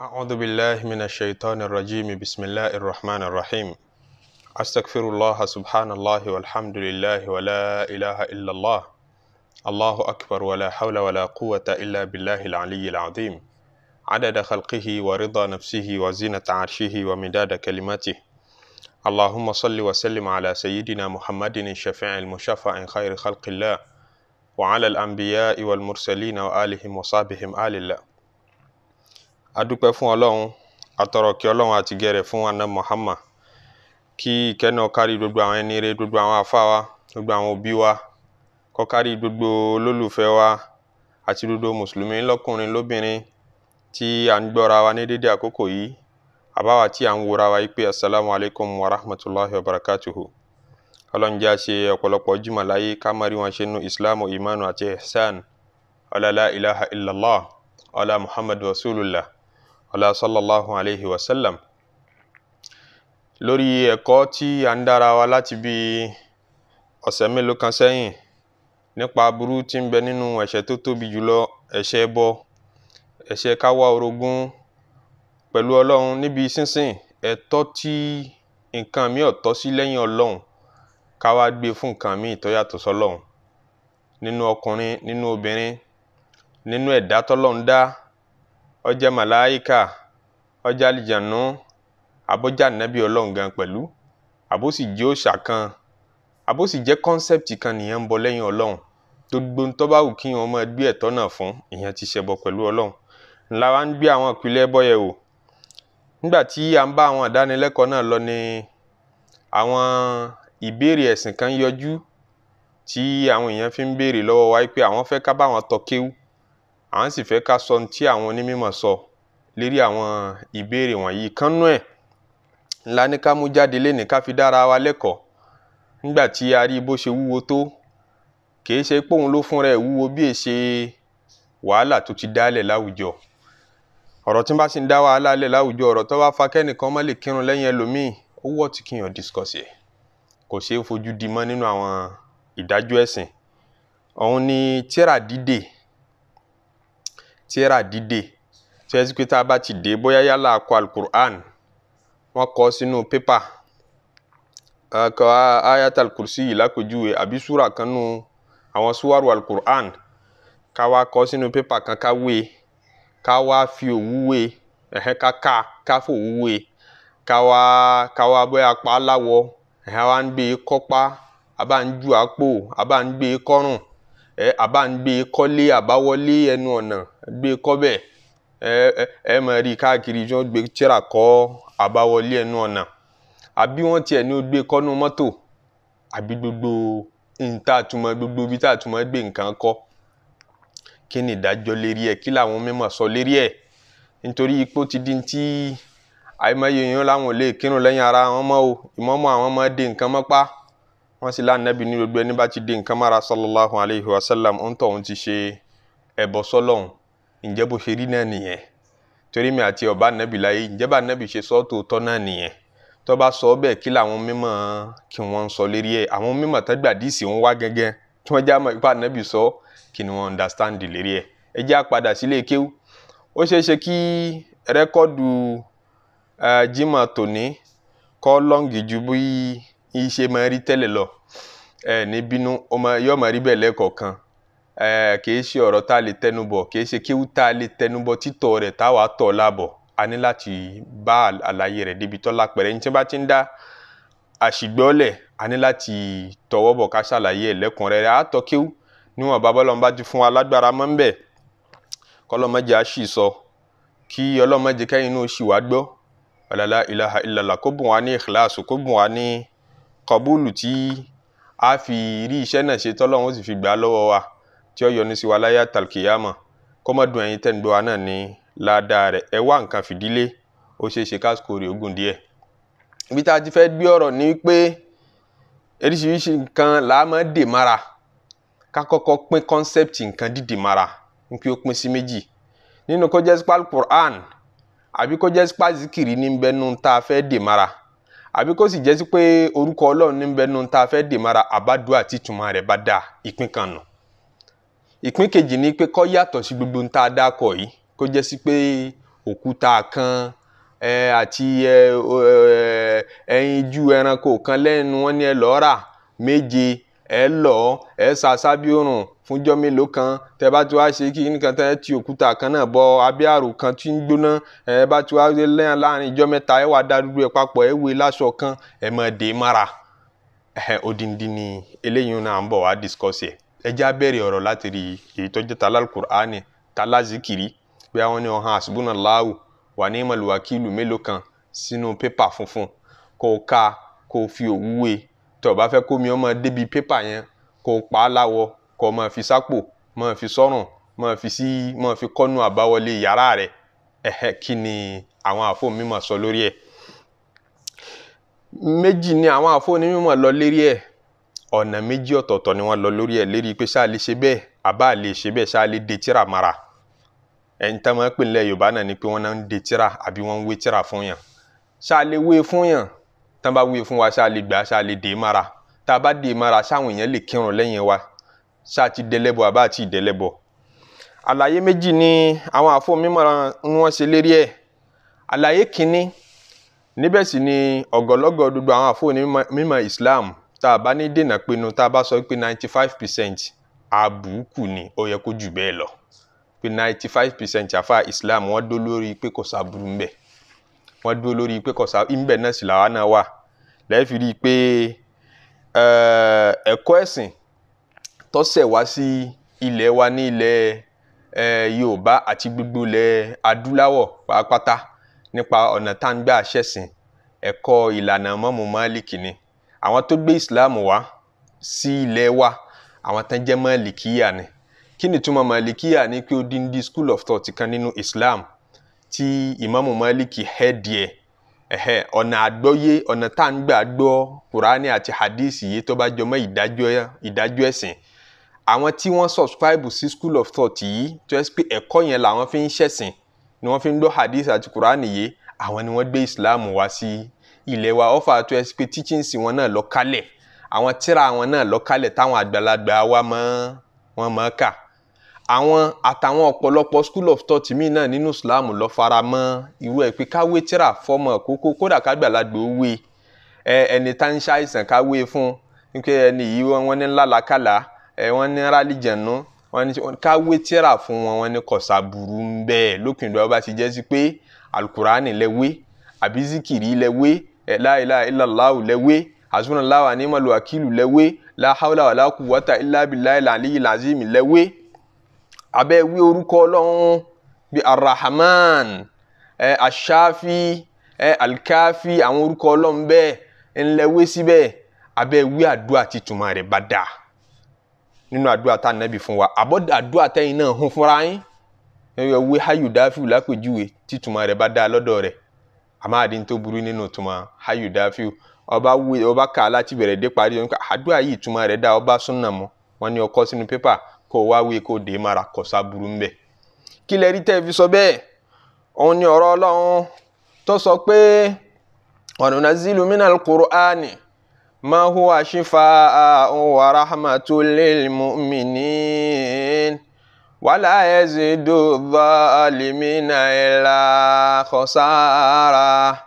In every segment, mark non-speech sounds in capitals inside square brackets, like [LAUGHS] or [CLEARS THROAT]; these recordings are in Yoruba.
أعوذ بالله من الشيطان الرجيم بسم الله الرحمن الرحيم أستغفر الله سبحان الله والحمد لله ولا إله إلا الله الله أكبر ولا حول ولا قوة إلا بالله العلي العظيم عدد خلقه ورضا نفسه وزينة عرشه ومداد كلماته اللهم صل وسلم على سيدنا محمد الشفيع المشفع خير خلق الله وعلى الأنبياء والمرسلين وآلهم وصحبهم آل الله adúpẹ́ fún ọlọ́run àtọ̀rọ̀ kí ọlọ́run àtìgẹ́ rẹ̀ fún àná Muhammad kí ìkẹ́ náà kárí gbogbo àwọn ẹni rere gbogbo àwọn àfáà wa gbogbo àwọn òbí wa kó kárí gbogbo olólùfẹ́ wa àti gbogbo mùsùlùmí lọ́kùnrin lóbìnrin tí à ń gbọ́ra wa ní dédé àkókò yìí àbáwá tí à ń wúra wa yìí pé asalaamu alaykum wa rahmatulahi wa barakatuhu ọlọ́run jẹ́ àṣe ọ̀pọ̀lọpọ̀ jùmọ̀ láyé wọn ṣe nu islamu imanu àti ihsan ọlọ́lá ilaha illallah ọlá muhammadu rasulullah ọlá sallallahu alayhi wa sallam lórí ẹ̀kọ́ tí a ń dára wa láti bí ọ̀sẹ̀ mélòó kan sẹ́yìn nípa aburú tí ń bẹ nínú ẹ̀ṣẹ̀ tó tóbi jùlọ ẹ̀ṣẹ̀ ẹbọ ẹ̀ṣẹ̀ káwá orogún pẹ̀lú ọlọ́run níbi sínsìn ẹ̀tọ́ tí nǹkan mi ọ̀tọ́ sí lẹ́yìn ọlọ́run ká wá gbé fún nǹkan mi tó sọlọ́run nínú ọkùnrin nínú obìnrin nínú ẹ̀dá tọ́lọ́run dá ó jẹ́ màláìka ó jẹ́ àlìjànú àbójà nẹ́bí ọlọ́run gan pẹ̀lú àbósì jẹ́ òòṣà kan àbósì jẹ́ kọ́nsẹ́pìtì kan nìyẹn ń bọ lẹ́yìn ọlọ́run gbogbo tó bá wù kí wọn máa gbé ẹ̀tọ́ náà fún ìyẹn ti ṣẹbọ pẹ̀lú ọlọ́run ńlá wa ń gbé àwọn ìpìlẹ̀ ẹbọ yẹ̀ wò nígbà tí a ń bá àwọn ìdánilẹ́kọ̀ọ́ náà lọ ni àwọn ìbéèrè ẹ̀sìn kan yọjú tí àwọn èèyàn fi ń béèrè lọ́wọ́ wa pé àwọn fẹ́ ká bá wọn tọ́ à ń sì fẹ́ ká sọ ohun tí àwọn onímọ̀ sọ lérí àwọn ìbéèrè wọ̀nyí kánú ẹ̀ ńlá ní ká mú jáde lénìí ká fi dára wa lẹ́kọ̀ọ́ nígbà tí a rí bó ṣe wúwo tó kì í ṣe pé òun ló fúnra ẹ̀ wúwo bí èṣe wàhálà tó ti dálẹ̀ láwùjọ ọ̀rọ̀ tí n bá sì ń dá wàhálà lẹ̀ láwùjọ ọ̀rọ̀ tó bá fa kẹ́nìkan má lè kírun lẹ́yìn ẹlòmíì ó wọ̀ tí kìyàn discuss ẹ̀ kò ṣeé fojú di mọ́ nínú àwọn ìdájọ́ ẹ̀sìn òun ni tíra dídè tírà dìde tó yẹ pé tá a bá ti dé bóyá yálà akọ alukur'an wọ́n kọ sínú pépà kọ ayatal kursi yìí lápèjúwe àbí súra kan nù àwọn súwárù alukur'an ká wá kọ sínú pépà kan ká wé e, ká wá fi òwú wé e, ẹ̀hẹ́n ká ká ká fò òwú wé e, ká wá ká wá bóyá apá aláwọ̀ ẹ̀hẹ́n wá ń gbé kọ́pá abá àpò abá ń gbé ẹ àbá ń gbé kọ́lé àbáwọlé ẹnu ọ̀nà gbé kọ́bẹ̀ ẹ ẹ mọ̀ rí káàkiri tí wọ́n gbé tíra kọ́ àbáwọlé ẹnu ọ̀nà àbí wọ́n tiẹ̀ ní ó gbé kọ́nú mọ́tò àbí gbogbo nta àtúmọ̀ gbogbo ibi tá àtúmọ̀ gbé nǹkan kọ́ kí ni ìdájọ́ lérí ẹ̀ kí làwọn mímọ̀ sọ lérí ẹ̀ nítorí ipò ti di ti àìmọye èèyàn láwọn ò lè kírun lẹ́yìn ara wọn mọ́ o ìmọ̀mọ́ àwọn ọmọdé dé nǹkan mọ́pá wọ́n sì lánàbí ní gbogbo ẹni bá ti di nǹkan mára sallallahu alayhi wa sallam ń tọ̀ ń ti ṣe ẹbọ sọ́lọ́hún ǹjẹ́ bó ṣe rí náà nìyẹn torí mi àti ọba nàbì láyé ǹjẹ́ bá nàbì ṣe sọ́ tòótọ́ náà nìyẹn tó bá sọ bẹ́ẹ̀ kí làwọn mímọ̀ kí wọ́n sọ lérí ẹ̀ àwọn mímọ̀ tó ń wá gẹ́gẹ́ tí wọ́n já ipá nàbì sọ kí ni wọ́n understand lérí ẹ̀ ẹ já padà sílé kéwú ó ṣeé ṣe kí rẹ́kọ́dù jimoh tòní kọ́ lọ́ǹgì ju bíi ìṣe máa rí tẹ́lẹ̀ lọ ẹ ní bínú ọmọ yóò máa rí bẹ́ẹ̀ lẹ́ẹ̀kọ̀ọ̀kan ẹ kìí ṣe ọ̀rọ̀ tá a lè tẹnubọ̀ kìí ṣe kéwú tá a lè tẹnubọ̀ títọ́ rẹ̀ táwa tọ̀ láàbọ̀ a ní láti bá àlàyé rẹ̀ débi tọ́ lápẹ̀rẹ̀ ní tí wọ́n bá ti ń dá àṣìgbọ́lẹ̀ a ní láti tọwọ́ bọ̀ ká ṣàlàyé ẹ̀ lẹ́kùnrẹ́rẹ́ a tọ́ kéwú níwọ̀n babalọ́n bá ti fún wa lágbára mọ́ ń bẹ̀ kọ́lọ́mọ́jẹ́ á sọ kí ọlọ́mọ́jẹ́ kẹ́yìn náà sì wá gbọ́ ọ̀làlá ilaha kó bùn wá ní ìkìláàsù kó bùn wá ní kọ̀búlù tí a fi rí iṣẹ́ náà ṣe tọ́lọ́run ó sì fi gbà á lọ́wọ́ wa tí ó yọ́nú sí wa láyé àtàlùkìyàmọ̀ kó mọ́ dùn ẹ̀yin tẹ̀ ń gbọ́ wa náà ní ládàá rẹ̀ ẹ wá nǹkan fìdílé ó ṣeé ṣe kásìkò rè ogun díẹ̀. ibi tá a ti fẹ́ gbé ọ̀rọ̀ ni pé oríṣiríṣi nǹkan là dè mára ká kọ́kọ́ pín concept nǹkan dìde mára ní pé ó pín sí méjì nínú kó jẹ́ sípàlù Qur'an àbí kó jẹ́ sípàlù zikiri ní bẹ́ẹ̀ nù tá a fẹ́ dè mára àbí kó sì jẹ́ sí pé orúkọ ọlọ́run níbẹ̀ nu tá a fẹ́ dè mara àbádùá tí ìtumọ̀ rẹ̀ bá dà ìpín kan nù ìpín kejì ni pé kó yàtọ̀ sí gbogbo ń tá a dákọ̀ yìí kó jẹ́ sí pé òkúta kan àti ẹyin ju ẹranko kan lẹ́nu wọn ni ẹ lọ́ọ́ rà méje ẹ lọ́ọ́ ẹ sàṣàbíòrùn fúnjọ́ mélòó kan tẹ bá ti wá ṣe kí nìkan tẹ ti kan náà bọ abẹ́ kan tí ń gbóná ẹ bá ti wá lẹ́yìn láàrin mẹ́ta ẹ dá dúdú ẹ papọ̀ ẹ wé kan ẹ mọ̀ mara ẹ̀hẹ̀ odindi ni eléyìí náà ń bọ̀ wá ẹ já bẹ̀rẹ̀ ọ̀rọ̀ láti rí èyí tó jẹ́ talal Qur'ani talazikiri bí àwọn kan sínú pépà funfun ká fi òwúwe tó o bá fẹ́ kó mi ọmọ débi pépà yẹn kó máa fi sápò máa fi sọ́rùn máa fi sí máa fi kọ́nu àbáwọlé yàrá rẹ̀ ẹ̀hẹ́ kí ni àwọn àfọ mímọ̀ sọ lórí ẹ̀ méjì ni àwọn àfọ onímọ̀ lọ lérí ẹ̀ ọ̀nà méjì ọ̀tọ̀ọ̀tọ̀ ni wọ́n lọ lórí ẹ̀ lérí pé ṣáà lè ṣe bẹ́ẹ̀ àbá lè ṣe bẹ́ẹ̀ ṣáà lè de tíra mara ẹ̀yin tá máa ń pè nílẹ̀ yorùbá náà ni pé wọ́n náà ń de tíra àbí wọ́n ń wé tíra fún yàn ṣáà lè wé e fún yàn tá bá wé e fún wa ṣáà lè gbà ṣáà lè dè e mara tá a bá dè mara ṣáwọn èèyàn lè kírun lẹ́yìn wa ṣáà ti dẹlẹ́bọ àbá àti ìdẹlẹ́bọ àlàyé méjì ni àwọn àfọ mímọ̀ràn ń wọ́n ṣe lérí ẹ̀ àlàyé kínní níbẹ̀ sì ni ọ̀gọ̀lọ́gọ̀ gbogbo àwọn àfọ mímọ̀ Islam tá a bá ní dènà pinnu tá a bá sọ pé ninety five percent àbùkù ni ó yẹ kó jù bẹ́ẹ̀ lọ pé ninety five percent àfa Islam wọ́n dó lórí pé kò sábúrú ń bẹ̀ wọ́n dó lórí pé kò sábúrú ń bẹ̀ náà sì làwa náà wà lẹ́ẹ̀fì rí i pé ẹ̀kọ́ ẹ̀sìn tọ́sẹ̀ wá sí ilẹ̀ wa ní ilẹ̀ yorùbá àti gbogbo ilẹ̀ adúláwọ̀ pàápàá nípa ọ̀nà tá à ń gbà ṣẹ̀sìn ẹ̀kọ́ ìlànà mọ́mú málìkì ni àwọn tó gbé ìsìláàmù wá sí ilẹ̀ wa àwọn tán jẹ́ málìkíyà ni kí ni túmọ̀ málìkíyà ni pé ó dín dín school of thought kan nínú islam ti ìmọ̀mù málìkì hẹ́ẹ̀dì ẹ̀ ẹ̀hẹ́ ọ̀nà àgbọ́yé ọ̀nà tá à ń gbà gbọ́ kùránì àti hadisi yìí tó bá jọmọ́ ìdájọ́ ẹ̀sìn àwọn tí wọ́n subscribe sí school of thought yìí tó yẹ pé ẹ̀kọ́ yẹn làwọn fi ń ṣẹ̀sìn ni wọ́n fi ń lọ hadith àti Qur'an yìí àwọn ni wọ́n gbé Islam wá sí ilẹ̀ wa ọ̀fà tó yẹ pé teachings wọn náà lọ kálẹ̀ àwọn tíra wọn náà lọ kálẹ̀ táwọn àgbàlagbà wa mọ́ wọn mọ́ kà àwọn àtàwọn ọ̀pọ̀lọpọ̀ school of thought mi náà nínú Islam lọ fara mọ́ irú ẹ̀ pé káwé tíra fọmọ kókó kódà kágbàlagbà ó wé ẹni tá ń ṣàìsàn káwé fún pé ẹni yìí wọn ní ńlá làkàlà ẹ eh, wọ́n ní rálìjẹ̀nú wọ́n ní káwé tíra fún wọn wọ́n ní kọ̀sà burú ń bẹ́ẹ̀ lókùn ìdúrà bá ti jẹ́ sí pé alukurani lẹ́wé àbí zikiri lẹ́wé ẹ̀ eh, la ilaha illallahu lẹ́wé hasbunallahu wa ni'mal wakilu lẹ́wé la hawla wala quwwata illa billahil aliyyil azim lẹ́wé abẹ́ wí orúkọ ọlọ́run bíi arrahman ẹ eh, aṣáfi ẹ alikafi àwọn orúkọ ọlọ́run bẹ́ẹ̀ ńlẹ́wé síbẹ̀ abẹ́ wí àdúrà títúmọ̀ rẹ̀ bá dáa nínú àdúrà tá ànábì fún wa àbọ̀dà àdúrà tẹ́yìn náà hun fúnra yín ẹ̀yọ̀ wí hayu dáfíù lápèjúwe títúmọ̀ rẹ̀ bá dáa lọ́dọ̀ rẹ̀ àmọ́ àdín tó burú nínú ìtumọ̀ hayu ọba wí ọba kà láti bẹ̀rẹ̀ dé parí ọ̀nà àdúrà yìí ìtumọ̀ rẹ̀ dáa ọba súnà mọ́ wọn ni ọkọ sínú pépà kó o wá wí kó o dé mara kọ̀sá burú ń ما هو شفاء ورحمة للمؤمنين ولا يزيد الظالمين إلا خسارة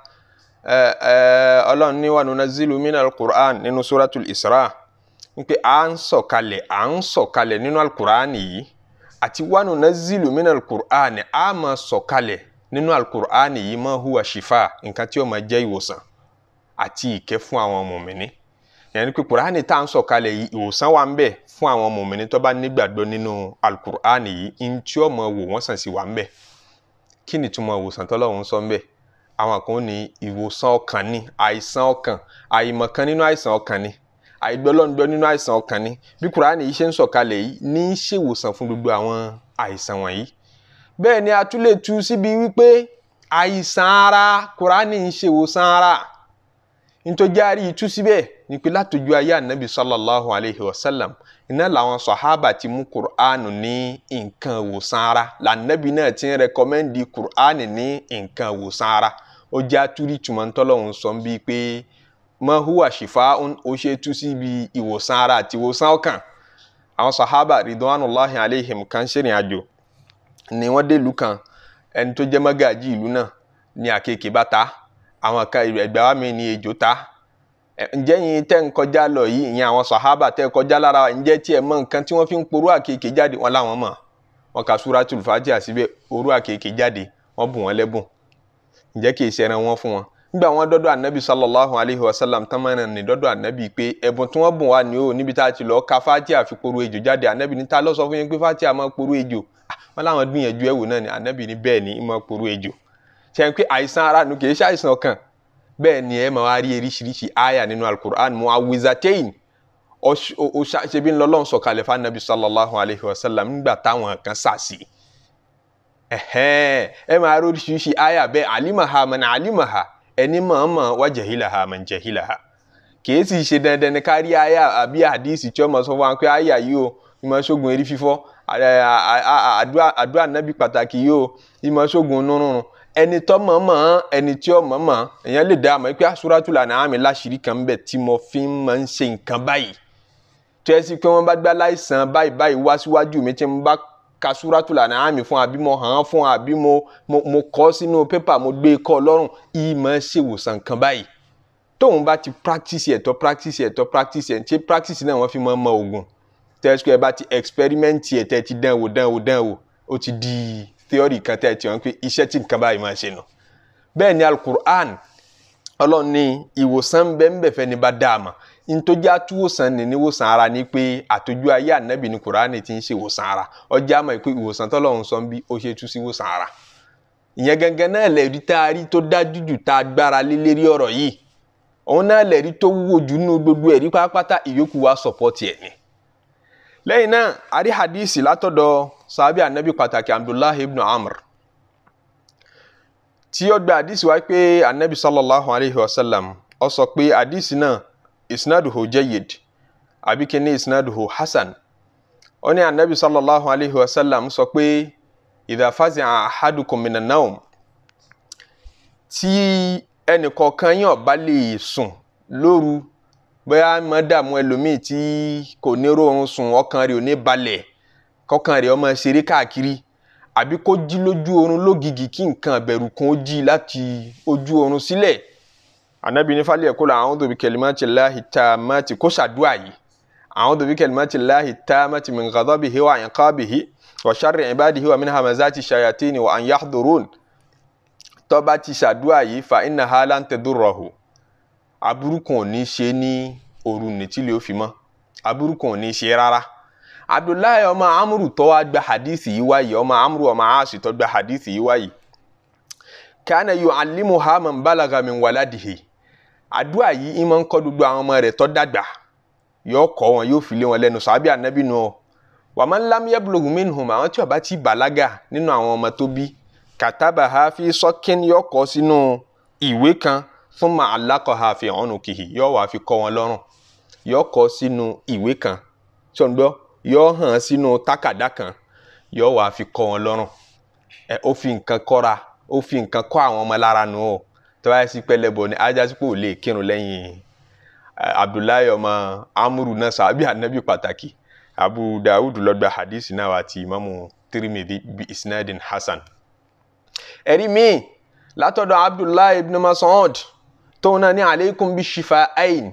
ọlọ́run ní wa nunazzilu min al-Qur'an nínú suratul Isra wípé à ń sọ̀kalẹ̀ à ń sọ̀kalẹ̀ nínú al-Qur'an yìí àti wa nunazzilu min al-Qur'an a máa sọ̀kalẹ̀ nínú al-Qur'an ma huwa shifa nǹkan tí ó máa jẹ́ ìwòsàn àti ìkẹ́ fún àwọn mùmíní yẹn pé kùránì tá à ń sọ̀kalẹ̀ yìí ìwòsàn wà ń bẹ fún àwọn mùmìnì tó bá nígbàgbọ́ nínú alukur'ani yìí ń tí ó mọ wò wọ́n sàn sí wà ń bẹ kí ni túmọ̀ ìwòsàn tọ́lọ́run sọ ń bẹ àwọn kan ní ìwòsàn ọkàn ni àìsàn ọkàn àìmọ̀kan nínú àìsàn ọkàn ni àìgbọ́lọ́ngbọ́ nínú àìsàn ọkàn ni bí kùránì yìí ṣe ń sọ̀kalẹ̀ yìí ní ṣèwòsàn fún ntọ́járí itú síbẹ̀ ni pé látọjú ayé ànábì sallallahu alayhi wa sallam iná làwọn sọ̀hábà ti mú kùránù ní nǹkan wòsàn ara lànàbì náà ti ń rẹkọmẹ́ndì kùránù ní nǹkan wòsàn ara ó jẹ́ àtúrí tùmọ̀ ntọ́lọ́hún sọ bíi pé mahuwa shifaun ó ṣe tú síbi ìwòsàn àti ìwòsàn ọkàn àwọn sahaba ridwanullahi aleihim kan ṣe ìrìn àjò ni wọ́n dé ìlú kan ẹni tó jẹ́ mágàjí ìlú náà ní àkekèé bá ta àwọn kan ẹgbẹ́ wa mi ni ejò ta ǹjẹ́ yín tẹ́ ń kọjá lọ yìí ìyẹn àwọn sàhábà tẹ́ ń kọjá lára ǹjẹ́ tiẹ̀ mọ nǹkan tí wọ́n fi ń porú àkekèé jáde wọn láwọn mọ̀ wọn ka Suratul Fatiha síbẹ̀ orú àkekèé jáde wọn bù wọn lẹ́bùn ǹjẹ́ kì í ṣẹran wọn fún wọn nígbà wọn dọ́dọ̀ anabi sallallahu alayhi wa sallam tamana ni dọ́dọ̀ anabi pé ẹ̀bùn tí wọ́n bùn wá ni ó níbi tá a ti lọ ka Fatiha fi porú ejò jáde anabi ní ta ló sọ fún yín pé Fatiha máa porú ejò ah, wọn láwọn gbìyànjú ẹ̀wò náà ni anabi ní bẹ́ẹ̀ ni í máa porú ṣe ń pé àìsàn ara nu kì í ṣe àìsàn ọkàn bẹ́ẹ̀ ni ẹ máa wá rí eríṣiríṣi àyà nínú alukur'an mu awizatein ṣebí ń lọ́lọ́run sọ̀kalẹ̀ fún anabi sallallahu alayhi wa sallam nígbà táwọn kan sàṣì ẹ máa rí oríṣiríṣi àyà bẹ́ẹ̀ alimaha man alimaha ẹni mọ̀ọ́mọ̀ wá jahilaha man jahilaha kìí sì ṣe dandan ní kárí àyà àbí àdíìsì tí ọmọ sọ fún wa pé àyà yìí o ìmọ̀ ṣoògùn erí fífọ́ àdúrà ànábì pàtàkì yìí o ìmọ̀ ṣoògùn nírùnrùn ẹni tó mọ̀ọ́mọ̀ ẹni tí ó mọ̀ọ́mọ̀ èèyàn lè dá àmọ́ pé ah, Suratul An'am láṣìírí kan bẹ̀ tí mo fi máa ń ṣe nǹkan báyìí tó yẹ sí pé wọ́n bá gbá láìsàn báyìí báyìí wá síwájú mi tí mo bá ka Suratul An'am fún àbí mo hàn án fún àbí mo mo kọ́ sínú pépà mo gbé e kọ́ lọ́rùn ìmọ̀ ṣèwòsàn kan báyìí tóun bá ti practice ẹ̀tọ́ practice ẹ̀tọ́ practice ẹ̀ ṣe practice náà wọ́n fi mọ́ ọmọ ogun tẹ́síkọ́ ẹ bá ti experiment ẹ̀ tẹ́ ti dán wò dán wò dán wò ó ti di theory kan tẹ́ ẹ ti wọn pé iṣẹ́ tí nǹkan báyìí máa ṣe nù bẹ́ẹ̀ ni alukur'an ọlọ́run ní ìwòsàn bẹ́ẹ̀ ni bá dáa mà ntọ́jú àtúwòsàn ní níwòsàn ara ni pé àtọ́jú ayé ànábì ní kur'an ti ń ṣe ìwòsàn ara ọjà àmọ́ pé ìwòsàn tọ́lọ́run sọ bí ó ṣe tú sí ìwòsàn ara ìyẹn gangan náà lẹ́rí tá a rí tó dájú jù tá a gbára lé lérí ọ̀rọ̀ yìí òun náà lẹ́rí tó wúwo jù nínú gbogbo ẹ̀rí pátápátá ìyókù wa sọ̀pọ̀tì ẹ̀ ni lẹ́yìn náà a rí hadisi látọ̀dọ̀ sábẹ́ ànábì pàtàkì abdullahi ibn amr tí ó gba àdìsí wáyé pé ànábì sallallahu alayhi wa sallam ó sọ pé àdìsí náà isnaduhu jayyid àbí kí ni isnaduhu hasan ó ní ànábì sallallahu alayhi wa sallam sọ pé idha fazi'a ahadukum minan nawm tí ẹnìkọ̀ọ̀kan yín ò bá lè sùn lóru bóyá mọ́ ẹlòmíì tí kò ní rọrùn sùn ọkàn rẹ̀ ò ní balẹ̀ kọ́kàn rẹ̀ ọmọ ṣeré káàkiri àbí kó jí lójú oorun lógìgì kí nǹkan àbẹ̀rù kan ó jí láti ojú oorun sílẹ̀ anabi ní falẹ̀ kó la àwọn tóbi kẹlẹ́mà ti láhi tá a má ti kó ṣàdúrà yìí àwọn tóbi kẹlẹ́mà ti láhi tá a má ti min ghadabihi wa an iqabihi wa sharri ibadihi wa min hamazati shayatini wa an yahdurun tó bá ti ṣàdúrà yìí fa innaha lan tadurruhu aburú kan ò ní ṣe ní òru nìtí lè fi ò ní ṣe rárá abdullahi ọmọ amúrù tó wá gba hadith yìí wáyé ọmọ amúrù ọmọ aṣì tó gba hadith yìí wáyé kana yu'allimuha man balaga min waladihi àdúrà yìí ìmọ̀ ń kọ́ gbogbo àwọn ọmọ rẹ̀ tó dàgbà yóò kọ́ wọn yóò fi lé wọn lẹ́nu sàbí ànábì nù ọ́ wàmán lam yablugh minhum àwọn tí ó bá ti bàlágà nínú àwọn ọmọ tó bí katabaha fi sọ́kín yóò kọ́ sínú ìwé kan thumma alaqaha fi unukihi yóò wá fi kọ́ wọn lọ́rùn yóò kọ́ sínú ìwé kan tí ó gbọ́ yóò hàn sínú tákàdá kan yóò wá fi kọ́ wọn lọ́rùn ẹ ó fi nǹkan kọ́ra ó fi nǹkan kọ́ àwọn ọmọ lára nù ó tọ́wá sí pẹlẹbọ ni ajásípò lè kírun lẹ́yìn abdullahi ọmọ amúrù náà sàbí ànábì pàtàkì abu dawud lọ́gbà hadith náà àti imamu tirimidi bi isnadin hasan ẹ̀rí míì látọ̀dọ̀ abdullahi ibn mas'ud tóun náà ní aleikum bi shifa ayin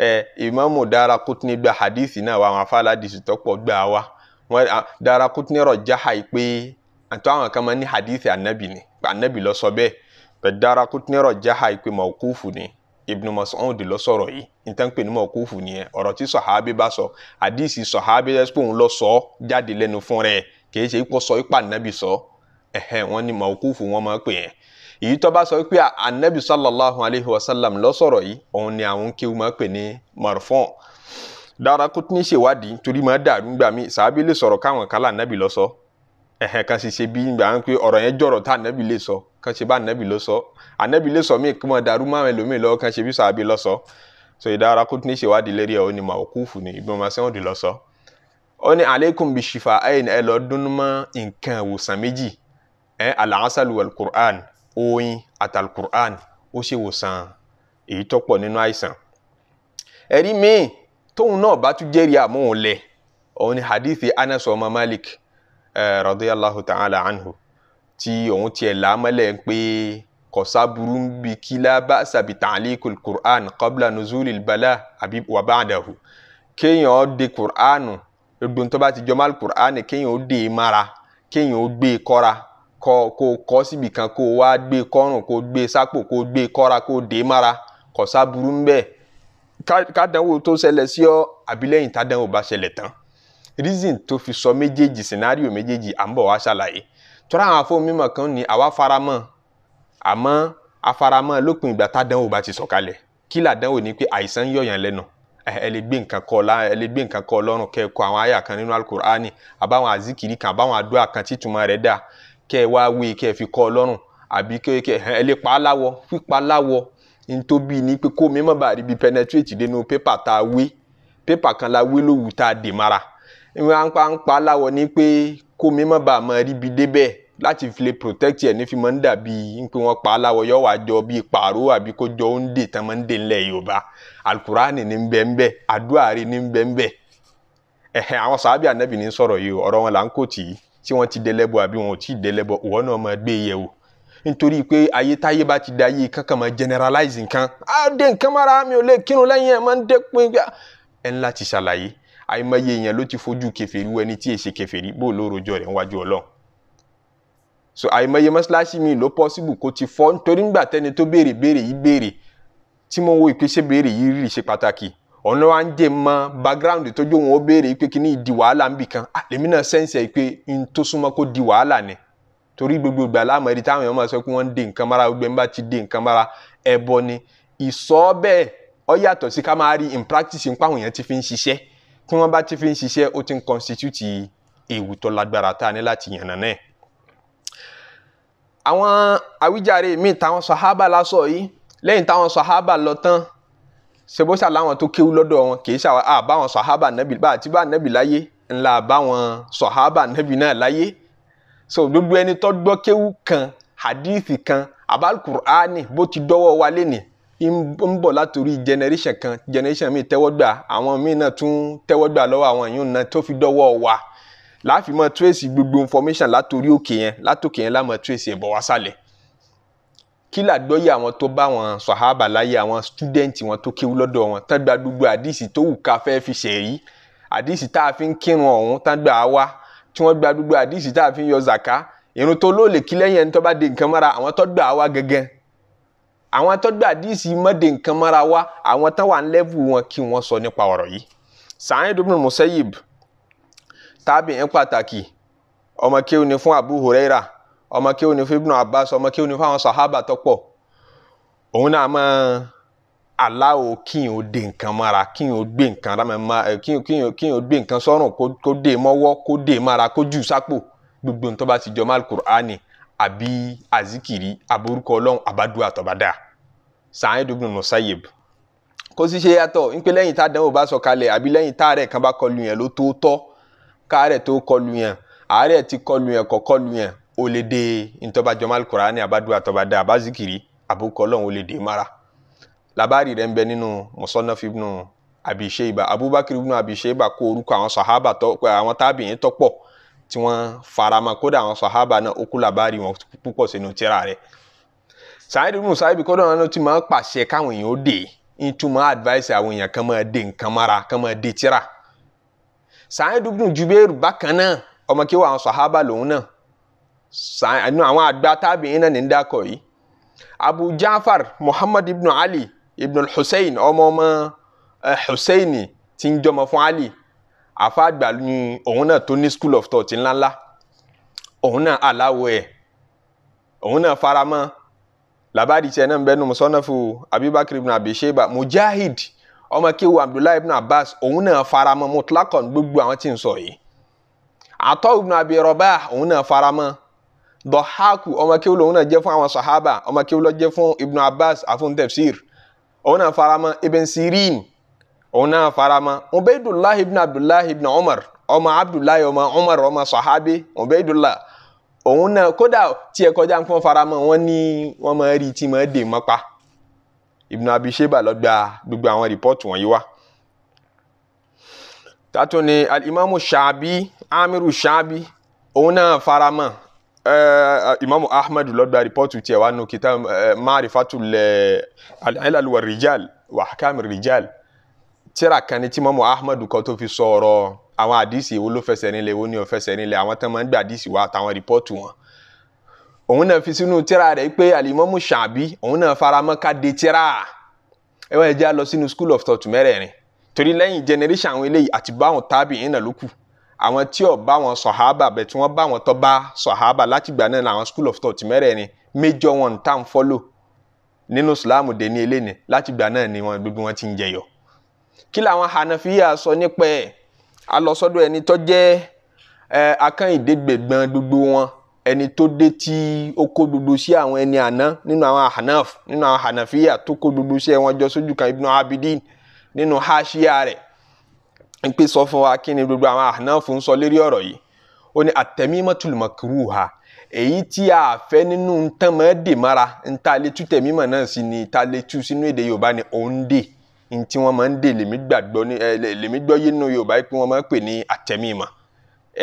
ẹ Imamu Darakutni gba hadithi náà wa àwọn afáàlà dìsítọ́ pọ̀ gbà wá wọn Darakutni rọ̀ jáhà yìí pé àti àwọn kan máa ní hadithi anabi ni anabi ló sọ bẹ́ẹ̀ bẹ́ẹ̀ Darakutni rọ̀ jáhà yìí pé mawqufu ni Ibn Mas'ud ló sọ̀rọ̀ yìí nítorí pé ní mawqufu nìyẹn ọ̀rọ̀ tí sọ̀hábí bá sọ hadithi sọ̀hábí lẹ́sìpọ̀ òun ló sọ jáde lẹ́nu fún rẹ̀ kì í ṣe ipò sọ ipò anabi sọ ẹ̀hẹ́ wọn ni mawqufu wọn máa pè yẹn èyí tó bá sọ pé anabi sallallahu alayhi wa sallam ló sọ̀rọ̀ yìí òun ni àwọn kéwù máa pè ní marfon Daraqutni ṣèwádìí torí máa dàrú gbà mí sàábí lè sọ̀rọ̀ káwọn kálá anabi ló sọ ẹhẹn kan sì ṣe bí gbà ń pé ọ̀rọ̀ yẹn jọ̀rọ̀ tá anabi lè sọ kan ṣe bá anabi ló sọ anabi lè sọ míì kí wọ́n dàrú máa wọn lómi lọ́wọ́ kan ṣe bí sàábí ló sọ so Daraqutni ṣèwádìí lérí ẹ̀ ó ní màókùfù ni Ibn Mas'ud ló sọ ó ní aleikum bishifa ayin ẹ lọ dún mọ́ nǹkan ìwòsàn méjì ẹ alahasalu wal Qur'an oyin àtàlùkùrán ó ṣe wòsàn èyí tó pọ̀ nínú àìsàn ẹ̀rí míì tóun náà bá tún jẹ́rìí àmóhun lẹ̀ òun ni hadithi anas ọmọ malik eh, radiyallahu ta'ala anhu tí òun tiẹ̀ lámọ́lẹ̀ pé kọ̀sá burú ń bi kí lábá sàbí ta'alikul qur'an qabla nuzulil bala àbí wa ba'dahu kéèyàn de qur'anu gbogbo tó bá ti jọ mal qur'an kéèyàn de mara kéèyàn gbé e kọ́ra kọ kó kọ síbi kan kó wá gbé kọ́rùn kó gbé sápò kó gbé kọ́ra kó dé mára kò sáburú ń bẹ kádánwò tó ṣẹlẹ̀ sí ọ àbílẹ̀yìn tádánwò bá ṣẹlẹ̀ tán reason tó fi sọ méjèèjì scenario méjèèjì à ń bọ̀ wá ṣàlàyé tọ́ra àwọn afọ́ mímọ̀ kan ní àwa faramọ́ àmọ́ afaramọ́ lópin ìgbà tádánwò bá ti sọ̀kalẹ̀ kí làdánwò ni pé àìsàn yọ̀yàn lẹ́nu ẹ lè gbé nǹkan kọ la ẹ lè gbé nǹkan kọ lọ́rùn kẹ́kọ̀ọ́ àwọn àyà kan nínú alukur'ani àbáwọn azikiri kan àbáwọn àdúrà kan títúmọ̀ rẹ̀ dáa kẹ́ ẹ wá wé kẹ́ ẹ fi kọ́ ọ lọ́rùn àbí kẹ́ ẹ lè pa á láwọ̀ pípa láwọ̀ ntóbi ní pé kó mi má bàa ríbi penetrate dénú pépà tá a wé pépà kan la wé lówù tá a dè mara ìwé à ń pa ń pa láwọ̀ ni pé kó mi má bàa mọ ríbi débẹ̀ láti fi lè protect ẹ̀ ní fi máa ń dàbí ń pé wọ́n pa á láwọ̀ yọ wá jọ bíi pààrọ̀ àbí kó jọ ń dè tán máa ń dè ńlẹ̀ Yorùbá alukurani ní bẹ́ẹ̀nbẹ́ àdúrà ní bẹ́ẹ̀nbẹ́ ẹ̀hẹ̀ àwọn sàábì ànábì ní sọ̀rọ̀ yìí ọ̀rọ̀ wọn là ń kò tì í tí wọ́n ti dẹlẹ́bọ àbí wọn ò tí ì dẹlẹ́bọ ìwọ náà máa gbé e yẹ̀ wò nítorí pé ayé táyé bá ti da yé kankan máa generalize nǹkan á dé nǹkan mára mi ò lè kírun lẹ́yìn ẹ̀ máa ń dẹ́kun ẹ̀ ńlá ti ṣàlàyé àìmọye èèyàn ló ti fojú kèfèrí wọ ẹni tí èsì kèfèrí bó lórojọ rẹ̀ níwájú Ọlọ́run so àìmọye mọ́ṣáláṣí mi ló pọ́sibù kó ti fọ́ nítorí ńgbà tẹ́ni tó béèrè béèrè yìí béèrè tí mo wo ìpèsè béèrè yìí rí ṣe pàtàkì ọ̀nà wa ń jẹ background tó jó wọn ó béèrè pé kíní di wàhálà ń bì kan ah lèmi náà sẹ́ǹsì ẹ̀ pé n tó súnmọ́ kó di wàhálà ni torí gbogbo ìgbà láàmú ẹ̀rí táwọn èèyàn máa sọ pé wọ́n ń de gbogbo ẹ̀ ti de nǹkan mára ni ìsọ bẹ́ẹ̀ ọ yàtọ̀ sí ká máa in practice ń pàwọn ti fi ń ṣiṣẹ́ tí wọ́n bá ti fi ń ṣiṣẹ́ ó ti ń constitute ewu tó lágbára tá a láti yànnà náà àwọn àwíjàre míì táwọn sahaba lásọ yìí lẹ́yìn táwọn sahaba lọ tán ṣebóṣà láwọn tó kéwú lọ́dọ̀ wọn kì í ṣàwọn àbáwọn sọ̀hábà nẹ́bì bá àti bá nẹ́bì láyé ńlá àbáwọn sọ̀hábà nẹ́bì náà láyé so gbogbo ẹni tó gbọ́ kéwú kan hadithi kan abalkur'ani bó ti dọ́wọ́ wa lé ní ń bọ̀ látòrí generation kan generation míì tẹ́wọ́gbà àwọn míì náà tún tẹ́wọ́gbà lọ́wọ́ àwọn yìí náà tó fi dọ́wọ́ wa láàfin mọ́ trace gbogbo information látòrí òkè yẹn látòkè yẹn lámọ̀ trace ẹ̀ bọ̀ wá sálẹ̀ kí làgbọ́yé àwọn tó bá wọn sọ̀hábà láyé àwọn stúdẹ́ǹtì wọn tó kéwú lọ́dọ̀ wọn tán gba gbogbo àdìsí tó wù ká fẹ́ fi ṣèyí àdìsí tá a fi ń kírun ọ̀hún tán gbà á wá tí wọ́n gba gbogbo àdìsí tá a fi ń yọ zàká irun tó lóòlè kí lẹ́yìn ẹni tó bá de nǹkan mọ́ra àwọn tó gbà á wá gẹ́gẹ́ àwọn tó gbà àdìsí mọ́ de nǹkan mọ́ra wá àwọn tán wà ń lẹ́bù wọn kí wọ́n sọ nípa ọ̀rọ̀ yìí Sa'id ọmọ kí ó ní fún Ibn Abbas ọmọ kí ó ní fún àwọn sàhábà tó pọ̀ òun náà máa aláwo kíyìn ó de nǹkan mara kíyìn ó gbé nǹkan rámẹ ma eh, kíyìn kíyìn kíyìn ó gbé nǹkan sọ́rùn kó dé mọ́wọ́ kó dé mara kó jù sápò gbogbo nǹkan bá ti jọ mal Qur'ani àbí azikiri aborúkọ Ọlọ́run abadua tọbadà Sa'id ibn Musayyib kó sì ṣe yàtọ̀ nípe lẹ́yìn tá àdánwò bá sọ̀kalẹ̀ àbí lẹ́yìn tá àárẹ̀ kan bá kọlu yẹn ló tó tọ́ káàárẹ̀ tó kọlu yẹn àárẹ̀ ti kọlu yẹn kọ yẹn ó lè dé ntọ́bajọmọ́ alukura ní abadu àtọ́badá abazikiri abu ọlọ́run ó lè dé mara labari rẹ̀ ń bẹ nínú musonaf ibnu abisheba abubakar ibnu abisheba kó orúkọ àwọn sahaba tó àwọn tábìyìn tó pọ̀ tí wọ́n farama kódà àwọn sahaba náà ó kú labari wọn púpọ̀ sínú tírà rẹ̀ sàáyid ibnu sàáyid kódà wọn ti máa ń pàṣẹ káwọn èèyàn ó dè advice àwọn èèyàn kan máa dé nǹkan mara kan máa dé tírà sàáyid ibnu jubairu bákan sahaba lòun náà sàn àwọn àgbà tábìyìn náà ní dákọ̀ yìí abu jafar muhammad ibn ali ibn hussein ọmọ ọmọ eh, hussein tí ń jọmọ fún ali afa àgbà ni òun náà tó ní school of thought ńláńlá òun náà aláwọ̀ ẹ̀ òun náà faramọ́ labadi tiẹ̀ náà ń bẹ́nu musọ́nàfù abibakar ibn abisheba mujahid ọmọ kéwu abdullahi ibn abbas òun náà faramọ́ mutlakon gbogbo àwọn tí ń sọ yìí atọ́ ibn abi òun náà faramọ́ dọ̀háàkù ọmọ kéwú lòun náà jẹ́ fún àwọn sahaba ọmọ kéwú ló jẹ́ fún ibn abbas àfún tafsir òun náà faramọ́ ibn sirin òun náà faramọ́ ubaydullah ibn abdullah ibn umar ọmọ abdullah ọmọ umar ọmọ sahabi ubaydullah òun náà kódà tiẹ̀ kọjá ń fún faramọ́ wọn ní wọn máa rí tí máa dè mọ́pa ibn abi sheba ló gba gbogbo àwọn rìpọ́ọ̀tù wọ̀nyí wá tàtúni alimamu shaabi amiru shaabi òun náà faramọ́ Eh, eh, imaamu ahmed lọgba rìpọ́tù tiẹ̀ wà nù kìtà eh, maarifatu lẹ̀ alilalu wa rijal wa hakam rijal tíra kan ní tí imaamu ahmed kọ́ tó fi sọ̀rọ̀ àwọn àdìsí wo ló fẹsẹ̀ nílẹ̀ wo ni ò fẹsẹ̀ nílẹ̀ àwọn tó máa ń gbé àdìsí wa àtàwọn rìpọ́tù wọn òun náà fi sínú tíra rẹ̀ pé alimọ́mù ṣàbí òun náà faramọ́ ká de tíra ẹ ẹ jẹ́ lọ sínú school of thought mẹ́rẹ̀ẹ̀rin torí lẹ́yìn generation àwọn eléyìí àti báwọn tábìlì náà ló kù àwọn tí ò bá wọn sọ̀hábà bẹ̀ tí wọ́n bá wọn tó bá sọ̀hábà láti gbà náà làwọn school of thought mẹ́rẹ̀ẹ̀rin major one tá follow nínú sùlámù dé ní eléni láti gbà náà ni wọn gbogbo wọn ti ń jẹyọ. kí làwọn hanafiya sọ nípa ẹ̀ alọ́sọ́dọ̀ ẹni tó jẹ́ ẹ akányìndégbègbọn gbogbo wọn ẹni tó dé tí ó kó gbogbo sí àwọn ẹni àná nínú àwọn hanaf nínú àwọn hanafiya tó kó gbogbo sí ẹ wọn jọ sójú kan ibnu abidin nínú haṣíya rẹ̀ pé sọ fún wa kí ni gbogbo àwọn ànáfò ń sọ lérí ọ̀rọ̀ yìí ó ní at-tamimatul makruha èyí tí a fẹ́ nínú ntàn mọ́ dè mara nta lè tú tẹ̀mímọ̀ náà sí ni ta lè tú sínú èdè yorùbá ni òun dè ntí wọ́n máa ń dè lèmi gbàgbọ́ ní lèmi gbọ́ yé nínú yorùbá pé wọ́n máa ń pè ní at-tamima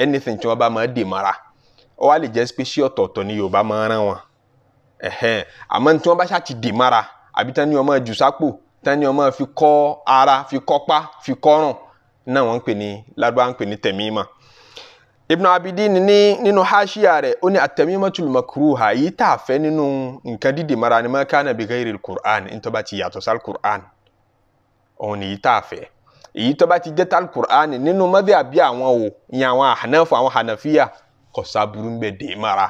anything tí wọ́n bá máa dè mara ó wá lè jẹ́ spéṣí ọ̀tọ̀ọ̀tọ̀ ni yorùbá máa rán wọn ẹ̀hẹ́n àmọ́ ntí wọ́n bá ṣáà ti dè mara àbí tán ni wọ́n máa jù sápò tán ni wọ́n fi kọ́ ara fi kọ́pá fi kọ́rùn náà wọ́n ń pè ní ládùá ń pè ní tẹ̀míìmà ibnu abidin ní nínú haṣíà rẹ̀ ó ní at-tamimatul makruha yìí tá a fẹ́ nínú nǹkan dídì mara ni ma kana bi ghairi al-Qur'an nítorí bá ti yàtọ̀ sí al-Qur'an òun yìí tá a fẹ́ ti jẹ́ tal Qur'an nínú mọ́bí àbí àwọn o ìyẹn àwọn àhànáfọ àwọn hànàfíà kò sábúrú ń bẹ̀ mara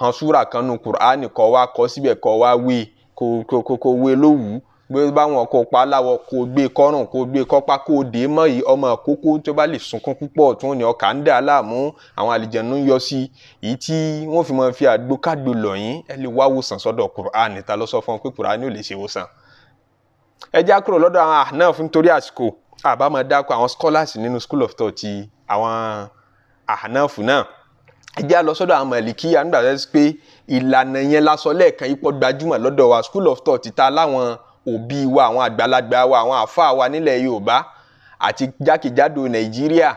hàn súra kan nu Qur'an wa kọ́ síbẹ̀ kọ́ wa wí kó kó kó wé lówùú pé báwọn kò pa láwọ kò gbé e kọrùn kò gbé e kọpá kò dé e mọ yìí ọmọ àkókò tó bá lè sunkún púpọ̀ tó ní ọkà ń dà láàmú àwọn àlìjẹnu ń yọ sí èyí tí wọ́n fi máa fi àgbo kágbo ẹ lè wá wòsàn sọ́dọ̀ Qur'an ta ló fún pé Qur'an ò lè ṣe wòsàn. ẹ já kúrò lọ́dọ̀ àwọn àhánà fún torí àsìkò àbámọ̀ àwọn scholars nínú school of thought ti àwọn àhánà fún náà ẹ jẹ́ lọ sọ́dọ̀ àwọn Màlíkíyà nígbà tó ṣe pé ìlànà yẹn lásọ lẹ́ẹ̀kan ipò gbajúmọ̀ lọ́dọ̀ wa school of thought ti ta láwọn òbí wa àwọn àgbàlagbà wa àwọn àfáà wa nílẹ̀ Yorùbá àti jákèjádò Nàìjíríà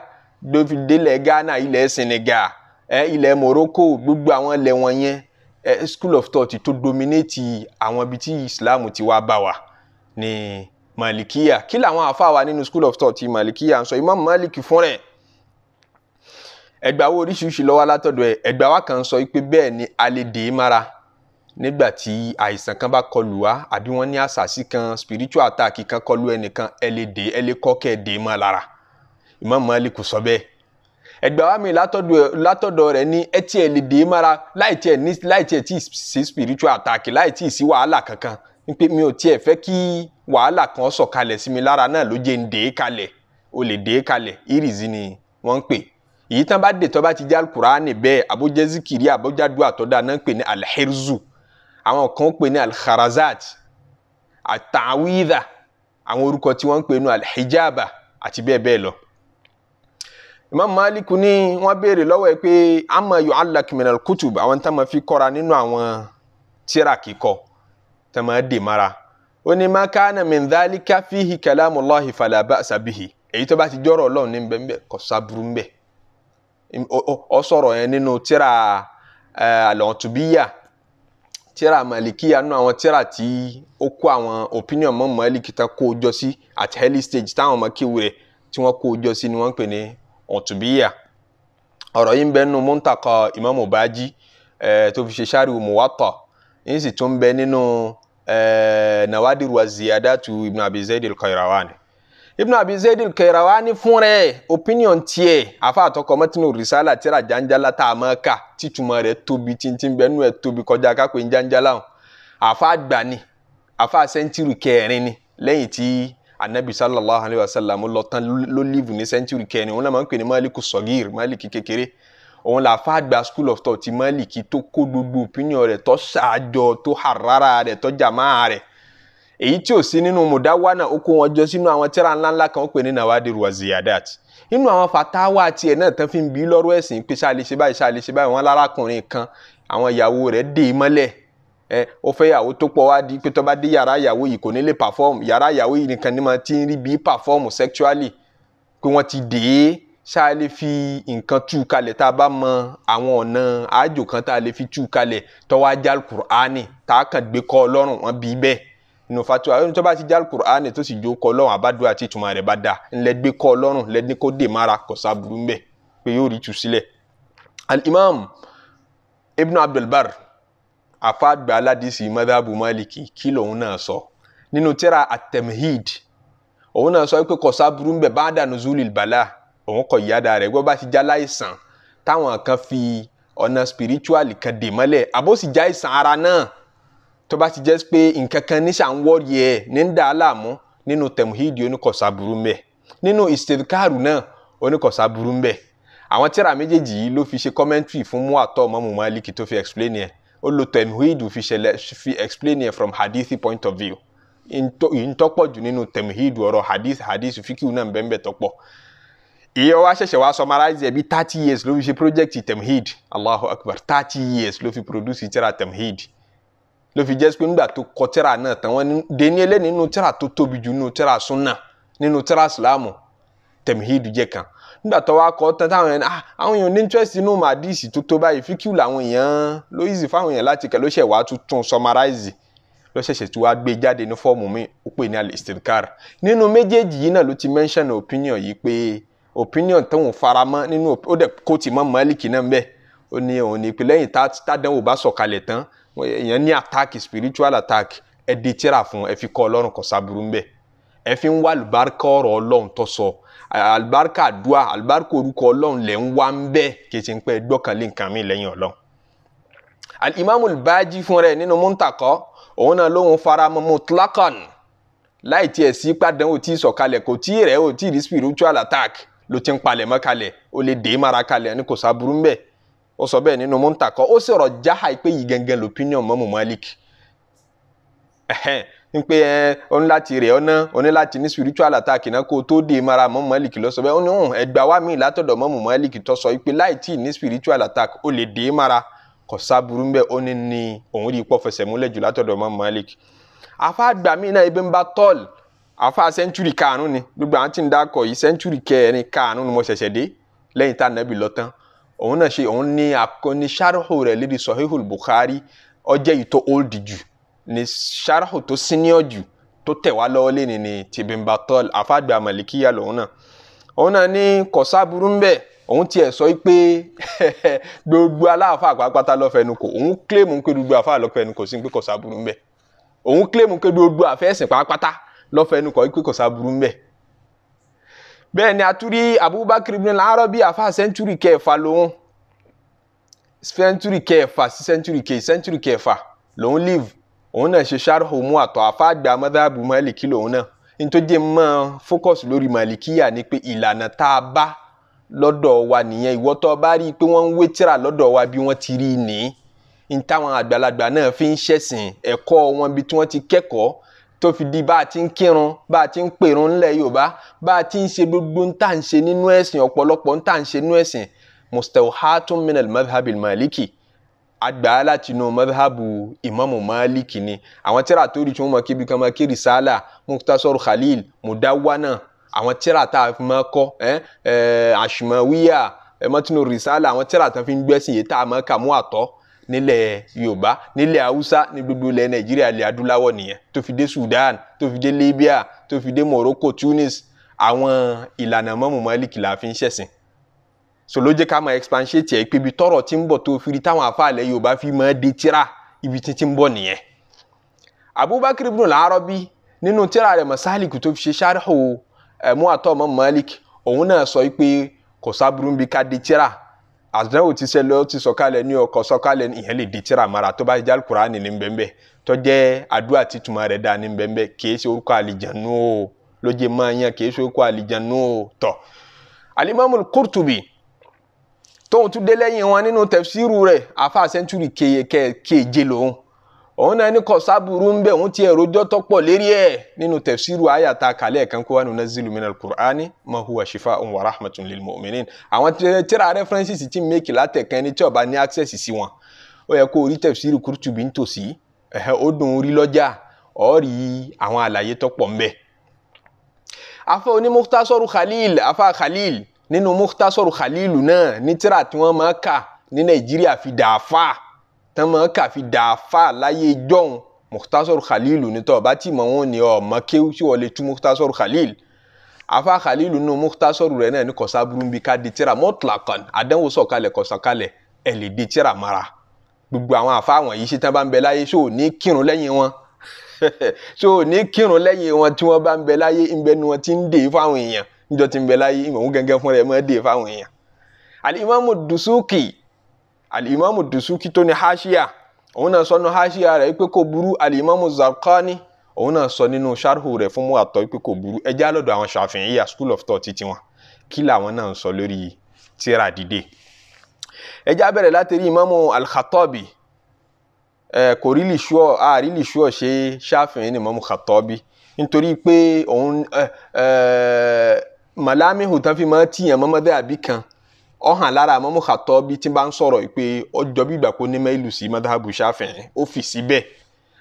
ló fi délẹ̀ Ghana ilẹ̀ Senegal eh, ilẹ̀ Morocco gbogbo àwọn ilẹ̀ wọ̀nyẹn eh, school of thought tó dominate àwọn ibi tí Islam ti wá bá wa ní Malikiya kí làwọn àfáà wa nínú school of thought Malikiya ń sọ Imam Malik fún rẹ̀ ẹgbàá wo oríṣiríṣi ló wà látọ̀dọ̀ ẹ̀ ẹgbàá wa kan sọ pé bẹ́ẹ̀ ni a lè dè é mára nígbà tí àìsàn kan bá kọlù wá àbí wọ́n ní àṣàṣì kan spiritual attack kan kọlù ẹnìkan ẹ lè dé ẹ lè kọ́ kẹ́ ẹ dé mọ́ lára Imam Malik sọ bẹ́ẹ̀ ẹgbẹ́ wa mi látọ̀dọ̀ rẹ̀ ní ẹ tiẹ̀ lè dé mọ́ra láì tiẹ̀ tí sí spiritual attack láì tí sí wàhálà kankan pé mi ò tiẹ̀ fẹ́ kí wàhálà kan sọ̀kalẹ̀ sí mi lára náà ló jẹ́ ń dé kalẹ̀ o lè dé kalẹ̀ irizi ni wọ́n ń pè èyí tán bá dè tó bá ti já Kùránì bẹ́ẹ̀ àbójẹ́ zikiri àbójá àtọ́dá náà ń pè ní alhirzu àwọn kan pè ní alkharazat àtàwídà àwọn orúkọ tí wọ́n ń pè ní alhijaba àti bẹ́ẹ̀ bẹ́ẹ̀ lọ. Imam Malik ní wọ́n béèrè lọ́wọ́ ẹ pé ama yu'allaq min al-kutub àwọn tá máa fi kọ́ra nínú àwọn tíra kíkọ tá máa dè mara ó ní ma kana min dhalika fihi kalamullahi fala ba'sa bihi èyí tó bá ti jọ́rọ̀ Ọlọ́run ní bẹ́ẹ̀ kò sábúrú bẹ́ẹ̀ ọ sọ̀rọ̀ yẹn nínú tíra eh, al-utubiyya tíra malikiya nínú àwọn tíra tí ó kó àwọn opinion mọ́ maliki tán kó o jọ sí at early stage táwọn ọmọ kéwù rẹ̀ tí wọ́n kó o jọ sí ni wọ́n ń pè ní ọ̀túnbíyà ọ̀rọ̀ yìí ń bẹ nínú múntàkọ ìmáàmù bájí tó fi ṣe ṣáàrì muwatta yìí sì tún bẹ nínú nawadiru wa ibn abi zayd Ibn abi zaydil kairawani fúnra ẹ̀ opinion tiẹ̀ afa àtọkọ mẹtinu risala tírà janjala tá a máa kà títúmọ̀ rẹ̀ tóbi tíntín bẹ́ẹ̀ nú ẹ̀ tóbi kọjá kápẹ́ janjala hàn afa àgbàni afa sẹ́ńtírì kẹrin ni lẹ́yìn tí anabi sallallahu alayhi wa sallam lọ tán ló live ní sẹ́ńtírì kẹrin òun náà máa ń pè ní malik sọgír malik kékeré òun là fa àgbà school of thought ti malik tó kó gbogbo opinion rẹ̀ tó ṣáájọ tó harara rẹ̀ tó jamaa rẹ̀ èyí tí ò sí nínú mùdáwánà ó kó wọn jọ sínú àwọn tíra ńláńlá kan ó pè ní nawadiru wa ziyadat nínú àwọn fatawa tiẹ̀ náà tán fi ń bí lọ́rọ̀ ẹ̀sìn pé ṣáà lè ṣe báyìí ṣáà lè ṣe báyìí wọn lárakùnrin kan àwọn ìyàwó rẹ̀ dè mọ́lẹ̀ ẹ ó fẹ́ ìyàwó tó pọ̀ wá di pé tó bá dé yàrá ìyàwó yìí kò ní lè perform yàrá ìyàwó yìí nìkan ni mo ti ń rí bí perform sexually pé wọ́n ti dè é ṣáà lè fi nǹkan tú kalẹ̀ tá a bá mọ àwọn ọ̀nà àjò kan tá a lè fi tú kalẹ̀ tó wá tá a kàn gbé kọ́ ọlọ́run wọn bí bẹ́ẹ̀ nùfàtú àwọn tó bá ti já alukur'ani tó sì jó kọ lọ́rùn àbádùn àti ìtumọ̀ rẹ̀ bá dáa ńlẹ̀ kọ́ lọ́rùn lẹ́ni kó dè mara kò sábúrú ńbẹ̀ pé yóò rí tu sílẹ̀. al-imam ibn abdulbar afaagba aladisi madhabu maliki kí lòun náà sọ nínú tírà at-tamhid òun náà sọ pé kò sábúrú ńbẹ̀ bá dànù zulil bala òun kọ ìyá dáa rẹ̀ gbọ́ bá ti já láìsàn táwọn kan fi ọ̀nà spiritual kan dè mọ́lẹ̀ àbó sì já ìsàn ara náà tó bá ti jẹ́ pé nǹkan kan níṣà ń wọ́ọ̀rì ẹ̀ ní ń dà á láàmú nínú tẹ̀mùhídì oníkọ̀sá burú mbẹ̀ nínú ìsèkáàrù náà oníkọ̀sá burú mbẹ̀ àwọn tíra méjèèjì yìí ló fi ṣe commentary fún muwatọ́ Imamu Maliki tó fi explain yẹn ó lo tẹ̀mùhídì fi ṣẹlẹ̀ fi explain yẹn from hadithi point of view ìntọ́pọ̀ jù nínú tẹ̀mùhídì ọ̀rọ̀ hadith hadith fíkìú náà bẹ́ẹ̀ tọ́pọ̀ ìyẹn wá ṣẹ̀ṣẹ̀ wá thirty years ló fi ṣe project Allahu Akbar thirty years ló fi produce tíra tẹ̀mùhídì ló fi jẹ́ pé nígbà tó kọ tíra náà tán wọ́n dé ní ẹlẹ́ni nínú tíra tó tóbi jù nínú tíra súnà nínú tíra sílámù tẹ̀míhìdù jẹ́ kan nígbà tó wá kọ́ tán táwọn èèyàn ah, àwọn èèyàn ní interest inú màdíìsì tó tó báyìí fíkìú làwọn èèyàn ló easy fáwọn èèyàn láti kẹ́ ló ṣẹ̀ wá tuntun summarize ló ṣẹ̀ṣẹ̀ tí wàá gbé jáde ní fọ́ọ̀mù mi ó pè ní al-istidkar nínú méjèèjì yìí náà ló ti mention opinion yìí pé opinion tóun faramọ́ nínú ó dẹ̀ kó tì mọ́ Málíkì náà bẹ́ẹ̀ ó ní òun ní pé lẹ́yìn tá dánwò bá sọ̀kalẹ̀ tán èèyàn ní attack spiritual attack ẹ di tíra fún ẹ fi kọ́ ọlọ́run kò sábúrú ń bẹ̀ ẹ fi ń wá àlùbáríkà ọ̀rọ̀ ọlọ́run tó sọ àlùbáríkà àdúrà àlùbáríkà orúkọ ọlọ́run lẹ̀ ń wá ń bẹ̀ kì í ti ń pẹ́ gbọ́kànlé nǹkan mi lẹ́yìn ọlọ́run. alimami Baji fún rẹ nínú múntakọ òun náà lóun fara mọ́ mutlakan láì tiẹ̀ sí pàdán ò tí ì sọ̀kalẹ̀ kò tí ì rẹ̀ ò tí ì rí spiritual attack ló ti ń palẹ̀ mọ́ ó lè dé mara kalẹ̀ ní kò sábúrú ń bẹ̀ ó sọ bẹ́ẹ̀ nínú múntakọ ó sì ọ̀rọ̀ jáhà pé yìí gangan lopinion mọ́mù Malik n pe ẹ ọ ní láti rẹ̀ ọ́nà ọ ní láti ní spiritual attack náà kó o tó dé mara mọ́mù Malik lọ sọ bẹ́ẹ̀ ó ní hàn ẹgbà wá mi látọ̀dọ̀ mọ́mù Malik tó sọ pé láì tí ní spiritual attack ó lè dé mara kò sábúrú bẹ́ẹ̀ ó ní ní òun rí pọ́ fẹsẹ̀ múlẹ̀ jù látọ̀dọ̀ mọ́mù Malik afa àgbà mi náà ebi ń bá tọ́ọ̀lù afa sẹ́ńtúrì kaanu ni gbogbo àwọn tí ń dákọ̀ yìí sẹ́ńtúrì kẹrin kaanu ni mo ṣẹ̀ṣẹ̀ dé lẹ́yìn tá a nàbì lọ tán òun náà ṣe òun ní akọni sharhu rẹ̀ lédi sọhíhùl bukhari ó jẹ́ yìí tó old jù ní sharhu tó senior jù tó tẹ̀ wá lọ́wọ́ lẹ́ni ní tìbínbatọ́l àfàgbà màlìkíyà lòun náà òun náà ní kọ̀sá burú ń bẹ̀ òun tiẹ̀ sọ [LAUGHS] pé gbogbo aláàfà àpapátá lọ́fẹ̀ẹ́nu kò òun kílèmù pé gbogbo àfà lọ́fẹ̀ẹ́nu kò sí pé kọ̀sá burú ń bẹ̀ òun kílèmù pé gbogbo àfẹ́sìn pàápátá lọ́fẹ̀ẹ́nu kò pé ń bẹ̀ bẹ́ẹ̀ ni àtúrí Abubakar ibn al-Arabi àfa sẹ́ńtúrì kẹfà lòun sẹ́ńtúrì kẹfà sí sẹ́ńtúrì kẹ sẹ́ńtúrì kẹfà lòun live òun náà ṣe sharhu mu àtọ̀ àfa àgbà madhabu Maliki lòun náà nítorí mọ́ focus lórí Malikiya ni pé ìlànà tá a bá lọ́dọ̀ wa nìyẹn ìwọ tó bá rí i pé wọ́n ń wé tíra lọ́dọ̀ wa bí wọ́n ti rí i nìyí ní táwọn àgbàlagbà náà fi ń ṣẹ̀sìn ẹ̀kọ́ wọn bí tí wọ́n ti kẹ́kọ̀ọ́ tó fi di bá a ti ń kírun bá a ti ń pèrun ńlẹ̀ yorùbá bá a ti ń ṣe gbogbo ń tà ń ṣe nínú ẹ̀sìn ọ̀pọ̀lọpọ̀ ń tà ń ṣe nínú ẹ̀sìn mustawhatun minal madhabil maliki agbàá láti inú madhabu imamu maliki ni àwọn tíra tó rí tí wọ́n mọ kébi kan mọ kí risala muktasar khalil mudawana àwọn tíra tá a fi máa kọ ẹ ẹ ashimawiya ẹ mọtínú risala àwọn tíra tá a fi ń gbẹ́sìn yìí tá a máa kà mú àtọ́ nílẹ̀ yorùbá nílẹ̀ haúsá ní gbogbo ilẹ̀ nàìjíríà ilẹ̀ adúláwọ̀ nìyẹn tó fi dé sudan tó fi dé libya tó fi dé morocco tunis àwọn ìlànà mọ́mú mọ́lìkì la fi ń ṣẹ̀sìn so ló jẹ́ ká máa expansiate ẹ̀ pé ibi tọ́rọ̀ ti ń bọ̀ tó fi táwọn afáàlẹ̀ yorùbá fi máa de tíra ibi tí ti ń bọ̀ nìyẹn abubakar ibn al-arabi nínú tíra rẹ̀ masalik tó fi ṣe sharhu eh, muwatta mọ́mú mọ́lìkì òun náà sọ pé kò sábúrú bí ká de tíra àdánwò ti ṣẹlẹ̀ ó ti sọ̀kalẹ̀ ní ọkọ̀ sọ̀kalẹ̀ ìyẹn lè di tíra mara tó bá jẹ́ alukurani ní bẹ́ẹ̀nbẹ́ tó jẹ́ àdúrà títúmọ̀ rẹ̀ dáa ní bẹ́ẹ̀nbẹ́ kìí ṣe orúkọ àlìjánu o lóye máa yan kìí ṣe orúkọ àlìjánu o tọ̀. alimami kurtubi tóun tún dé lẹ́yìn wọn nínú tẹ̀síìrù rẹ̀ afa sẹ́ńtúrì keje lòun òun náà ní kò sábúrú ń bẹ òun ti ẹ̀rọ ọjọ́ tó pọ̀ lérí ẹ̀ nínú tafsiru àyà ta kàlẹ́ ẹ̀kan kó wà nunazzilu minal qur'ani ma huwa shifa'un wa rahmatun lil mu'minin àwọn tírà references ti mẹ́kì látẹ̀kan ẹni tí ó bá ní access sí wọn ó yẹ kó orí tafsiru Qurtubi ń tòsí ẹ̀hẹ́ ó dùn orí lọ́jà ó rí àwọn àlàyé tó pọ̀ ń afa oní Mukhtasaru Khalil afa Khalil nínú Mukhtasaru Khalil náà ní tírà tí wọ́n máa kà ní Nàìjíríà fi dàáfà tán máa kà fi dàáfà láyé jọ́hún mukhtasar khalil nítọ́ bá tì mọ́ wọn ni ọ mọ́ kéwú tí wọ́n lè tú mukhtasar khalil afa khalil nù mukhtasar rẹ̀ náà ní kọ̀sá burú bí ká di tíra mọ́tòlákan àdánwò sọ̀kalẹ̀ kọ̀sọ̀kalẹ̀ ẹ̀ lè di mara gbogbo àwọn afa àwọn yìí ṣe tán bá ń bẹ láyé ṣó ní kírun lẹ́yìn wọn [LAUGHS] ṣó ní kírun lẹ́yìn wọn tí wọ́n bá ń bẹ láyé ń bẹ ni wọ́n ti ń dè fáwọn èèyàn níjọ́ ti ń bẹ láyé ìmọ̀ alimamu dusuki tó ní haṣíà òun náà sọ nínú haṣíà rẹ̀ pé kò burú alimamu zarqani òun náà sọ nínú sharhu rẹ̀ fún mu àtọ́ pé kò burú ẹjẹ́ alọ́dọ̀ àwọn ṣàfihàn school of thought ti wọn kí làwọn náà ń sọ lórí tíra dìde ẹjẹ́ abẹ́rẹ́ láti rí imamu al-khattabi ẹ kò rílì ṣúọ a rílì ṣúọ ṣe ṣàfihàn ní imamu khattabi nítorí pé òun ẹ ẹ malami hùtàn fi máa tìyàn mọ́mọ́dé àbí kan ọ̀hàn lára àmọ́ mọ̀kàtọ́ bí tí n bá ń sọ̀rọ̀ yìí pé ọjọ́ bí ìgbà kó ní mẹ́lù sí madhabu Shafi'i ó fi síbẹ̀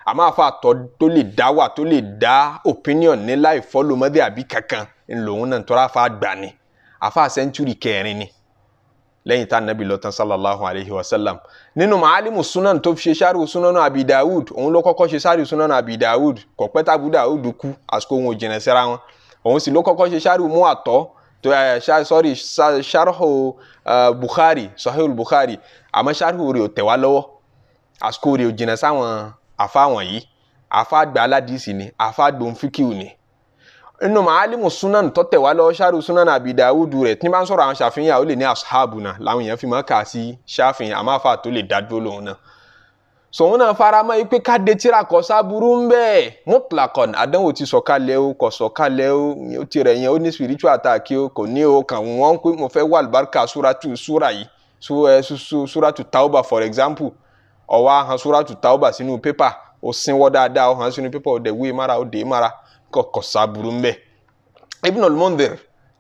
àmọ́ àfa àtọ́ tó lè dá wà tó lè dá opinion ní láì follow mọ́dé àbí kankan ńlòun náà tọ́ra àfa àgbà ni àfa sẹ́ńtúrì kẹrin ni lẹ́yìn tá nàbì lọ tán sallallahu alayhi wa sallam nínú maalimu sunan tó fi ṣe sáré sunan abi dawud òun ló kọ́kọ́ ṣe sáré sunan abi dawud kọ̀pẹ́tà abu dawud kú àsìkò òun ò jìnnà síra wọn òun sì ló kọ́kọ́ ṣe sáré mú àtọ́ to sorry sharhu uh, bukhari sahih bukhari àmọ́ sharhu rẹ̀ ò tẹ̀ wá lọ́wọ́ àsìkò rẹ̀ ò jìnnà sáwọn àfa wọ̀nyí àfa àgbà aládìsí ni àfa àgbà òǹfíkìw ni nínú màálìmù sunan tó tẹ̀ wá lọ́wọ́ sharhu sunan abidawudu rẹ̀ tí n bá ń sọ̀rọ̀ àwọn ṣàfihàn ó lè ní ashabuna làwọn èèyàn fi sòun náà faramọ́ yìí pé káde tíra kọ́ sábúrú ń bẹ́ẹ̀ mutlakon àdánwò ti sọ̀kalẹ̀ o kò sọ̀kalẹ̀ o ó ti rẹ̀ yẹn ó ní spiritual attack o kò ní o kàn wọ́n pé mo fẹ́ wà lùbáríkà súratù súra yìí sú ẹ sú súratù tauba for example ó wá hàn súratù tauba sínú pépà ó sínwọ́ dáadáa ó hàn sínú pépà ó dẹ̀ wé mara ó dé mara kò kò sábúrú ń bẹ́ẹ̀ Ibn al-Mundhir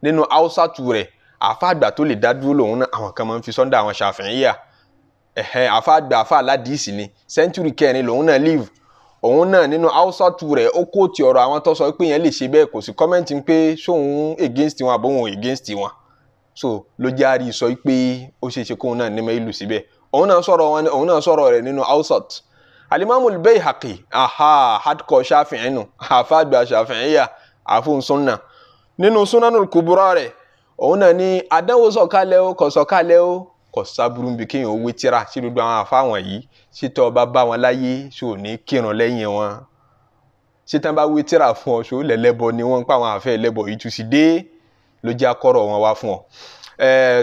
nínú haúsá tù rẹ̀ àfa àgbà tó lè dá dúró lòun náà àwọn kan máa ń fi sọ́ndà àwọn Ṣàfi'íyà ẹ̀hẹ́n afa àgbà afa aládìsí ni sẹ́ńtúrì kẹrin lòun náà live òun náà nínú hausa tu rẹ̀ ó kó ti ọ̀rọ̀ àwọn tó sọ pé yẹn lè ṣe bẹ́ẹ̀ kò sí kọ́mẹ́ǹtì pé sóun against wọn àbóhun against wọn so ló jẹ́ àrí sọ pé ó ṣe é ṣe kóun náà ní mẹ́lù síbẹ̀ òun náà sọ̀rọ̀ wọn òun náà sọ̀rọ̀ rẹ̀ nínú hausa alimamu Bayhaqi aha hardcore ṣàfihàn nù afa àgbà ṣàfihàn yà àfún sunna nínú sunanul kubura rẹ̀ òun náà ní adánwò sọ̀kalẹ̀ o kò sọ̀kalẹ̀ o kò sábúrú bí kéèyàn owó tíra sí gbogbo àwọn afáwọn yìí sítọ́ bá bá wọn láyé sò ní kírun lẹ́yìn wọn sítán bá wé tíra fún ọ sò lẹ́lẹ́bọ ni wọ́n ń pa àwọn àfẹ́ lẹ́bọ yìí tún sí dé ló jẹ́ akọ́rọ̀ wọn wá fún ọ.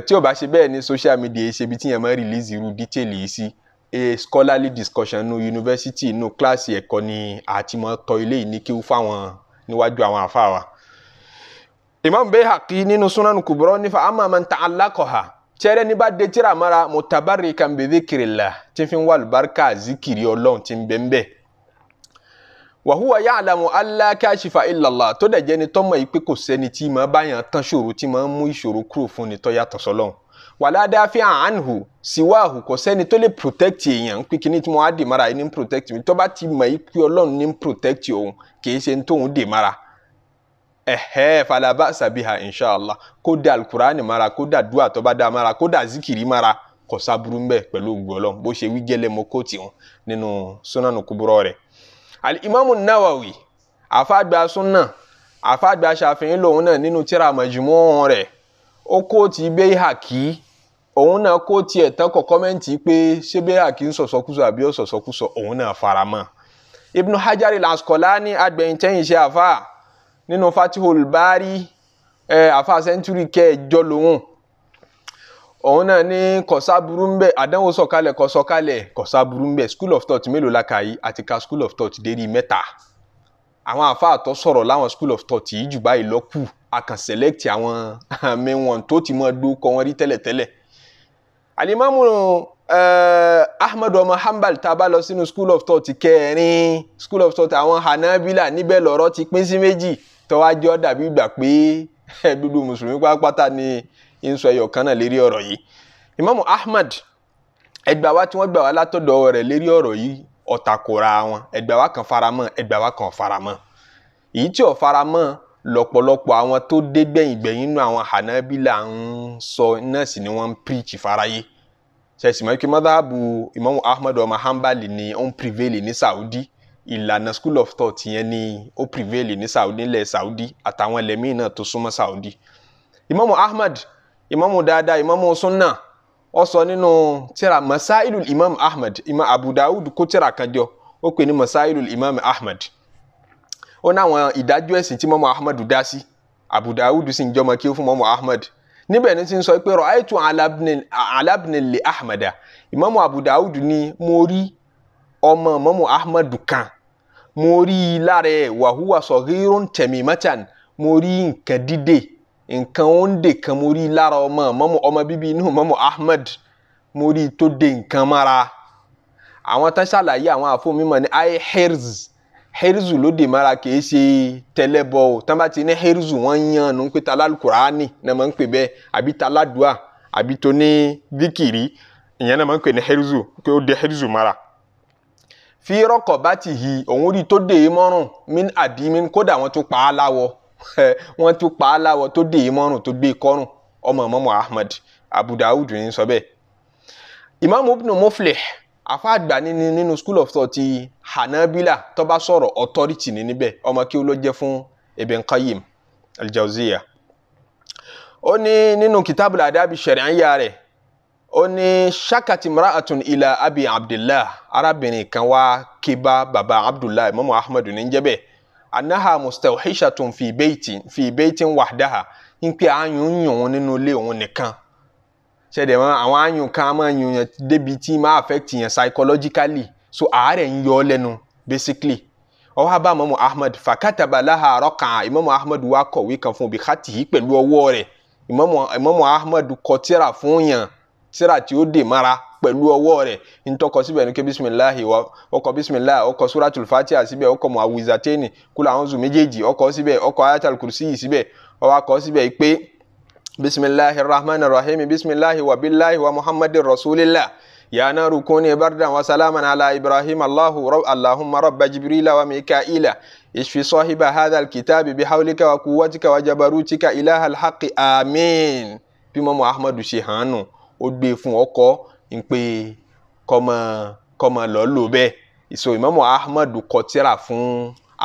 tí ò bá ṣe bẹ́ẹ̀ ní social media ṣe ibi tí yẹn máa release irú detail yìí sí a scholarly discussion nu yunifásitì nu kíláàsì ẹ̀kọ́ ni àtìmọ́ tọ́ ilé yìí ní kéwú fáwọn níwájú àwọn àfáà Imam Bayhaqi nínú Sunan Kubra nífa amma man tiẹrẹ ní bá de tírà mara mutabari kan bẹ zikiri la tí fi wà lùbáríkà zikiri Ọlọ́run tí ń bẹ ń bẹ. wa huwa ya'lamu alla kashifa illa Allah tó dẹ̀ jẹ́ ni tọ́mọ̀ yìí pé kò sẹ́ni tí máa bá yàn tán ṣòro tí máa ń mú ìṣòro kúrò fún ni tó yàtọ̀ sọ́lọ́run. wala dafi'a anhu siwahu kò sẹ́ni tó lè protect èèyàn ń pè kí ni mara yìí ní protect mi tó ti mọ̀ yìí pé Ọlọ́run ní protect òun kì í ṣe ní tóun dè mara. ẹ̀hẹ́ falaba sabiha inshallah kódà alukurani mara kódà dua tó bá dá mara kódà zikiri mara kò sábúrú ń bẹ pẹ̀lú gbọ́lọ́ bó ṣe wí gẹ́lẹ́ mọ́ kóòtì wọn nínú sunanu kuburọ rẹ̀. alimami nawawi afaagba sunna afaagba ṣàfihàn lòun náà nínú tíra majmu' rẹ̀ ó kóòtì Haki. òun náà kóòtì ẹ̀ tán kọ́ kọ́mẹ́ǹtì pé ṣé Bayhaqi ń sọ̀sọ́kúsọ àbí ó sọ̀sọ́kúsọ òun náà faramọ́. ibnu hajar al-asqalani agbẹ̀yìntẹ́yìn ṣe àfáà nínú fatihul bari ẹ àfa sẹ́ńtúrì kẹjọ lòun òun náà ní kọ̀sá burú ń bẹ̀ àdánwò sọ̀kalẹ̀ kọ̀sọ̀kalẹ̀ kọ̀sá burú ń bẹ̀ school of thought mélòó la kà àti ka school of thought dérí mẹ́ta àwọn afa àtọ́ sọ̀rọ̀ láwọn school of thought yìí jù báyìí lọ́kù a kàn select àwọn àmì wọn tó ti mọ dókọ wọn rí tẹ́lẹ̀tẹ́lẹ̀ alimamu uh, ahmed ọmọ hanbal tá bá lọ sínú school of thought kẹrin school of thought àwọn hanabila níbẹ̀ lọ́rọ̀ ti pín sí méjì tọ́wájọ́ dàbí ìgbà pé [LAUGHS] gbogbo mùsùlùmí pátápátá ni ń sọ ẹyọ kan náà lérí ọ̀rọ̀ yìí Imamu Ahmad ẹgbàá wa tí wọ́n gbà wá látọ̀dọ̀ rẹ̀ lérí ọ̀rọ̀ yìí ọ̀tàkùrà wọn ẹgbàá wa kan faramọ́ ẹgbàá wa kan faramọ́ èyí tí ò faramọ́ lọ́pọ̀lọpọ̀ àwọn tó dé gbẹ̀yìngbẹ̀yìn nínú àwọn Hanabila ń sọ náà sì ni wọ́n ń píríkì fáráyé ṣẹ̀sìmọ́ kí mọ́tàbù Imamu Ahmad ọmọ Hanbali ni ó ń pìrìvẹ́lì ní Saudi ìlànà school of thought yẹn ni ó prevail ní Saudi ilẹ̀ Saudi àtàwọn ẹlẹ́mìí náà tó súnmọ́ Saudi Imam Ahmad Imam dáadáa Imam sunna ó sọ nínú tíra Masailul Imam Ahmad Imam Abu Dawud kó tíra kan jọ ó pè ní Masailul Imam Ahmad ó náwọn ìdájọ́ ẹ̀sìn tí Imam Ahmad dá sí Abu Dawud sì ń jọmọ kí ó fún Imam Ahmad níbẹ̀ ni ti ń sọ pé rọ àìtú alábìnrin ahmada Imam Abu Dawud ni mo rí ọmọ Imam Ahmad kan mo rí i lára ẹ̀ wàhùwà sọ̀rírún tẹ̀mímátàn mo rí nǹkan dídè nǹkan ó ń dè kan mo rí i lára ọmọ mọ́mú ọmọ bíbí inú mọ́mú Ahmed mo rí i tó dè nǹkan mára àwọn tán ṣàlàyé àwọn àfọmímọ̀ ní ayé herz herzu ló dè mara kìí ṣe tẹlẹbọ o tán bá ti ní herzu wọn yan nu pé tala alukurani náà máa ń pè bẹ́ẹ̀ àbí tala dua àbí tó ní díkìrì ìyẹn náà máa ń pè ní herzu pé ó dè herzu mara fi rọkọ̀ bá ti hì òun rí tó dè é mọ́rùn min àdí min kódà wọ́n tún pa á láwọ̀ [LAUGHS] wọ́n tún pa á láwọ̀ tó dè é mọ́rùn tó gbé e kọ́rùn ọmọ mọ́mọ́ Ahmad Abu Dawud ní sọ bẹ́ẹ̀. Imam Ibn Muflih afa àgbà nínú nínú school of thought ti Hanabila tó bá sọ̀rọ̀ authority ní níbẹ̀ ọmọ kí ó ló jẹ́ fún Ibn Qayyim al-Jawziyya. ó ní nínú kitabul adabi shari'iyya rẹ̀ ó ní sakati mra'atun ila abi abdullah arábìnrin kan wá kíbá baba abdullah imamu ahmadu ní jẹ́bẹ̀ anaha mustawhishatun fi beitin fi beitin wahdaha ń pè ayùn yùn nínú ilé òun nìkan ṣẹ̀dẹ̀ mọ́ àwọn ayùn kan máa yùn yẹn débi tí máa affect yẹn psychologically so àárẹ̀ ń yọ lẹ́nu basically ó wá bá imamu ahmad fakataba laha raq'a imamu ahmad wá kọ̀wé kan fún bi khatihi pẹ̀lú ọwọ́ rẹ̀ imamu imamu ahmad kọ fún yàn tíra tí ó dè mara pẹ̀lú ọwọ́ rẹ̀ ntọ́kọ síbẹ̀ ní ké bisimilahi wa ọkọ̀ bisimilahi ọkọ̀ suratul fatiha síbẹ̀ ọkọ̀ muawizateni kúlọ̀ àwọn zùn méjèèjì ọkọ̀ síbẹ̀ ọkọ̀ ayatul kursi yìí síbẹ̀ ọwọ́ akọ̀ síbẹ̀ pé bisimilahi rahman rahim bisimilahi wa bilahi wa muhammadin rasulillah yana rukuni bardan wa salaman ala ibrahim allahu allahumma rabba jibrila wa mika'ila ishfi sahiba hadha alkitabi bihawlika wa quwwatika wa jabarutika ilaha alhaqi amin bí ahmadu ṣe hàn ó gbé e fún ọkọ ń pé kọ́mọ kọ́mọ lọ lò bẹ́ẹ̀ ìṣò ìmọ̀mọ̀ Ahmad kọ tírà fún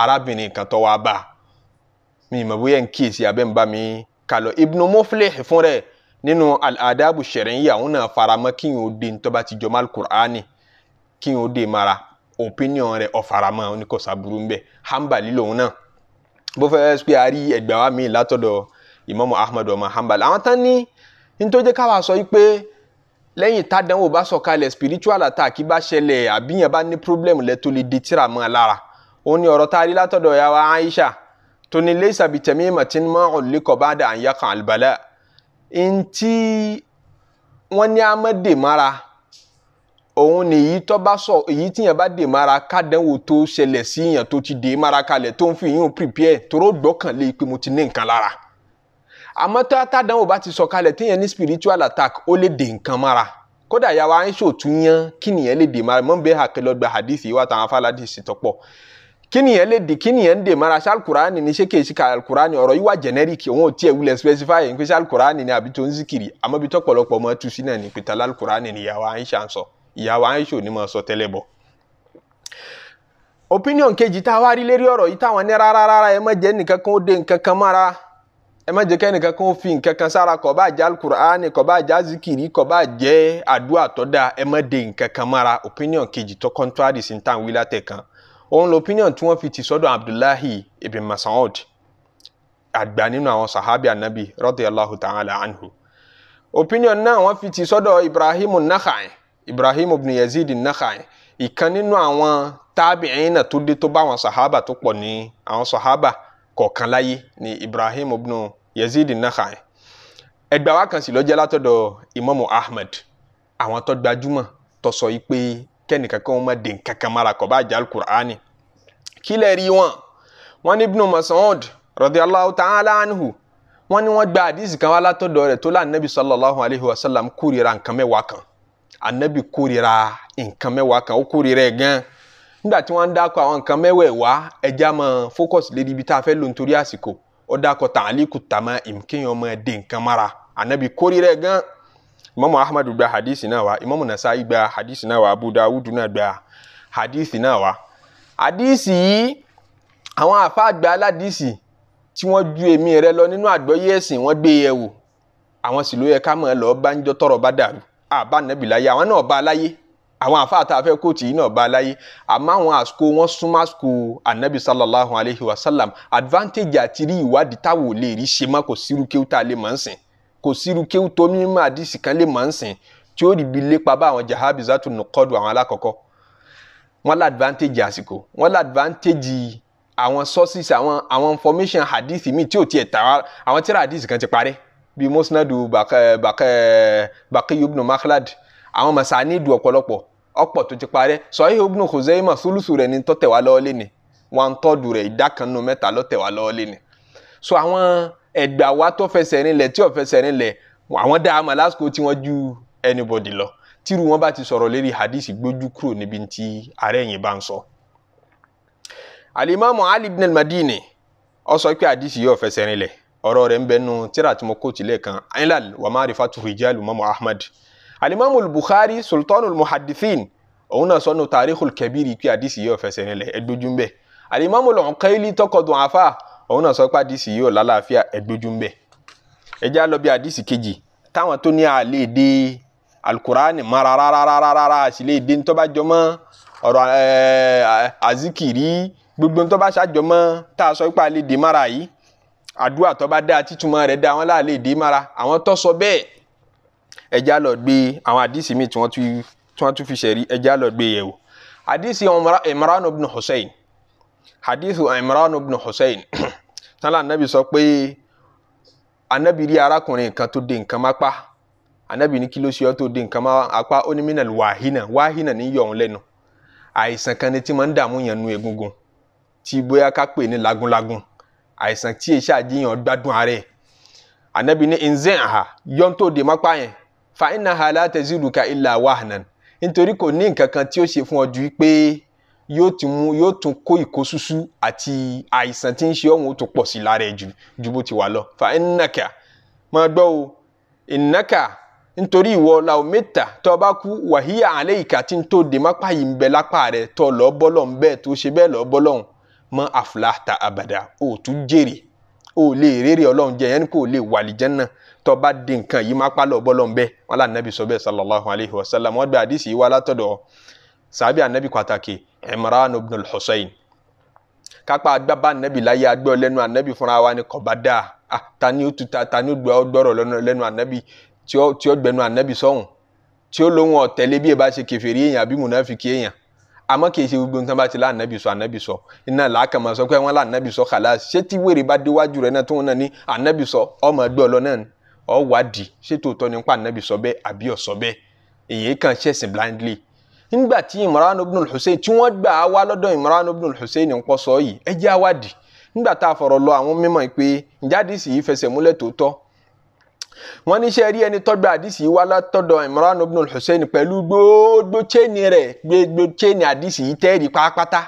arábìnrin kan tó wá bá mi ìmọ̀ bóyá ń kíyèsí abẹ́ ń bá mi kálọ̀ Ibn Muflih fún rẹ̀ nínú al-adabu shar'iyya àwọn náà faramọ́ kí n ò de ń tó bá ti jọmọ́ al-Qur'ani kí n ò de mara opinion rẹ̀ ọ̀faramọ́ oníkọ̀sá burú ń bẹ̀ Hanbali lòun náà bó fẹ́ pé a rí ẹgbẹ́ wa mi látọ̀dọ̀ Imam Ahmad ọmọ Hanbali àwọn tán ní nítorí káwa sọ yìí pé lẹ́yìn tádánwò bá sọ̀kalẹ̀ spiritual attack bá ṣẹlẹ̀ àbíyàn bá ní problem lẹ́tọ́ lè di tíra mọ́ lára òun ni ọ̀rọ̀ tá a rí látọ̀dọ̀ ya wa Aisha tó ní laysa bitamimatin ma ulliqa ba'da an yaqa al-bala ntí wọ́n ní amadé mara òun ni èyí tó bá sọ èyí tíyàn bá dè mara kádánwò tó ṣẹlẹ̀ síyàn tó ti dè mara kalẹ̀ tó ń fi yín prepare toró gbọ́kànlé pé àmọ́ tó àtàdánwò bá ti sọ̀kalẹ̀ téèyàn ní spiritual attack ó lè dè nǹkan mára kódà yàwá aisha tún yán kí nìyẹn lè dè mára mọ́ bẹ́ẹ̀ àkẹlẹ́ ọgbà hadith ìwà táwọn afáàládì sì tọ́pọ̀ kí nìyẹn lè dè kí nìyẹn ń dè mára ṣé alukurani ni ṣé kèéṣì ka alukurani ọ̀rọ̀ yìí wà generic òun ò tiẹ̀ wulẹ̀ specify ń ṣé alukurani ni àbí tó ń zikiri àmọ́ bí tọ́pọ̀lọpọ̀ mọ́ tu sí náà ní pété alukurani ni yàwá aisha ń sọ ìyàwó aisha ò sọ tẹ́lẹ̀ bọ̀ opinion kejì tá a wá rí lérí ọ̀rọ̀ yìí táwọn ní rárá rárá ẹ má jẹ́ nìkan ó dé nǹkan mára ẹ má jẹ́ kẹ́nìkan kan fi nǹkan kan sára kó bá jẹ́ alukur'ani kó bá jẹ́ azikiri kó bá jẹ́ àdúrà tó dáa ẹ má de nǹkan kan mara opinion kejì tó contrary sí ta wí látẹ̀ kan òun lo opinion tí wọ́n fi ti sọ́dọ̀ abdullahi ibn masaud àgbà nínú àwọn sahabi anabi radiyallahu ta'ala anhu opinion náà wọ́n fi ti sọ́dọ̀ ibrahim nakhai ibrahim ibn yazid nakhai ìkan nínú àwọn tábìín náà tó dé tó bá àwọn sahaba tó pọ̀ ní àwọn sahaba kọ̀ọ̀kan láyé ni Ibrahim ibnu Yazid Nakhai ẹgbà wa kan sì lọ́jẹ́ látọ̀dọ̀ Imamu Ahmed àwọn tó gbajúmọ̀ tó sọ yìí pé kẹ́nìkan kan má dé nǹkan kan mara kó bá jẹ́ alukur'ani kílẹ̀ rí wọn wọn ní ibnu Mas'ud radiyallahu ta'ala anhu wọn ni wọn gba àdìsí kan wá látọ̀dọ̀ rẹ̀ tó lá anabi sallallahu alayhi wa sallam kórìíra nǹkan mẹ́wàá kan anabi kórìíra nǹkan mẹ́wàá kan ó kórìíra ẹ̀ gan-an nígbà tí wọ́n ń dákọ̀ àwọn nǹkan mẹ́wẹ̀ẹ̀wá ẹja máa fókọ̀sì lédi ibi tá a fẹ́ lò nítorí àsìkò ó dákọ̀ tàn tàmá ìmùkéyàn ọmọ ẹ̀dè nǹkan mara ànábì kórè rẹ̀ gan imamu ahmadu gba hadisi náà wá imamu nasa'i gba hadisi náà wá abu dawudu náà gba hadisi náà wá hadisi yìí àwọn àfa àgbà aládìsí tí wọ́n ju èmi rẹ lọ nínú àgbọ́yé ẹ̀sìn wọ́n gbé yẹ̀ wò àwọn sì ló yẹ ká mọ̀ ẹ́ lọ́ọ́ bá ń jọ tọrọ bá dàrú àbá nàbìláyé àwọn náà bá aláyé àwọn àfáà tá a fẹ́ kóòtù yìí náà bá a láyé àmọ́ àwọn àsìkò wọn súnmọ́ àsìkò anabi sallallahu alayhi wa sallam advantage àti rí ìwádìí táwọn ò lè rí ṣe má kò sírú kéwù tá a lè mọ̀ ń sìn kò sírú kéwù tó mímọ́ àdìsí kan lè mọ̀ ń sìn tí ó rí bi lépa bá àwọn jahabi zatu nukọ́dù àwọn alákọ̀ọ́kọ́ wọn lá advantage àsìkò wọn lá advantage àwọn sources àwọn àwọn information hadith mi tí ò tiẹ̀ tà àwọn tíra hadith kan ti parẹ́ bíi musnadu bakẹ́ bakẹ́ bakẹ́ ibn makhlad àwọn masanidu ọ̀pọ̀lọpọ̀ ọ̀pọ̀ tó ti parẹ́ sọ́yìn ibn Khuzaymah sólùsù rẹ̀ ní tọ́tẹ̀ wá lọ́ọ́lé ni wọn tọ́dù rẹ̀ ìdá kan nínú mẹ́ta lọ́tẹ̀ wá lọ́ọ́lé ni. so àwọn ẹ̀gbà wa tó fẹsẹ̀ rinlẹ̀ tí ò fẹsẹ̀ rinlẹ̀ àwọn dá àmà lásìkò tí wọ́n ju anybody lọ tírú wọn bá ti sọ̀rọ̀ lérí hadith gbójú kúrò níbi tí ààrẹ yìí bá ń sọ. alimami Ali ibn al-Madini ó sọ pé hadith yìí ò fẹsẹ̀ rinlẹ̀ ọ̀rọ̀ rẹ̀ ń bẹnu tíra tí mo kó tilẹ̀ kan ainlal wa ma'rifatu rijal Imam Ahmad alimami bukhari sultan muhaddithin òun náà sọnù tarikhul kabiri pé àdìsí yóò fẹsẹ̀ nílẹ̀ ẹgbẹ́jú ń bẹ̀ alimami lọ́nkẹ́lì tọkọdún afa òun náà sọ pé àdìsí yóò lálàáfíà ẹgbẹ́jú ń bẹ̀ ẹjẹ́ á lọ bí àdìsí kejì táwọn tó ní àlè dé alukurani mara rárárárá àṣìlè dé ntọ́ba jọmọ́ ọ̀rọ̀ azikiri gbogbo ntọ́ba ṣàjọmọ́ tá a sọ pé àlè dé mara yìí àdúrà tọ́ba dá títúmọ̀ rẹ̀ dá wọn láàlè dé mara àwọn tó sọ bẹ́ẹ̀ ẹja lọ gbé àwọn àdìsí mi tí wọ́n tún fi ṣẹ̀rí ẹja lọ gbé yẹ̀wò àdìsí Imran ibn Hussein àdìsí Imran ibn Hussein [CLEARS THROAT] tánlá anabi sọ pé anabi rí arákùnrin kan tó de nǹkan mápá anabi ní kí ló ṣe ọ́ tó de nǹkan mápá ó ní minal wàhínà wàhínà ní yọ̀ ọ́n lẹ́nu àìsàn kan ni tí máa ń dààmú yẹn nu egungun tí bóyá ká pè ní lagunlagun àìsàn tí èṣà jíyàn gbádùn ààrẹ anabi ní nzẹ́ǹhà yọ́n tó de mápá yẹn fa innaha la taziduka illa wahnan nítorí kò ní nǹkan kan tí ó ṣe fún ọ ju pé yóò tún mú yóò tún kó ìkóṣúṣú àti àìsàn tí ń ṣe ọ̀hún ó pọ̀ sí lára ẹ ju ju bó ti wà lọ fa innaka máa gbọ́ o innaka nítorí ìwọ la ò mẹ́ta tó o bá kú wàhíyà alẹ́ ìka tí ń tó de mápá yìí ń bẹ lápá rẹ tó o lọ bẹ́ẹ̀ tó ṣe bẹ́ẹ̀ lọ bọ́lọ̀ ń àfúlà ta àbàdà o tún jèrè o lè rèrè ọlọ́run jẹ yẹn kò lè wà náà tọba di nǹkan yìí má pálọ̀ bọ́lọ̀ nbẹ wọn là nàbì sọ bẹ́ẹ̀ sallallahu alayhi wa sallam wọn gba àdìsí yìí wá látọ̀dọ̀ sàbí ànàbì pàtàkì Imran ibn al-Husayn kápá agbábá ànàbì láyé agbẹ́ ọlẹ́nu ànàbì fúnra wa ni kọ̀bádà tani ó tuta tani ó gbọ́rọ̀ lẹ́nu ànàbì tí ó gbẹnu ànàbì sọ́hùn tí ó lóhun ọ̀tẹ́lẹ̀ bí ẹ bá ṣe kèfèrí èèyàn àbí mùnàfíkì èèyàn àmọ́ kì í ṣe gbogbo nǹkan bá ti lánàbì sọ ànàbì sọ iná làákàmọ́ sọ pé wọ́n lánàbì sọ kàlá ṣé tí wèrè bá déwájú rẹ̀ náà tó ń náà ní ànàbì sọ ọmọ ẹgbẹ́ ọlọ́ náà ni ọ wádìí ṣé tòótọ́ nípa ànábì sọ bẹ́ẹ̀ àbí ó sọ bẹ́ẹ̀ èyí kan ṣẹ̀sìn blindly nígbà tí Imran ibn al-Hussein tí wọ́n gbà á wá lọ́dọ̀ Imran ibn al-Hussein ń pọ́ sọ yìí ẹ jẹ́ àwádìí nígbà tá a fọ̀rọ̀ lọ àwọn mímọ́ pé ǹjẹ́ àdìsí yìí fẹsẹ̀ múlẹ̀ tòótọ́ wọ́n ní sẹ́ẹ̀rí ẹni tọ́gbà àdìsí yìí wá látọ̀dọ̀ Imran ibn al-Hussein pẹ̀lú gbogbo chéènì rẹ̀ gbogbo chéènì àdìsí yìí tẹ́ẹ̀rí pátápátá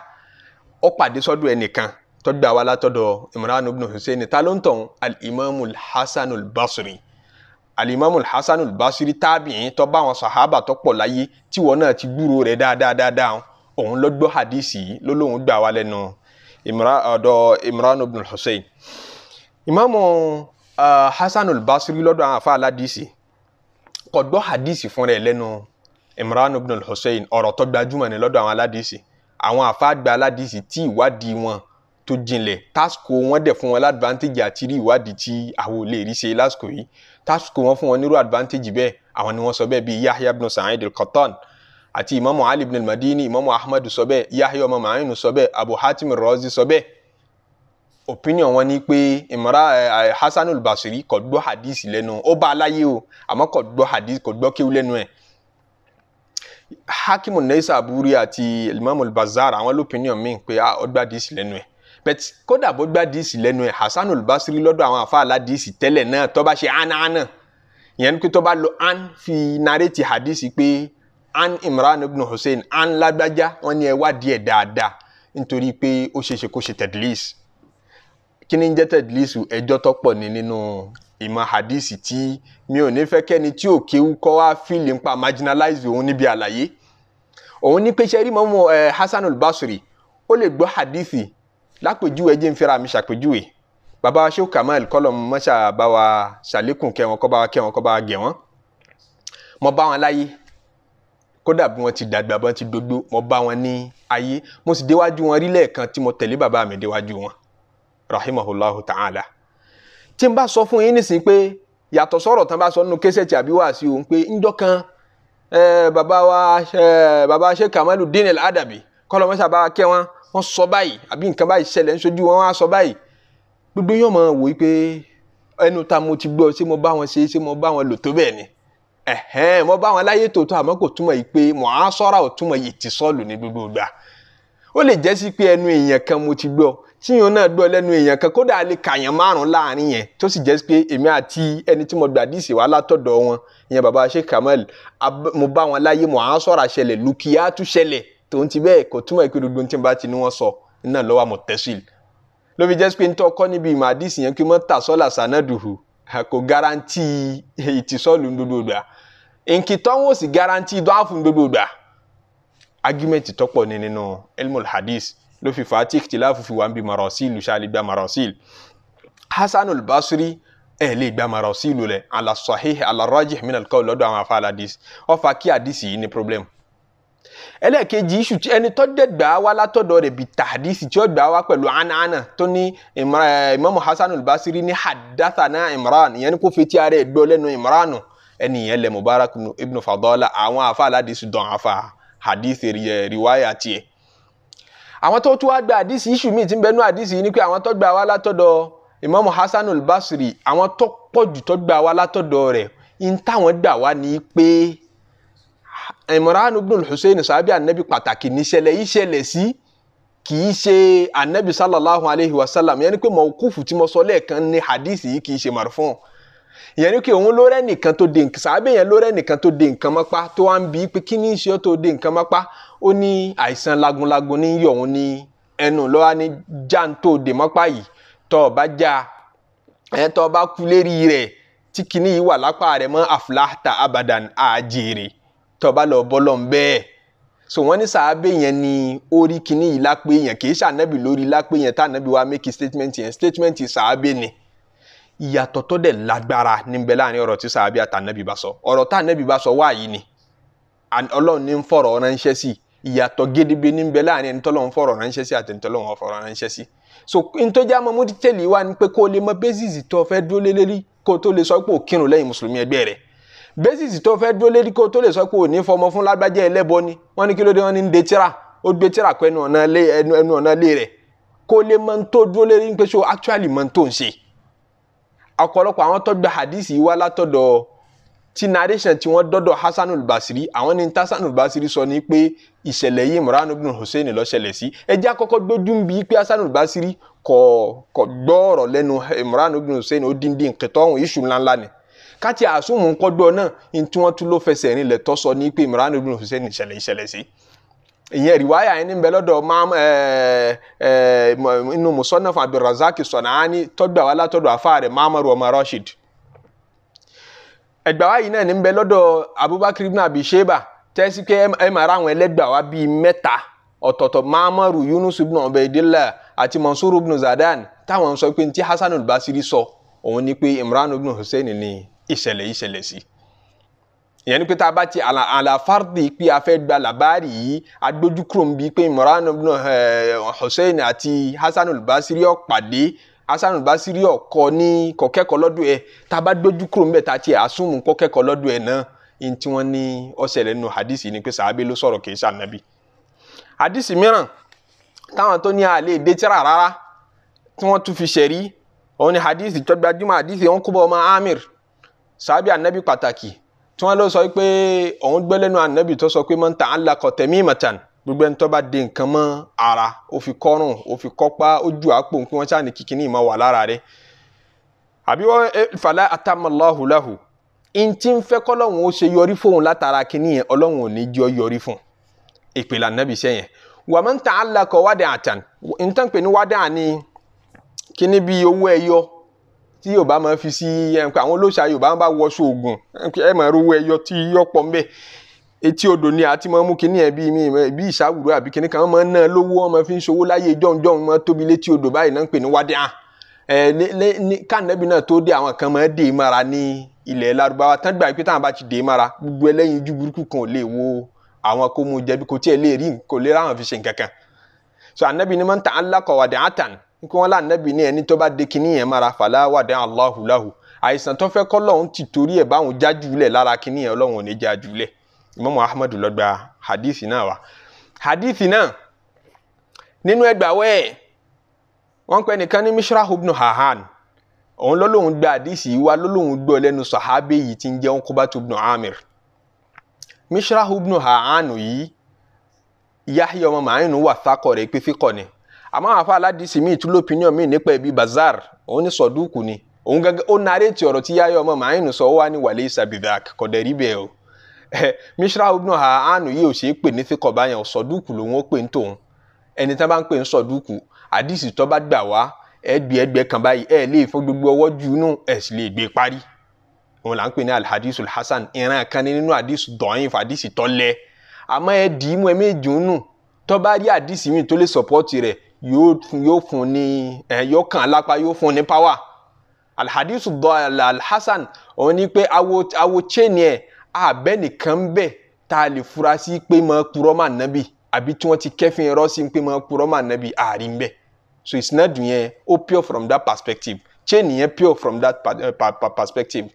ó pàdé sọ́dọ̀ ẹnìkan tọ́gbà wá látọ̀dọ̀ Imran ibn al-Hussein ta ló ń tàn al-Imam al-Hasan al-Basri alimami hasan al-basiri tabi'in tó bá àwọn sahaba tó pọ̀ láyé tí wọn náà ti gbúrò rẹ̀ dáadáa dáadáa òun ló gbọ́ hadisi yìí ló lóun gbà wá lẹ́nu ọ̀dọ̀ imran ibn hussein imamu uh, hasan al-basiri lọ́dọ̀ àwọn afa aládìsí kò gbọ́ hadisi fún rẹ̀ lẹ́nu imran ibn hussein ọ̀rọ̀ tó gbajúmọ̀ ni lọ́dọ̀ àwọn aládìsí àwọn afa àgbà aládìsí tí ìwádìí wọn tó jinlẹ̀ tásìkò wọn dẹ̀ fún wọn ládvantage àti rí ìwádìí tí àwọn ò rí ṣe lásìkò yìí tásìkò wọn fún wọn nírú advantage bẹ́ẹ̀ àwọn ni wọ́n sọ bẹ́ẹ̀ bíi yahya ibn sa'id al-qattan àti imamu ali ibn al-madini imamu ahmad sọ bẹ́ẹ̀ yahya ọmọ ma'inu sọ bẹ́ẹ̀ abu hatim razi sọ bẹ́ẹ̀ opinion wọn ni pé imara ẹ hasan al-basri kò gbọ́ hadith lẹ́nu ó bá aláyé o àmọ́ kò gbọ́ hadith kò gbọ́ kéwú lẹ́nu ẹ̀ hakimu naisa aburi àti imamu al àwọn lópinion míì pé ah, ó hadith lẹ́nu ẹ̀ pẹ̀tì kódà bó gbá díìsì lẹ́nu ẹ̀ Hasan al-Basri lọ́dọ̀ àwọn àfa aládìísì tẹ́lẹ̀ náà tó bá ṣe ánáánà ìyẹn ni pé tó bá lo an fi nareti hadisi pé an Imran ibn Hussein an ladaja wọn ni ẹ wá díẹ̀ dáadáa nítorí pé ó ṣeéṣe kó ṣe tẹ̀dílìs kí ni ń jẹ́ tẹ̀dílìs ẹjọ́ tó pọ̀ ní nínú ìmọ̀ hadisi tí mi ò ní fẹ́ kẹ́ni tí ò kéwú kọ́ wá fíìlì ń pa marginalize òun níbi àlàyé òun ní pé ṣe rí mọ́mú eh, Hasan al-Basri ó lè gbọ́ hadithi lápèjúwe jẹ́ ń fẹ́ra mi ṣàpèjúwe bàbá wa Shehu Kamal kọ́lọ́mù mọ́ṣá bá wa ṣàlékún kẹ́ wọn kọ́ bá wa kẹ́ wọn kọ́ bá wa gẹ̀ wọ́n mo bá wọn láyé kódà bí wọ́n ti dàgbà bọ́n ti dodo mo bá wọn ní ayé mo sì déwájú wọn rí lẹ́ẹ̀kan tí mo tẹ̀lé bàbá mi déwájú wọn rahimahullahu ta'ala tí n bá sọ fún yín nísìnyí pé yàtọ̀ sọ̀rọ̀ tán bá sọ nínú késẹ̀tì àbí wàásí òun pé ńjọ́ kan eh, bàbá wa eh, bàbá Shehu Kamalu Daniel Adabi kọ́lọ́mọ́ṣá bá wa kẹ́ wọn wọ́n sọ báyìí àbí nǹkan báyìí ṣẹlẹ̀ ń sojú wọn wá sọ báyìí gbogbo yóò mọ̀ wò pé ẹnu ta mo ti gbọ́ ṣé mo bá wọn ṣe ṣé mo bá wọn lò tó bẹ́ẹ̀ ni ẹ̀hẹ́n mo bá wọn láyé tòótọ́ àmọ́ kò túmọ̀ yìí pé mọ̀ á sọ́ra ò túmọ̀ yìí ti sọ́ọ̀lù ní gbogbo ìgbà ó lè jẹ́ sí pé ẹnu èèyàn kan mo ti gbọ́ tí yóò náà gbọ́ lẹ́nu èèyàn kan kódà lè kàyàn márùn láàrin yẹn tó sì jẹ́ pé èmi àti ẹni tí mo gbàdí ìsèwà látọ̀dọ̀ wọn ìyẹn bàbá Sheikh Kamal mo bá wọn láyé mọ̀ á sọ́ra ṣẹlẹ̀ lùkìyà tún ṣẹlẹ̀ tòun ti bẹ́ẹ̀ kò túmọ̀ pé gbogbo tí n bá ti ní wọ́n sọ iná lọ́wọ́ mọ̀tẹ́sìl ló fi jẹ́ pé ń tọ́kọ́ níbi ìmọ̀ àdìsí yẹn kí wọ́n tà sọ́là sànádùhù kò garanti ìtìsọ́lù gbogbo gbà nkìtọ́ wọn ò sì garanti dọ́àfù gbogbo gbà argument tọ́pọ̀ ni nínú elmul hadith ló fi fa tí ìtìláfù fi wà ń bi marosilu ṣáàlì gba marosil hasanul basri ẹ lè gba marosilu rẹ ala sahih ala rajih minal qawl lọ́dọ̀ àwọn afa aladis ọfà kí àdìsí yìí ní problem ẹlẹ́ẹ̀kejì iṣu ẹni tó dẹ̀ gbà wá látọ̀dọ̀ rẹ̀ bí tàdísì tí ó gbà wá pẹ̀lú anana tó ní Imam Hasan al-Basri ní hadathana Imran ìyẹn ni kò fetí ara ẹ̀ gbọ́ lẹ́nu Imran ẹni ìyẹn lẹ̀ Mubarak ibn Fadala àwọn afa aládìsí dán afa hadithi riwaya tiẹ̀ àwọn tó tún wá gba àdìsí iṣu míì tí ń bẹnu àdìsí yìí ni pé àwọn tó gbà wá látọ̀dọ̀ Imam Hasan al àwọn tó pọ̀jù tó gbà wá látọ̀dọ̀ rẹ̀ Imran ibn Hussein sàbí anabi pàtàkì níṣẹ̀lẹ̀ yìí ṣẹlẹ̀ sí kì í ṣe anabi sallallahu alayhi wa sallam yẹn ni pé mọ̀kúfù tí mo sọ lẹ́ẹ̀kan ní hadisi yìí kì í ṣe marfun yẹn ni pé òun ló rẹ́ nìkan tó de nǹkan sàbí yẹn ló rẹ́ nìkan tó de nǹkan mọ́pá tó wá ń bi pé kí ni ṣe tó de nǹkan mọ́pá ó ní àìsàn lagunlagun ní yọ̀ ní ẹnu lọ́wọ́ ní jáǹtó de mọ́pá yìí tọ́ ọ bá já ẹ̀ tọ́ ọ bá kú lérí rẹ̀ tí kinní wà lápá rẹ̀ mọ́ àfúláhàtà abadan àjèrè tó bá lọ bọ́ lọ́n bẹ́ẹ̀ so wọ́n ní sàábé yẹn ni ó rí kinní yìí lápé yẹn kì í ṣànábì lórí lápé yẹn tànábì wa make statement yẹn statement sàábé ni ìyàtọ̀ tó dẹ̀ lágbára níbẹ̀ láàrin ọ̀rọ̀ tí sàábé àtànábì bá sọ ọ̀rọ̀ tànábì bá sọ wáyé ni ọlọ́run ní ń fọ̀rọ̀ ránṣẹ́ sí ìyàtọ̀ gédégbé níbẹ̀ láàrin ẹni tọ́lọ́run fọ̀rọ̀ ránṣẹ́ sí àti ẹni tọ́lọ́run fọ̀rọ̀ ránṣẹ́ sí so ntọ́jà mọ́mú tẹ̀lé wa ni pé kó o lè mọ bẹ́sìsì tó fẹ́ dúró lé lérí kó o tó lè sọ pé òkírun lẹ́yìn mùsùlùmí ẹgbẹ́ rẹ̀ bẹ́sìsì tó fẹ́ dúró lérí kó tó lè sọ pé òní fọmọ fún lágbájá ẹlẹ́bọ ni wọ́n ní kí ló dé wọ́n ní ń de tíra ó gbé tíra kọ ẹnu ọ̀nà lé ẹnu ọ̀nà lé rẹ̀ kó lè mọ tó dúró lérí pé ṣó actually mọ tó ń ṣe. ọ̀pọ̀lọpọ̀ àwọn tó gba hadith yìí wá látọ̀dọ̀ tí narration tí wọ́n dọ́dọ̀ Hasanul Basri àwọn ní Hasanul Basri sọ ni pé ìṣẹ̀lẹ̀ yìí Imran ibn Hussein ló ṣẹlẹ̀ sí ẹ jẹ́ àkọ́kọ́ gbójú ń bi pé Hasanul Basri kò kò gbọ́ ọ̀rọ̀ lẹ́nu Imran ibn Hussein ó dín dín nǹkan tó ọ̀hún iṣu ńláńlá ni káti àsùnwòn kọ́gbọ́ náà ní tí wọ́n tún ló fẹsẹ̀ rìn lẹ̀ tọ́sọ ní pé Imran ibn Hussein ìṣẹ̀lẹ̀ ìṣẹ̀lẹ̀ sí ìyẹn riwaya yẹn ní bẹ lọ́dọ̀ mam ẹ ẹ inú musonaf abdulrasaq sọnaani tọdọ àwọn alátọdọ afáàrẹ mamaru ọmọ rashid ẹgbàá yìí náà ní bẹ lọ́dọ̀ abubakar ibn abi sheba tẹsí pé ẹ máa ra àwọn ẹlẹgbàá wa bíi mẹ́ta ọ̀tọ̀ọ̀tọ̀ mamaru yunus ibn ọbẹdìlá àti mansur ibn zadan táwọn sọ pé ntí hasan al-basiri sọ òun ni pé imran ibn hussein ni ìṣẹ̀lẹ̀ yìí ṣẹlẹ̀ sí ìyẹn ni pé tá a bá ti àlàfáàdì pé a fẹ́ gba làbáàrì yìí adójúkúrò ń bi pé Imran ibn eh, Hussein àti Hasan al-Basri ó pàdé Hasan al-Basri ó kọ ní kọ̀kẹ́kọ̀ọ́ lọ́dún ẹ̀ tá a bá dójúkúrò ń bẹ̀ tá a ti àsùnmù kọ̀kẹ́kọ̀ọ́ lọ́dún ẹ̀ náà in tí wọ́n ní ó ṣẹlẹ̀ nínú hadisi ni pé sàábé ló sọ̀rọ̀ kì í sànàbí hadisi mìíràn táwọn tó ní àlè dẹ́tíra rárá tí wọ́n tún fi ṣẹ̀rí òun ni hadisi tó gbajúmọ̀ hadisi wọn kú bọ́ ọmọ Amir sàábì ànábì pàtàkì tí wọ́n lọ sọ pé òun gbé lẹ́nu ànábì tó sọ pé man ta'allaqa tamimatan gbogbo ẹni tó bá de nǹkan mọ́ ara ó fi kọ́rùn ó fi kọ́pá ó ju àpò kí wọ́n sáà ní kíkiní ìmọ̀ wà lára rẹ̀ àbí wọ́n e, fàlà atamallahu lahu ntí ń fẹ́ kọ́lọ́hún ó ṣe yọrí fóun látara kíní yẹn ọlọ́hún ò ní jọ yọrí fún ìpìlẹ̀ ànábì sẹ́yìn wa man ta'allaqa wádìí àtàn ntàn pè wádìí àní kíní bíi owó ẹyọ tí yorùbá máa fi sí ẹnpẹ àwọn olóṣà yorùbá máa bá wọṣọ ògùn ẹ máa rówó ẹyọ tí yọ pọ̀ ń bẹ etí odò ni àti máa mú kíní ẹ bíi bí ìṣàwùrọ àbí kíní kan máa ná lówó wọn máa fi ń ṣòwò láyé jọ̀njọ̀n máa tóbi létí odò báyìí náà ń pè ní wádìí hàn ẹ ní kánẹ́bí náà tó dé àwọn kan máa dé mara ní ilẹ̀ Lárúbáwá tán gbà pé táwọn bá ti dé mara gbogbo ẹlẹ́yin ojú burúkú kan ò lè wo àwọn kó mu jẹbi kò tiẹ̀ lè rí kò lè ráwọn fi ṣe nǹkan so ànábì ni máa ń ta alákọ̀wádìí nkó wọn lànàbì ni ẹni tó bá de kinní yẹn mara fàlà wàdà Allahu lahu àìsàn tó fẹ́ kọ́ lọ́hún ti torí ẹ̀ báwọn jájú lẹ̀ lára kinní yẹn ọlọ́hún ò ní jájú lẹ̀ Imam Ahmad ló gbà hadithi náà wá hadithi náà nínú ẹgbàá wẹ́ẹ̀ wọ́n pẹ́ nìkan ní Mishrah ibn Hahan òun lọ́lọ́hún gba hadithi yìí wá lọ́lọ́hún gbọ́ lẹ́nu sàhábé yìí ti ń jẹ́ Uqbatu ibn Amir Mishrah hubnu Hahan yìí Yahya ọmọ màáyìn wà sákọ̀ rẹ̀ pé fíkọ̀ àmọ́ àwọn afa aládìsí míì tún lópinion míì nípa ẹbí bazar òun ní sọdúkù ni òun gẹ́gẹ́ ó narètì ọ̀rọ̀ tí yáyọ ọmọ màáyìn sọ wá ní wàlẹ isabidak kọdẹ rí bẹ́ẹ̀ o mishra ibn ha'anu yìí ò ṣeé pè ní fíkọ báyẹn sọdúkù lòun ó pè ń tòun ẹni tí wọn bá ń pè ń sọdúkù àdìsí tó bá gbà wá ẹgbẹ ẹgbẹ kan báyìí ẹ lè fọ gbogbo ọwọ́ jù inú ẹ sì lè gbé parí òun là ń pè ní alhadisu hasan ìran rí àdìsí mi tó lè sọ̀pọ́tì rẹ̀ yóò fún ní ẹ eh, yóò kàn án lápá yóò fún ní páwà alhadisu dọ́ọ̀lá alhassan òun ni pé awo awo chain ẹ̀ abẹ́ nìkan ń bẹ̀ tá a lè fura sí pé mọ́ purọ́ mà nábì àbí tí wọ́n ti kẹ́fìn ẹ̀rọ sí pé mọ́ purọ́ mà nábì àárín bẹ̀ so ìsinádùn yẹn ó pure from that perspective chain yẹn pure from that pa, eh, pa, pa, perspective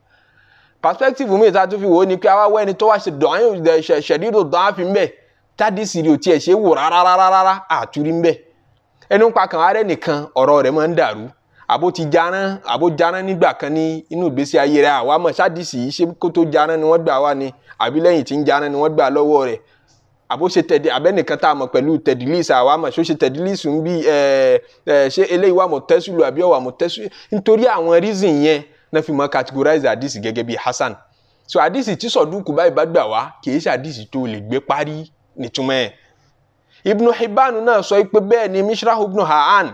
perspective mi ta tún fi wò ó ni pé àwa wẹ́ni tó wá ṣe dọ̀ọ́yìn ṣẹ̀ṣẹ̀dí tó dán á fi ń bẹ̀ tádìsì rí o tiẹ̀ ṣe wò rárá rárá àtúrí ń ẹnu ń pa kàn ara nìkan ọ̀rọ̀ rẹ̀ máa ń dàrú àbó ti jarán àbó jarán nígbà kan ní inú ìgbésí ayé rẹ̀ àwa mọ̀ sádìsì yìí ṣé kó tó jarán ni wọ́n gbà wá ni àbí lẹ́yìn tí ń jarán ni wọ́n gbà lọ́wọ́ rẹ̀ àbó ṣe tẹ̀dí abẹ́nìkan tá a mọ̀ pẹ̀lú tẹ̀dílísì àwa mọ̀ ṣó ṣe tẹ̀dílísì ń bí ẹ ẹ ṣé eléyìí wà mọ̀ tẹ́sùlù àbí ọ̀wà mọ̀ nítorí àwọn reason yẹn náà fi mọ̀ categorize àdìsì gẹ́gẹ́ bí hasan so àdìsì tí sọ̀dúnkù báyìí bá gbà wá kì í ṣe àdìsì tó lè gbé parí nìtúmọ̀ ibnu hibban náà sọ pé bẹ́ẹ̀ ni mishrahu ibnu ha'an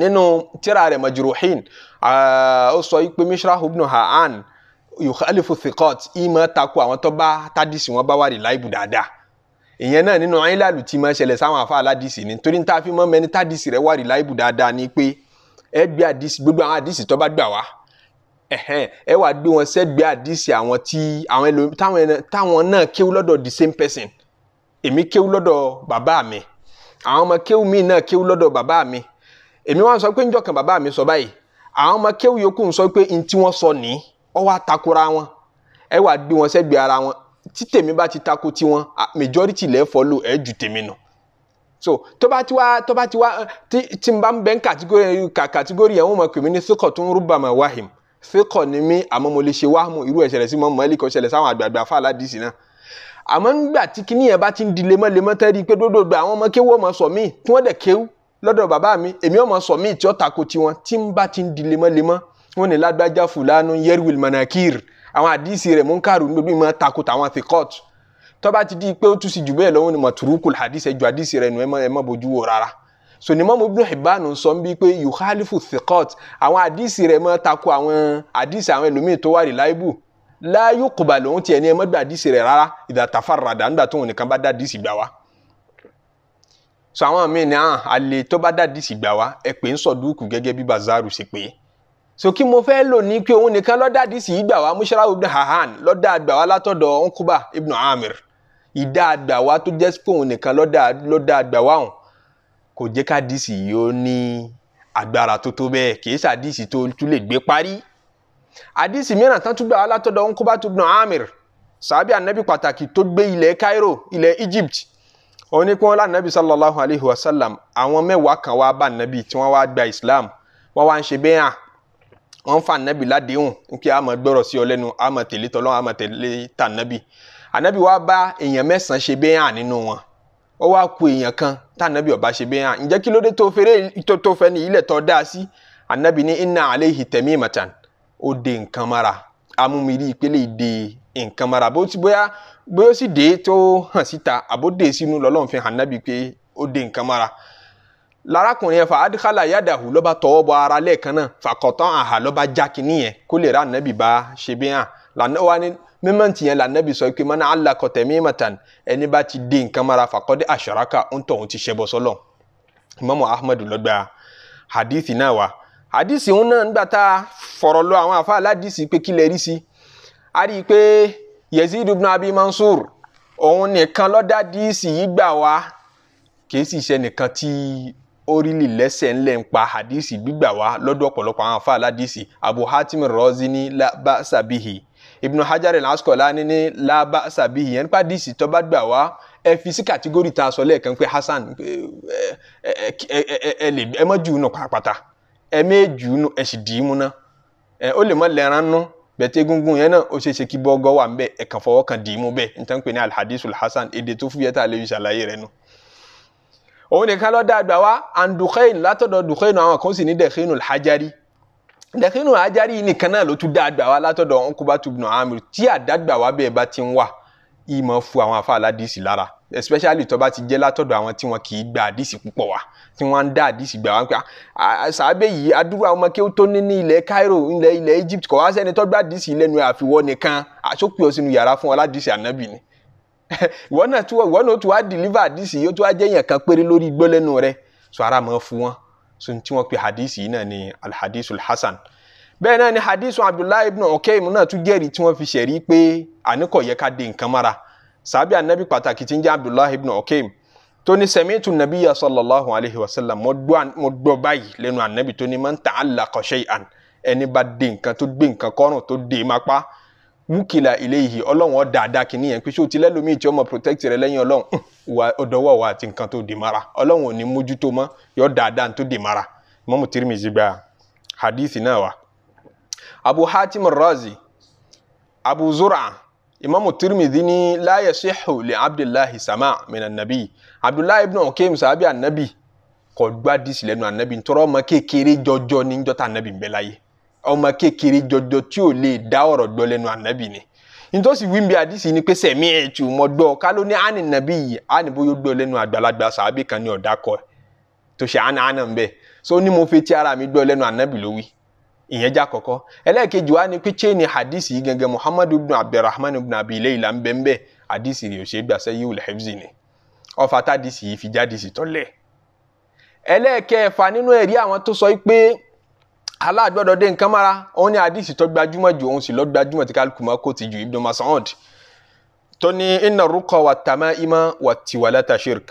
nínú tírà rẹ̀ majruhin ó sọ pé mishrahu ibnu ha'an yukhalifu thiqat ìmọ̀ takò àwọn tó bá tádìsí wọn bá wà rí láìbù dáadáa ìyẹn náà nínú ayélujára tí máa ṣẹlẹ̀ sáwọn àfa aládìsí ni torí níta fi mọ́ mẹ́ni tádìsí rẹ̀ wà rí láìbù dáadáa ni pé ẹ gbé àdìsí gbogbo àwọn àdìsí tó bá gbà wá ẹ wàá gbé wọn sẹgbẹ àdìsí àwọn tí àwọn ẹlòmí táwọn náà kéwú lọ́dọ̀ the same person èmi kéwú lọ́dọ̀ bàbá mi àwọn ọmọ kéwú mi náà kéwú lọ́dọ̀ bàbá mi èmi wá sọ pé níjọ́ kan bàbá mi sọ báyìí àwọn ọmọ kéwú yòókù ń sọ pé n tí wọ́n sọ ní ọ wá takora wọn ẹ wá gbé wọn sẹ́gbẹ̀ẹ́ ara wọn tí tèmi bá ti tako tiwọn majority lẹ́ fọ́lù ẹ̀ ju tèmi nù so tó bá ti wá tó bá ti wá tí tí n bá ń bẹ ń kàtígórì kàtígórì yẹn wọ́n mọ̀ pé mi ní síkọ̀ tó ń rúbà mà wáhìm síkọ̀ ni mí àmọ́ mo lè ṣe wáhàmù irú ẹ̀ṣẹ̀lẹ̀ sí mọ́ mọ́lì kò ṣẹlẹ̀ sáwọn àgbààgbà fáàlà dìísì náà àmọ́ nígbà tí kinní yẹn bá ti ń di lemọ́lemọ́ tẹ́rí pé dódòdó àwọn ọmọ kéwú ọmọ sọ míì tí wọ́n dẹ̀ kéwú lọ́dọ̀ bàbá mi èmi ọmọ sọ míì tí ó tako tiwọn tí ń bá ti ń di lemọ́lemọ́ wọn ni lágbájá fúlànù yerwil manakir àwọn àdìsí rẹ̀ múnkàrú níbi mọ́ tako tàwọn thikot tó bá ti di pé ó tún sì jù bẹ́ẹ̀ lọ́wọ́ ni maturukul hadith ẹjọ́ àdìsí rẹ̀ nù ẹ má bójú so ni mọ́mú ibùdó ìbánu sọ ń bí pé yukhalifu thikot àwọn àdìsí rẹ̀ mọ́ tako àwọn àdìsí àwọn ẹlòmíì tó wà rí láìbù láàyò kùbà lòun tiẹ̀ ní ẹ mọ́gbà díìsì rẹ̀ rárá ìdàtàfà ràdà nígbà tóun nìkan bá dá díìsì gbà wá so àwọn míì ní hàn ah, àlè tó bá dàdí ìsìgbà wa ẹ pè ń sọdúkù gẹ́gẹ́ bí bazaru ṣe pé so kí mo fẹ́ lò ní pé òun nìkan ló dàdí sí ìgbà wa musharahu ibn hahan ló dá àgbà wa látọ̀dọ̀ onkuba ibn amir ìdá àgbà wa tó jẹ́ pé òun nìkan ló dá àgbà wa hàn kò jẹ́ ká díìsì yìí ó ní agbára tó tó bẹ́ẹ̀ kì àdìsí mìíràn tán tún gbà wá látọ̀dọ̀ nkúbátú ibn amir sàbí anabi pàtàkì tó gbé ilẹ̀ cairo ilẹ̀ egypt òní kí wọ́n lá anabi sallallahu alayhi wa sallam àwọn mẹ́wàá kan wá bá anabi tí wọ́n wá gba islam wọ́n wá ń ṣe bẹ́ẹ̀ hàn wọ́n fa anabi ládéhùn nkí a máa gbọ́rọ̀ sí ọ lẹ́nu a máa tẹ̀lé tọlọ a máa tẹ̀lé tànàbì anabi wa bá èèyàn mẹ́sàn ṣe bẹ́ẹ̀ hàn nínú wọn ó wá ku èèyàn kan tànàbì ọba ṣe bẹ́ẹ̀ hàn ǹjẹ́ kí ló tó fẹ́ ní ilẹ̀ tó dáa sí anabi ní inna alayhi tamimatan ó de nǹkan mara amúmiri ìpele ìdè nǹkan mara bó ti bóyá bóyá ó sì dé tó hàn síta àbó dé sínú lọ́lọ́run fi hàn nábì pé ó de nǹkan mara lárakùnrin yẹn fa adikala yadahu lọ́ba tọwọ́ bọ ara lẹ́ẹ̀kan náà fàkọ̀tán àhà lọ́ba já kínní yẹn kó lè ra ànábì bá ṣe bí hàn lànà wa ni mímọ̀ntì yẹn lànàbì sọ pé mọ́nà alakọ̀tẹ̀ mímọ̀tàn ẹni bá ti de nǹkan mara fàkọ́dé àṣàràkà ń tọ̀hún ti ṣẹbọ sọ́lọ̀ Imamu Ahmadu ló gbà hadith náà wá àdìsí òun náà nígbà tá a fọ̀rọ̀ lọ àwọn àfa aládìsí pé kílẹ̀ rí sí a rí i pé Yazid ibn Abi Mansur òun nìkan lọ́dá díìsì yìí gbà wá kì í sì ṣe nìkan tí orílẹ̀ lẹ́sẹ̀ ńlẹ̀ ń pa hadisi gbígbà wá lọ́dọ̀ ọ̀pọ̀lọpọ̀ àwọn afa aládìsí Abu Hatim Razi ní lába sàbíhì Ibn Hajar al-Asqalani ní lába sàbíhì yẹn nípa díìsì tó bá gbà wá ẹ fi sí kàtígórì tá a sọ lẹ́ẹ̀kan pé Hasan ẹ ẹ ẹ ẹ ẹ mọ́ jù ú nù pàápàá ẹ̀ẹ́mẹ́jù nù ẹ sì dì í mú ná ẹ ó lè má lẹ́ran nù bẹ̀tẹ̀ egungun yẹn náà ó ṣeéṣe kí bọ́gọ́ wà nbẹ ẹ kàn fọwọ́ kan dì í mú bẹ́ẹ̀ nítorí pé ní alhadisul hasan èdè tó fúyẹ́ tá a lè fi ṣàlàyé rẹ̀ nù. òun nìkan ló dá àgbà wa andukhain látọ̀dọ̀ dukhain àwọn kan sì ní dẹ̀kínú hajari dẹ̀kínú hajari nìkan náà ló tún dá àgbà wa látọ̀dọ̀ nkúbátubùnà amir tí àdágbà wa bẹ́ẹ̀ bá ti ń wà ìmọ̀ fu àwọn afáàládìsì lára especially tó bá ti jẹ́ látọ̀dọ̀ àwọn tí wọn kì í gba àdìsí púpọ̀ wá tí wọ́n ń dá àdìsí gbà wá pé sàábẹ̀ yìí adúrú àwọn ọmọ kéwú tó ní ní ilẹ̀ Cairo ilẹ̀ ilẹ̀ Egypt kọ̀ wá sẹ́ni tó gbà àdìsí lẹ́nu àfiwọ́ nìkan àsopè ọ sínú yàrá fún ọ ládìsí ànábì ni [LAUGHS] ìwọ náà tún ìwọ náà tún wá deliver àdìsí yóò tún wá jẹ́ èèyàn kan péré lórí igbó lẹ́nu rẹ so ara mọ̀ náà ni alhadisu alhasan bẹ́ẹ̀ náà ni hadisu Abdullahi ibn Ukaym náà tún jẹ́rìí tí wọ́n fi ṣẹ̀rí pé àníkọ̀ yẹ ká de nǹkan mára sàbí anabi pàtàkì tí ń jẹ́ abdullahi ibn okeem tó ní sami'tu nabiya sallallahu alayhi wa sallam mo gbọ́ báyìí lẹ́nu anabi tó ní man ta'allaqa shay'an ẹni bá dé nǹkan tó gbé nǹkan kọ́rùn tó dé má pa wúkìlà ilayhi ọlọ́run ọ̀dàdà kìíní yẹn pé ṣé o ti lẹ́lòmíì tí ọmọ protect rẹ lẹ́yìn ọlọ́run ọ̀dọ́wọ́ wa àti nǹkan tó dé mara ọlọ́run ò ní mójútó mọ́ yọ dáadáa tó dé mara mọ́mú Tirmizi gba hadithi náà wa. Abu Hatim ar Abu Zur'a imamu tirmidhi ni la yasihu li abdullahi sama mina nabi abdullahi ibn okeem sahabi anabi kò gba disi lẹ́nu anabi ntọrọ ọmọ kékeré jọjọ ní njọta anabi ń bẹ láyé ọmọ kékeré jọjọ tí ò lè dá ọ̀rọ̀ gbọ́ lẹ́nu anabi ni ntọ́sí wíńbi àdìsí ni pé sẹ̀mí ẹ̀ tù mọ́ gbọ́ kálọ́ ní àní nàbí yìí àní bóyá gbọ́ lẹ́nu àgbàlagbà sàábì kan ní ọ̀dà kọ́ tó ṣe àná so ní mo fi ti ara mi gbọ́ lẹ́nu ànábì lówìí ìyẹn já kọ́kọ́ ẹlẹ́ẹ̀kejì wa ni pé ni hadisi yìí gẹ́gẹ́ muhammadu ibn abdulrahman ibn abi layla ń bẹ́ẹ̀ hadith rẹ̀ ò ṣe é gbà sẹ́yìn ul hifzi ni ọfà tádìsì yìí fi jádìsì tọ́lẹ̀ ẹlẹ́ẹ̀kẹfà nínú ẹ̀rí àwọn tó sọ pé aláàgbọ́dọ̀ dé nǹkan mára òun ni hadith tó gbajúmọ̀ jù òun sì lọ gbajúmọ̀ tí kálukú máa kó ti ju ibn mas'ud tó ní inna ruqa wa tamaima wa tiwalata shirk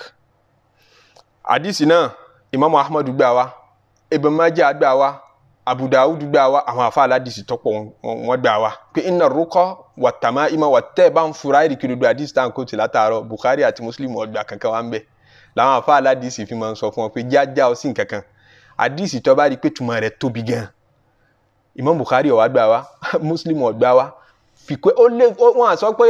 hadisi náà imam ahmad gbà wá ibn majah gbà wá Abu Dawud gbà wá àwọn afa aládìsí tọ́pọ̀ wọn gbà wá pé inna rúkọ wà tàmá ìmọ̀ wà tẹ́ ẹ bá ń fura ẹ̀rì kiri do àdìsí táwọn kò tì látàárọ̀ Bukhari àti Muslim ọgbà kankan wá ń bẹ̀ làwọn afa aládìsí fi máa ń sọ fún wọn pé jájá ọ sí nǹkan kan àdìsí bá rí i pé tùmọ̀ rẹ̀ tóbi gan Imam Bukhari ọ̀wá gbà wá [LAUGHS] Muslim ọ̀gbà wá fi pé ó lé wọn pé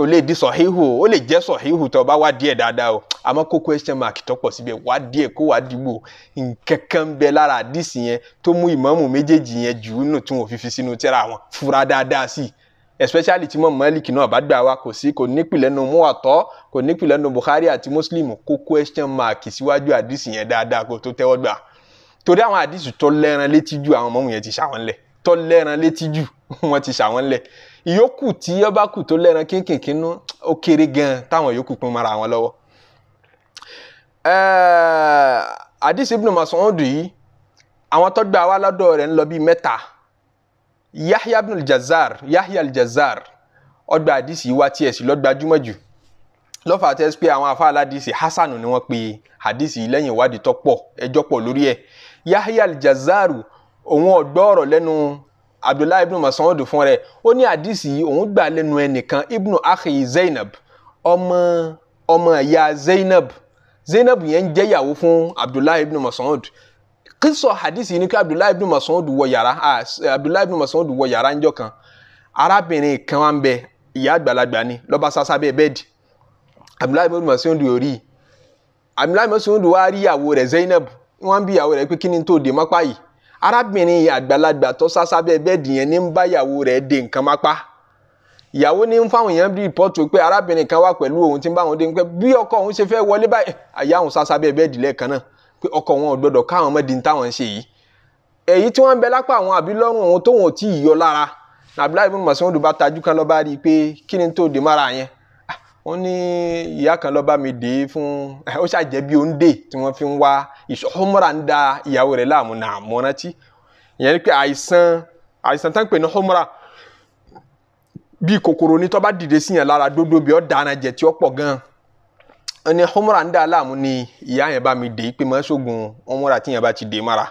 kò lè di sọ̀híhù ó lè jẹ́ sọ̀híhù tó bá wá díẹ̀ dáadáa o àmọ́ kó question mark tó pọ̀ síbẹ̀ wá díẹ̀ kó wá dìbò nkankan bẹ lára àdìsí yẹn tó mú ìmámù méjèèjì yẹn jù ú nù tí wọn ò fi fi sínú tírà wọn fura dáadáa sí especially tí mọ̀mọ́ Málíkì náà bá gbà wá kò sí kò nípìlẹ̀ nu Muwatta kò nípìlẹ̀ nu Bukhari àti Muslim kó question mark síwájú àdìsí yẹn dáadáa kó tó tẹ́wọ́ gbà torí àwọn àdìsí tó lẹ́ran létí ju àwọn mọ̀mù yẹn ti ṣàwọn lẹ̀ tó lẹ́ran létí ju [LAUGHS] wọ́n ti ṣàwọn lẹ̀ ìyókù tí ó bá kù tó lẹ́ran kéékèèké nú ó kéré gan-an táwọn ìyókù pín mara wọn lọ́wọ́. àdìsí ibn Mas'ud yìí àwọn tó gbà wá lọ́dọ̀ rẹ̀ ń lọ bíi mẹ́ta Yahya ibn al-Jazzar Yahya al-Jazzar ọgbà àdìsí wá tiẹ̀ sí lọ́gbàjúmọ̀ jù lọ́fà àtẹ́sí pé àwọn afá aládìsí hasanu ni wọ́n pe àdìsí lẹ́yìn ìwádìí tó pọ̀ lórí ẹ̀ Yahya al-Jazzaru òun ọ̀gbọ́ ọ̀rọ̀ lẹ́nu abdullahi ibn masoud fún rẹ̀ ó ní àdìsí yìí òun gbà lẹ́nu ẹnìkan ibn akhi zainab ọmọ ọmọ ìyá zainab zainab yẹn ń jẹ́ ìyàwó fún abdullahi ibn masoud kíso hadisi ni kí abdullahi ibn masoud wọ yàrá abdullahi ibn masoud wọ yàrá ńjọ́ kan arábìnrin kan wà ń bẹ ìyá àgbàlagbà ni ló bá sásá bẹ́ẹ̀ bẹ́ẹ̀dì abdullahi ibn masoud yóò rí abdullahi ibn masoud wá rí ìyàwó rẹ̀ zainab wọ́n bí ìyàwó rẹ̀ pé kí ni tó arábìnrin àgbàlagbà tó sá sábẹ́ bẹ́ẹ̀dì yẹn ní ń bá ìyàwó rẹ̀ de nǹkan pa ìyàwó ní ń fáwọn èèyàn rìpọ́tù pé arábìnrin kan wà pẹ̀lú òun tí ń bá òun dé pé bí ọkọ òun ṣe fẹ́ wọlé báyìí àyà òun sá sábẹ́ bẹ́ẹ̀dì lẹ́ẹ̀kan náà pé ọkọ wọn ò gbọdọ̀ káwọn ọmọdé ń táwọn ń ṣe yìí èyí tí wọ́n ń bẹ àwọn àbí lọ́rùn òun ò tí ì lára ó ní ìyá kan ló bá mi dè é fún eh, ó ṣàjẹ́ bí ó ń dè tí wọ́n fi ń wá ìṣọ́hómọ́ra ń da ìyàwó rẹ̀ láàmú náà mọ́rántí ìyẹn ni pé àìsàn àìsàn tán pè ní hómọ́ra bí kòkòrò ní tó dìde sí yàn lára dódó bí ó dáná jẹ tí ó pọ̀ gan ó ní hómọ́ra ń da láàmú ni ìyá yẹn bá mi dè é pé mọ́ ṣoògùn hómọ́ra tí yẹn bá ti dè é mọ́ra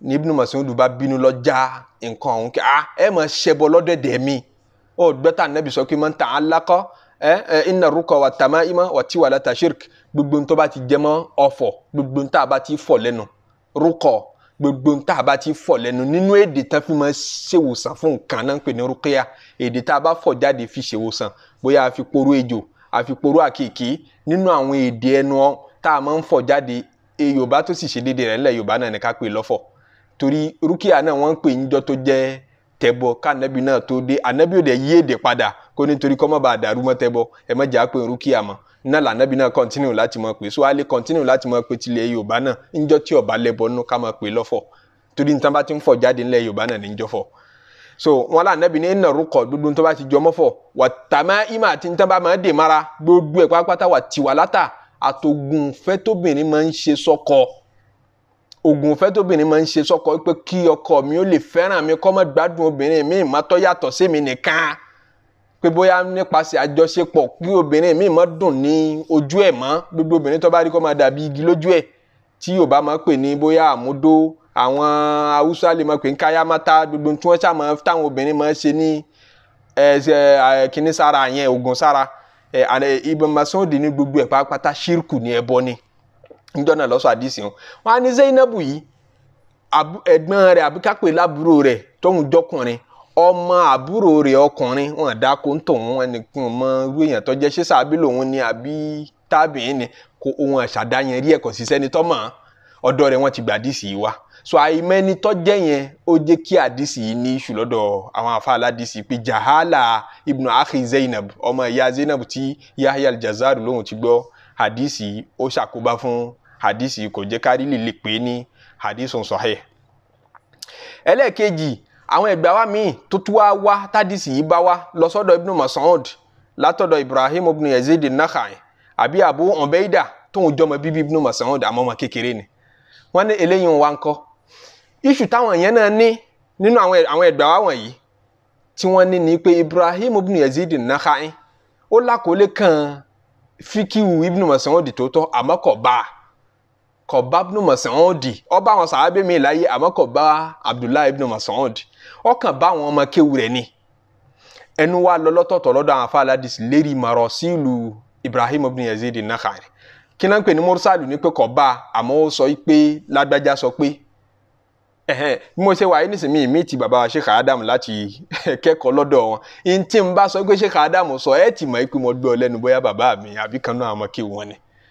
ní Ibn Mas'ud bá bínú lọ já nǹkan ọ̀hún kí ah, ẹ mọ̀ ṣẹbọ ẹ eh, ẹ eh, inna ruka wa tama ima wa tiwa lata shirk gbogbo ntọ́ bá ti jẹmọ́ ọ̀fọ̀ gbogbo ntọ́ àbá ti fọ̀ lẹ́nu rúkọ gbogbo ntọ́ àbá ti fọ̀ lẹ́nu nínú èdè tán fi máa ṣèwòsàn fún nǹkan náà ń pè ní rúkìá èdè tá a bá fọ̀ jáde fi ṣèwòsàn bóyá a fi poró ejò a fi poró àkèké nínú àwọn èdè ẹnu tá a máa ń fọ̀ jáde e yorùbá tó sì ṣe déédéé rẹ̀ ńlẹ̀ yorùbá náà ní ká pè lọ́fọ̀ torí rúkìá náà wọ́n ń pè tó jẹ́ tẹbọ ká anabi náà tó dé anabi ò dẹ yíyé dé padà kó nítorí kọ́ mọ́ bá dàrú mọ́ tẹbọ ẹ má jà pé rúkìá mọ́ náà là anabi náà kọ́ntínú láti mọ̀ pé so a lè kọ́ntínú láti mọ̀ pé tilẹ̀ yorùbá náà ńjọ́ tí ọba lẹ́bọ nú ká mọ̀ pé lọ́fọ̀ torí nítan bá ti ń fọ̀ jáde ńlẹ̀ yorùbá náà ní jọ́fọ̀ so wọn la anabi ní ẹnà rúkọ dúdú tó bá ti jọmọ́ fọ̀ wà tàmá mara gbogbo ẹ̀ pátápátá wà tiwàlátà àtògùn fẹ́ tóbìnrin máa ń oògùn ìfẹ́ tóbìnrin máa ń ṣe sọ́kọ pé kí ọkọ mi ó lè fẹ́ràn mi kó má gbádùn obìnrin mi má tó yàtọ̀ sí mi nìkan pé bóyá nípasẹ̀ àjọṣepọ̀ kí obìnrin mi má dùn ní ojú ẹ̀ mọ́ gbogbo obìnrin tó bá rí kó máa dàbí igi lójú ẹ̀ tí Yorùbá máa pè ní bóyá àmúdó àwọn Haúsá lè máa pè ní káyámátá gbogbo tí wọ́n ṣá máa táwọn obìnrin máa ṣe ní kíní sára yẹn oògùn sára Ibn Mas'ud ní gbogbo ẹ̀ pátá ṣírkù ní ẹbọ ni. Eh, níjọ́ náà lọ́sọ̀ àdìsí wọn wọn á ní Zainabu abu ẹ̀gbọ́n rẹ̀ àbí kápẹ́ lábúrò rẹ̀ tóun jọkùnrin ọmọ àbúrò rẹ̀ ọkùnrin wọn dáko ń tòun ẹnìkan mọ irú èèyàn tó jẹ́ ṣé sàbí lòun ni àbí tábìín ni kò ohun àṣàdáyẹn rí ẹ̀kọ́ sí sẹ́ni tọ́mọ̀ ọ̀dọ̀ rẹ̀ wọ́n ti gba àdìsí yìí wá so àìmẹ́ni tó jẹ́ yẹn ó jẹ́ kí àdìsí yìí ní iṣu lọ́dọ̀ àwọn afáàlà àdìsí pé jahala ibnu akhi Zainab ọmọ ìyá Zainab tí Yahya al-Jazari lòun ti gbọ́ àdìsí ó ṣàkóbá fún hadisi kò jẹ́ ká lílì lè pè é ní hadisun sahih. ẹlẹ́ẹ̀kejì àwọn ẹgbẹ́ wa míì tó tú wá wá tádìsì yìí bá wá lọ sọ́dọ̀ ibnu Mas'ud látọ̀dọ̀ Ibrahim ibn Yazid an-Nakha'i àbí Abu Ubaida tóun jọmọ bíbí ibnu Mas'ud àmọ́ ọmọ kékeré ni wọ́n ní eléyìí wọn wá ń kọ́ iṣu táwọn yẹn náà ní nínú àwọn ẹgbẹ́ wa wọ̀nyí tí wọ́n ní ni pé Ibrahim ibn Yazid an-Nakha'i ó lákòólé kan fíkìwù ibnu Mas'ud tó tọ́ àmọ́ kò kọba bá ibnu Mas'udi ó bá àwọn sàábé mi láyé àmọ́ Abdullahi ibnu Mas'udi ó bá ọmọ ni ẹnu wa lọ́lọ́tọ̀ọ̀tọ̀ lọ́dọ̀ àwọn leri aládìs lérí Ibrahim ibnu Yazid na nakhai kí náà ń pè ní mursalu ní pé kò sọ mo ti baba Adam láti [LAUGHS] kẹ́kọ̀ọ́ lọ́dọ̀ wọn n tí sọ pé Sheikh sọ baba mi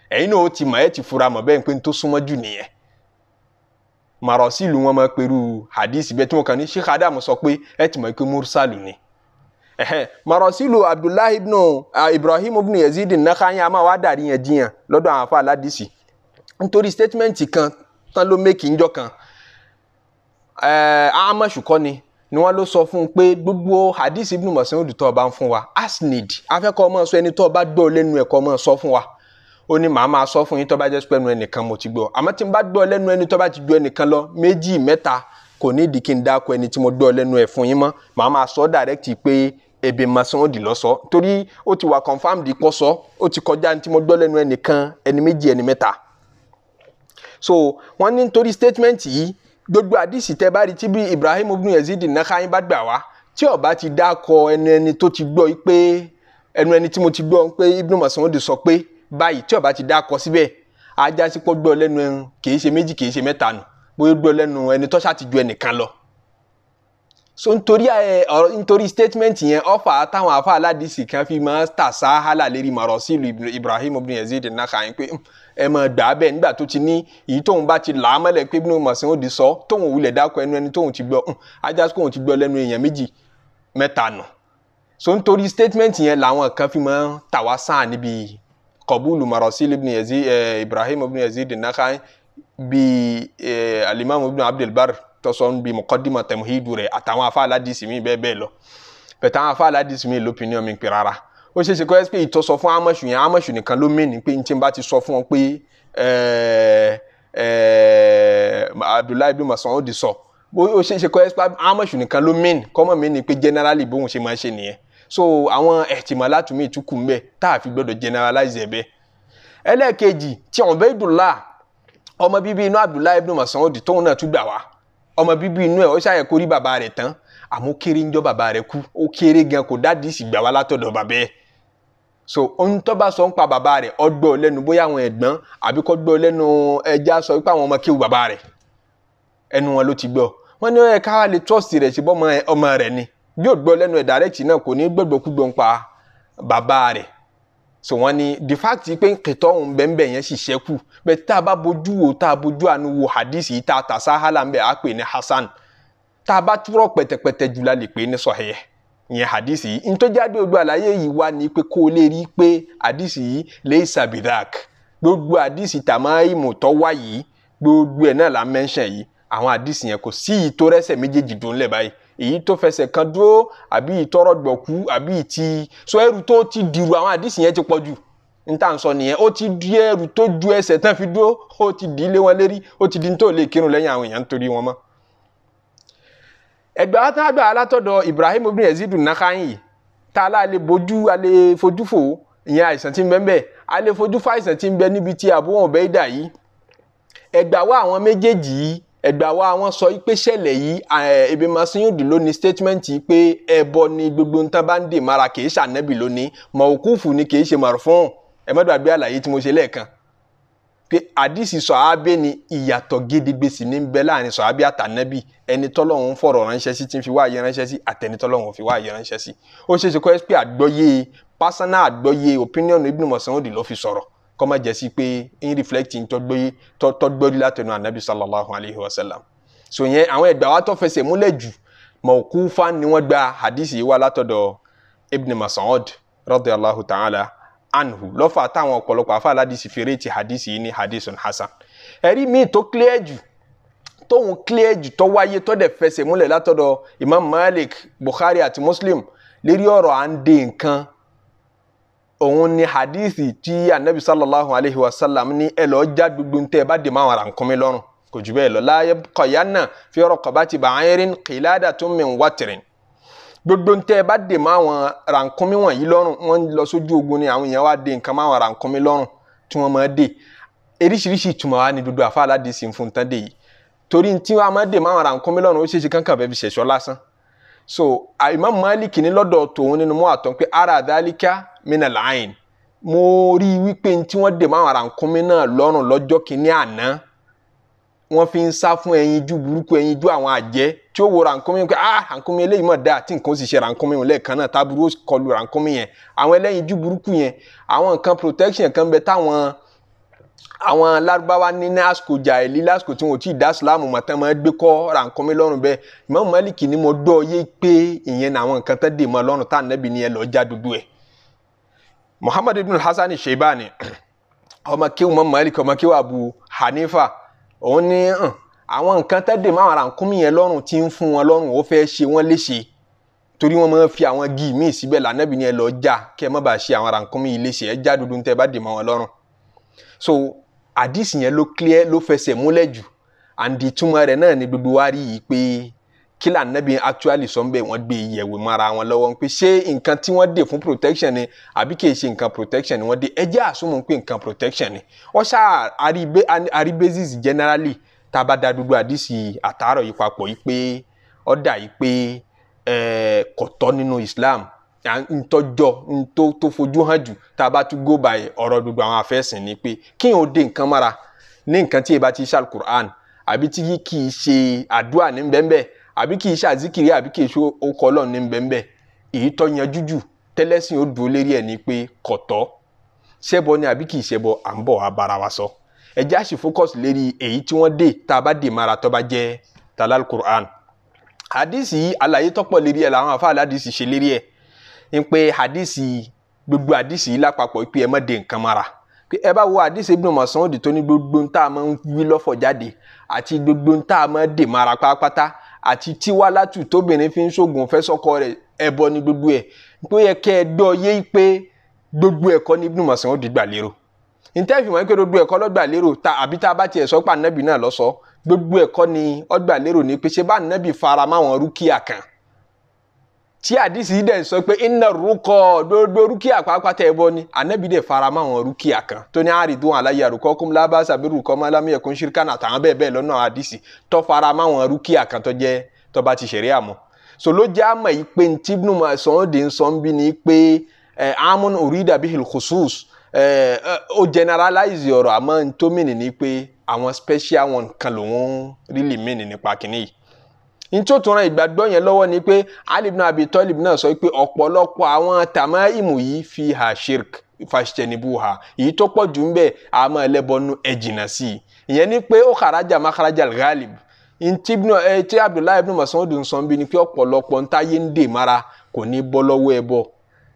ẹ̀yin náà ó ti mọ̀ ẹ́ ti fura mọ̀ bẹ́ẹ̀ pé n tó súnmọ́ jù nìyẹn màrọ̀ sílùú wọn máa perú hadith bẹ́ẹ̀ tí wọ́n kàn ní Sheikh Adam sọ pé ẹ ti mọ̀ pé mursalu ni màrọ̀ sílùú Abdullahi ibn Ibrahim ibn Yazid nàkàyàn a máa wá dàrí yẹn jiyàn lọ́dọ̀ àwọn afa aládìsí nítorí statement kan tán ló mẹ́kì ńjọ kan Amash kọ́ ni ni wọn ló sọ fún un pé gbogbo hadith ibn Mas'ud tó bá ń fún wa asnid afẹ́kọ̀ọ́ máa sọ ẹni tó bá gbọ́ lẹ́nu ẹ̀kọ́ máa sọ fún wa ó ní màá máa sọ fún yín tó bá jẹ́ pẹ́ẹ́nu ẹnìkan mo ti gbọ́ àmọ́ tí n bá gbọ́ lẹ́nu ẹni tó bá ti ju ẹnìkan lọ méjì mẹ́ta kò ní ìdí kí n dáko ẹni tí mo gbọ́ lẹ́nu ẹ̀ fún yín mọ́ màá máa sọ direct pé èbè màsán ó di lọ́sọ torí ó ti wà confam di kọ́ ó ti kọjá ní tí mo gbọ́ lẹ́nu ẹnìkan ẹni méjì ẹni mẹ́ta so wọ́n ní nítorí statement yìí gbogbo àdìsí tẹ́ bá rí tí bí Ibrahim ibn Yazid Nakha'i bá gbà wá tí ó bá ti dáko ẹnu ẹni tó ti gbọ́ pé ẹnu ẹni tí mo ti gbọ́ pé Ibn Mas'ud sọ pé báyìí tí ọba ti dá kọ síbẹ̀ ajásí pọ́ gbọ́ lẹ́nu ẹ̀hún kìí ṣe méjì kìí ṣe mẹ́ta nù bóyá gbọ́ lẹ́nu ẹni tọ́ṣà ti ju ẹnìkan lọ. so nítorí ẹ ọ̀rọ̀ nítorí statement yẹn ọ̀fà táwọn afa aládìsí kan fi máa ń tà sáhálà lérí màrọ̀ sílùú Ibrahim ibn Yazid Nakha'i pé hmm, ẹ mọ̀ gbà á bẹ́ẹ̀ nígbà tó ti ní èyí tóun bá ti là á mọ́lẹ̀ pé bí mo sìn ó di sọ tóun wulẹ̀ dákọ ẹnu ẹni tóun ti gbọ́ hmm, ajásí pé òun ti gbọ́ lẹ́nu èèyàn méjì mẹ́ta nù so nítorí statement yẹn làwọn kan fi máa ń tà wá sáà níbi قبول مراسيل ابن يزيد ibrahim ابن يزيد an ب bí ابن عبد البر bar tọ́sọ́n تمهيد muqaddima tamhidu rẹ̀ àtàwọn afa aládìsí mi bẹ́ẹ̀ bẹ́ẹ̀ lọ bẹ̀tẹ̀ àwọn afa aládìsí mi l'opinion mi pè rárá ó ṣeéṣe kó ẹ́sì pé ìtọ́sọ fún amọ̀ṣù yẹn amọ̀ṣù nìkan ló mẹ́ni pé ntí n bá ti sọ fún ọ pé eh, eh, abdullahi ibn Mas'ud ó di sọ ó ṣeéṣe kó ẹ́sì pé amọ̀ṣù nìkan ló mẹ́ni kọ́mọ̀ mẹ́ni pé generally bóun ṣe máa ṣe nìyẹn so àwọn ẹ̀tìmọ̀látù mi ìtukù ń bẹ tá a fi gbọdọ̀ generalize ẹ̀ bẹ́ẹ̀. ẹlẹ́ẹ̀kejì tí Ubaydullah ọmọ bíbí inú Abdullahi ibn Mas'ud tóun náà tún gbà wá ọmọ bíbí inú ẹ̀ ó ṣàyẹ̀ kó rí bàbá rẹ̀ tán àmọ́ kéré ń jọ bàbá rẹ̀ kú ó kéré gan kò dádìí sì gbà wá látọ̀dọ̀ bàbá so ohun tó bá sọ ń pa bàbá rẹ̀ ọgbọ́ lẹ́nu bóyá àwọn ẹ̀gbọ́n àbí kọ́ gbọ́ lẹ́nu ẹja sọ pé àwọn ọmọ kéwù bàbá rẹ̀ ẹnu wọn ló ti gbọ́ wọ́n ní ẹ ká lè trust rẹ̀ ṣe bọ́ ọmọ rẹ̀ ni bí ó gbọ́ lẹ́nu ẹ̀ direct náà kò ní gbẹ̀gbẹ̀kúgbọ̀ ń pa bàbá rẹ̀ so wọ́n ní the fact pé nkìtọ́ òun bẹ́ẹ̀ yẹn sì ṣẹ́kù bẹ́ẹ̀ tá a bá bojú wo tá a bojú àánú wo hadith yìí tá a tà sáhálà ń bẹ̀ á pè ní hasan tá a bá túrọ̀ pẹ̀tẹ̀pẹ̀tẹ̀ jù la lè pè ní sọ̀hẹ́ yẹn hadith yìí ntọ́jáde ojú àlàyé yìí wá ní pé kó o lè rí i pé hadith yìí lè sàbìdàk gbogbo hadith tàmáìmù tọ́ wá yìí gbogbo ẹ̀ náà la mention yìí àwọn hadith yẹn kò sí ìtòrẹ́sẹ̀ méjèèjì dùn lẹ́ báyìí èyí tó fẹsẹ̀ kan dúró àbí ìtọ́rọ̀ gbọ̀kú àbí ìtì so ẹrù tó ti dìrù àwọn àdìsí yẹn ti pọ̀ jù n tà ń sọ nìyẹn ó ti di ẹrù tó ju ẹsẹ̀ tán fi dúró ó ti dì í wọn lérí ó ti di ní kírun lẹ́yìn àwọn èèyàn nítorí wọn mọ́. ẹgbẹ́ àtàgbà alátọ̀dọ̀ Ibrahim ibn Yazid Nakha'i tá a láàlè bojú alẹ́ fojú fò ìyẹn àìsàn tí ń bẹ ń bẹ alẹ́ fojú fún àìsàn ń bẹ níbi tí àbúwọ̀n bẹ́ẹ̀ dà yìí ẹgbàá wá àwọn méjèèjì yìí ẹgbà wa wọn sọ pé ṣẹlẹ̀ yìí eh, ebi masiyudi ló ní statement yìí pé ẹbọ ni gbogbo nǹkan bá ń dè mara kì í ṣànẹ́bì lónìí mọ̀ọ́kùfù ni kì í ṣe màrúfún ẹ má gbàgbé àlàyé tí mo ṣe lẹ́ẹ̀kan pé àdìsí sọ̀hábẹ́ ni ìyàtọ̀ gédégbé sì ní bẹ láàrin sọ̀hábẹ́ àtànẹ́bì ẹni tọ́lọ́hún fọ̀rọ̀ ránṣẹ́ sí tí fi wá ayé ránṣẹ́ sí àtẹni tọ́lọ́hún fi wá ayé ránṣẹ́ sí ó ṣeéṣe kọ́ ẹ́ pé àgbọ́yé pásánà àgbọ́yé opinion Ibn Mas'ud ló fi sọ̀rọ̀ kọ́má in sí pé ń reflecting tọ́gbọ́rí látẹnu anabi sallallahu alayhi wa sallam so yẹn àwọn ẹgbàá wa tó fẹsẹ̀ múlẹ̀ jù mawqufan ni hadisi gba hadith yìí wá látọ̀dọ̀ ibn Mas'ud radiyallahu ta'ala anhu lọ́fà táwọn ọ̀pọ̀lọpọ̀ afa aládìsí fèrè ti hadisi yìí ní hadithun hasan ẹ̀rí mi tó clear jù tóun clear jù tó wáyé tó dẹ̀ fẹsẹ̀ múlẹ̀ látọ̀dọ̀ imam malik bukhari àti muslim lérí ọ̀rọ̀ à ń de nǹkan òun ni hadithi tí anabi sallallahu alayhi wa sallam ní ẹ lọ́ọ́ já gbogbo ntẹ́ ẹ bá dè máa rànkúnmi lọ́rùn kò jù bẹ́ẹ̀ lọ láyé kọ̀yánà fi raqabati ba'airin qiladatun min watrin gbogbo ntẹ́ ẹ bá dè máa wọn rànkúnmi wọ̀nyí lọ́rùn wọ́n lọ sójú ogun ni àwọn èèyàn wá dé nǹkan máa wọn rànkúnmi lọ́rùn tí wọ́n máa dé eríṣiríṣi ìtumọ̀ wa ni gbogbo àfa aládìsí fún tán dé yìí torí tí wọ́n máa dè máa wọn rànkúnmi lọ́rùn ó ṣeé kankan bẹ́ẹ̀ fi ṣẹ̀ṣọ́ lásán so Imam Malik ní lọ́dọ̀ tòun nínú mọ́ àtọ́ pé ara àdálíkà mina line. mo rí i wípé tí wọ́n dè máa ra nkúnmí náà lọ́rùn lọ́jọ́ kìíní àná wọ́n fi ń sá fún ẹyin ju burúkú ẹyin ju àwọn àjẹ́ tí ó wo rànkúnmí pé ah rànkúnmí eléyìí mọ̀ dáa tí nǹkan ó sì ṣe rànkúnmí òun lẹ́ẹ̀kan náà táburú ó kọlu rànkúnmí yẹn àwọn ẹlẹ́yin ju burúkú yẹn àwọn nǹkan protection kan bẹ táwọn àwọn lárúbáwá ní ní àsìkò jàìlí lásìkò tí wọn ò tí ì dá sílámù mọ̀ tán máa gbé kọ́ rànkúnmí lọ́rùn bẹ́ẹ̀ Imam Malik ni mo dọ́ yé pé ìyẹn ní àwọn nǹkan tán dè mọ́ lọ́rùn tá muhammad ibn hasan shaibani ọmọ kí wọn malik ọmọ kí wọn abu hanifa òun ní àwọn nǹkan tẹ́dẹ̀ máa ra nkúmi yẹn lọ́rùn tí ń fún wọn lọ́rùn ó fẹ́ ṣe wọ́n léṣe torí wọ́n máa fi àwọn gíì míì síbẹ̀ lànàbí ni ẹ lọ já kẹ́ ẹ má bàa ṣe àwọn ra nkúmi yìí léṣe ẹ já dúdú tẹ́ bá dè mọ́ wọn lọ́rùn so àdìsí yẹn ló clear ló fẹsẹ̀ múlẹ̀ jù àǹdí túmọ̀ rẹ̀ náà ni gbogbo wa rí yìí pé kila là nẹ́bí actually sọ ń bẹ́ẹ̀ wọ́n gbé ìyẹ̀wò mara wọn lọ́wọ́ pé ṣé nǹkan tí wọ́n dè fún protection ni àbí kì í ṣe nǹkan protection ni wọ́n dè ẹ jẹ́ pé nǹkan protection ni wọ́n ṣá àrí generally tá a bá da gbogbo àdìsí àtàárọ̀ yìí papọ̀ yìí pé ó yìí pé kò nínú Islam ntọ́jọ́ ntó tó fojú hàn jù tá a go by ọ̀rọ̀ gbogbo àwọn afẹ́sìn ni pé kí n ò de nǹkan mara ní nǹkan tí ẹ ti ṣàlùkùrán àbí tí kì í ṣe àdúrà ní bẹ́ẹ̀ bẹ́ẹ̀ àbí kì í ṣe àzíkiri àbí kì í ṣe okọ̀ ọlọ́run ní bẹ́ẹ̀ èyí tó yanjú jù tẹ́lẹ́sìn ó dúró lérí ẹ̀ ní pé kọ̀tọ́ ṣẹbọ ni àbí kì í ṣẹbọ à ń bọ̀ wá bára wa sọ ẹ jẹ́ àṣì focus lérí èyí tí wọ́n dé tá a bá dè mara tó bá jẹ́ talal Qur'an hadisi àlàyé tọ́pọ̀ lérí ẹ̀ làwọn àfa aládìsí ṣe lérí ẹ̀ ń pé hadisi gbogbo hadisi yìí lápapọ̀ pé ẹ má dè nǹkan mara pé ẹ bá wo hadisi Ibn Mas'ud tó ní gbogbo ń tá a máa ń wí lọ́fọ̀ jáde àti gbogbo ń a máa dè mara pátápátá àti tiwalátù tóbìnrin fi ń ṣoògùn fẹ́ sọ́kọ rẹ̀ ẹbọ ni gbogbo ẹ̀ pé ó yẹ kẹ́ ẹ dọ́ yé pé gbogbo ẹ̀kọ́ ní Ibn Mas'ud ó di gbà lérò ntẹ́fì wọ́n pé gbogbo ẹ̀kọ́ lọ́gbà lérò ta àbí tá a bá tiẹ̀ sọ pé ànábì náà lọ́sọ gbogbo ẹ̀kọ́ ni ọgbà lérò ní pé ṣe bá ànábì fara máwọn rúkìá kan tí àdìsí dẹ̀ ń sọ pé iná rúkọ gbogbo rúkìá pàápàá ẹ̀bọ ni ànábì dẹ̀ fara mọ́ àwọn rúkìá kan tó ní àrídùn àlàyé àrùkọ́ kún lábàṣà bí rúkọ́ máa lámìyẹ̀ kún ṣìrìkànà àtàwọn bẹ́ẹ̀ bẹ́ẹ̀ lọ́nà àdìsí tó fara mọ́ àwọn rúkìá kan tó jẹ́ tó bá ti ṣẹ̀rí àmọ́ so ló jẹ́ àmọ̀ yìí pé ntí Ibn Mas'ud dé ń sọ bí ni pé amun urida bihil khusus ó generalize ọ̀rọ̀ àmọ́ ntómìnì ni pé àwọn special one kan lòun really mean nípa kìnìyí n tí ó tún ran ìgbàgbọ́ yẹn lọ́wọ́ ni pé Ali ibn Abi Talib náà sọ pé ọ̀pọ̀lọpọ̀ àwọn tàmáìmù yìí fi hà shirk fàṣẹ̀nìbùhà èyí tó pọ̀ jù ń bẹ̀ àmọ́ ẹlẹ́bọnú ẹ̀jìnà sí i ìyẹn ni pé ó kàrájà makarajà ghalib ntí Abdullahi ibn Mas'ud ń sọ bí ni pé ọ̀pọ̀lọpọ̀ ntáyé ń dè mara kò ní bọ́ lọ́wọ́ ẹ bọ́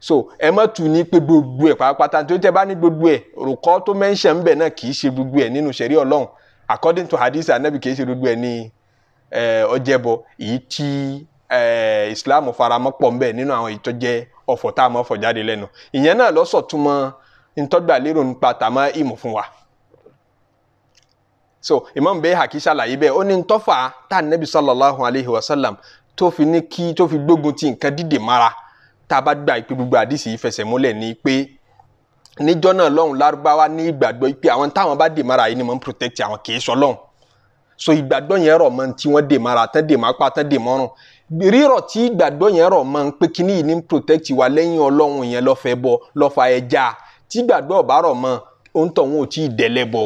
so ẹ mọ̀ tù ní pé gbogbo ẹ̀ pàápàá tó tẹ́ bá ní gbogbo ẹ̀ rùkọ́ tó mẹ́ńṣẹ̀ ń bẹ̀ náà kì í ṣe gbogbo ẹ̀ nínú ṣẹ̀rí Ọlọ́run according to hadith anabi kì í ṣe gbogbo ẹ̀ ní ọjẹbọ eh, èyí tí eh, Islam faramọ́ pọ̀ ńbẹ nínú àwọn ìtọ́jẹ́ ọ̀fọ̀ tá a mọ̀ fọ̀ jáde lẹ́nu ìyẹn náà lọ́sọ̀túnmọ́ ntọ́gbà lérò nípa tàmá ìmù fún wa so Imam Bayhaqi ṣàlàyé bẹ́ẹ̀ ó ní ntọ́fà tá a nẹ́bi sallallahu alayhi wa sallam tó fi ní kí tó fi gbógun ti nǹkan dìde mara tá a bá gba ìpè gbogbo àdìsí ìfẹsẹ̀ múlẹ̀ ní pé níjọ́ náà lọ́hùn lárúbáwá ní ìgbàgbọ́ pé àwọn táwọn bá dè mara yìí ni mò ń protect àwọn kì í sọ lọ́hùn so ìgbàgbọ́ yẹn rọ̀ mọ́ tí wọ́n dè mara tán dè máa pa tán dè mọ́rùn rírọ̀ tí ìgbàgbọ́ yẹn rọ̀ mọ́ pé kíní yìí ní protect wa lẹ́yìn ọlọ́run yẹn lọ́fẹ́ bọ lọ́fà ẹja tí ìgbàgbọ́ ọ̀bá rọ̀ mọ́ ó ń tọ̀ wọn ò tí ì dẹ́lẹ́bọ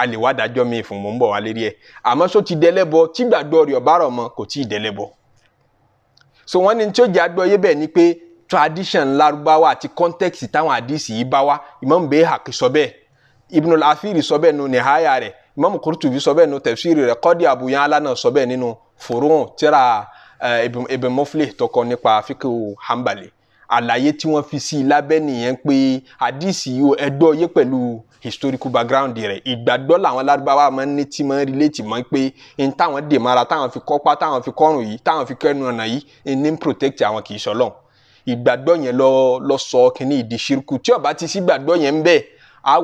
a lè wá dájọ́ mi fún mò ń bọ̀ wá lérí ẹ̀ àmọ́ só ti dẹ́lẹ́bọ tí ìgbàgbọ́ rẹ̀ ọ̀bá rọ̀ mọ́ kò tí ì dẹ́lẹ́bọ so wọ́n ní tí ó jẹ́ àgbọ́yé bẹ́ẹ̀ ni pé tradition Lárúbáwá àti context táwọn àdìsí yìí bá wá Imam Bayhaqi sọ bẹ́ẹ̀ Ibn al sọ bẹ́ẹ̀ nù ní háyà rẹ̀ imam Qurtubi sọ bẹ́ẹ̀ nínú tafsiri rẹ̀ kọ́dí Abu Ya'la náà sọ bẹ́ẹ̀ nínú Furu'un tíra Ibn Muflih tọkọ nípa fíkìwò Hanbali àlàyé tí wọ́n fi sí i lábẹ́ nìyẹn pé àdìsí yìí ẹgbẹ́ ọyẹ pẹ̀lú historical background rẹ̀ ìgbàgbọ́ làwọn lárúbáwá máa ń ní tí máa ń relate mọ́ pé n táwọn dè mara táwọn fi kọ́pá táwọn fi kọ́rùn yìí táwọn fi kẹ́nu ọ̀nà yìí ní protect àwọn kì í sọlọ́n ìgbàgbọ́ yẹn lọ lọ sọ kínní ìdí ṣírkù tí ó bá ti sí ìgbàgbọ́ yẹn ń bẹ á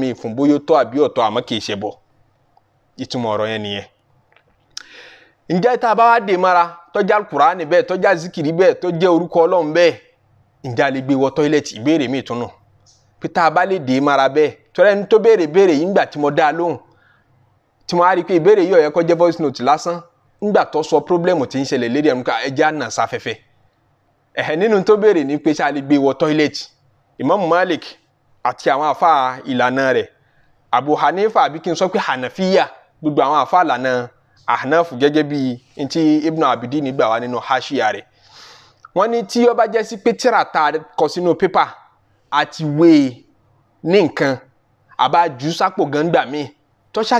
mi fún bóyá tó àbí kì í ṣe bọ̀ ìtumọ̀ ọ̀rọ̀ yẹn nìyẹn ǹjẹ́ tá a de mara tó jẹ́ alukurani bẹ́ẹ̀ tó jẹ́ azikiri bẹ́ẹ̀ tó jẹ́ orúkọ ọlọ́run bẹ́ẹ̀ ǹjẹ́ a lè gbé wọ tọ́ílẹ̀tì ìbéèrè mi tunu pé mara bẹ́ẹ̀ tọ́lẹ̀ ní tó béèrè béèrè yìí ńgbà tí mo dá lóhùn tí mo á rí i pé ìbéèrè yìí jẹ́ voice note lásán tó sọ pírọ́blẹ́mù tí ń ṣẹlẹ̀ lédè ká ẹja nà sáfẹ́fẹ́ ẹ̀hẹ́ nínú tó béèrè Malik àti àwọn àfáà ìlànà Abu Hanifa àbí kí Hanafiya gbogbo àwọn àfàlànà àhànáfù gẹ́gẹ́ bí ntí Ibn Abidi nígbà wá nínú haṣíà rẹ̀ wọ́n ní tí ó bá jẹ́ sí pé tíra tá a kọ sínú pépà àti wé e ní nǹkan àbá jù sápò gan gbà míì tọ́ṣà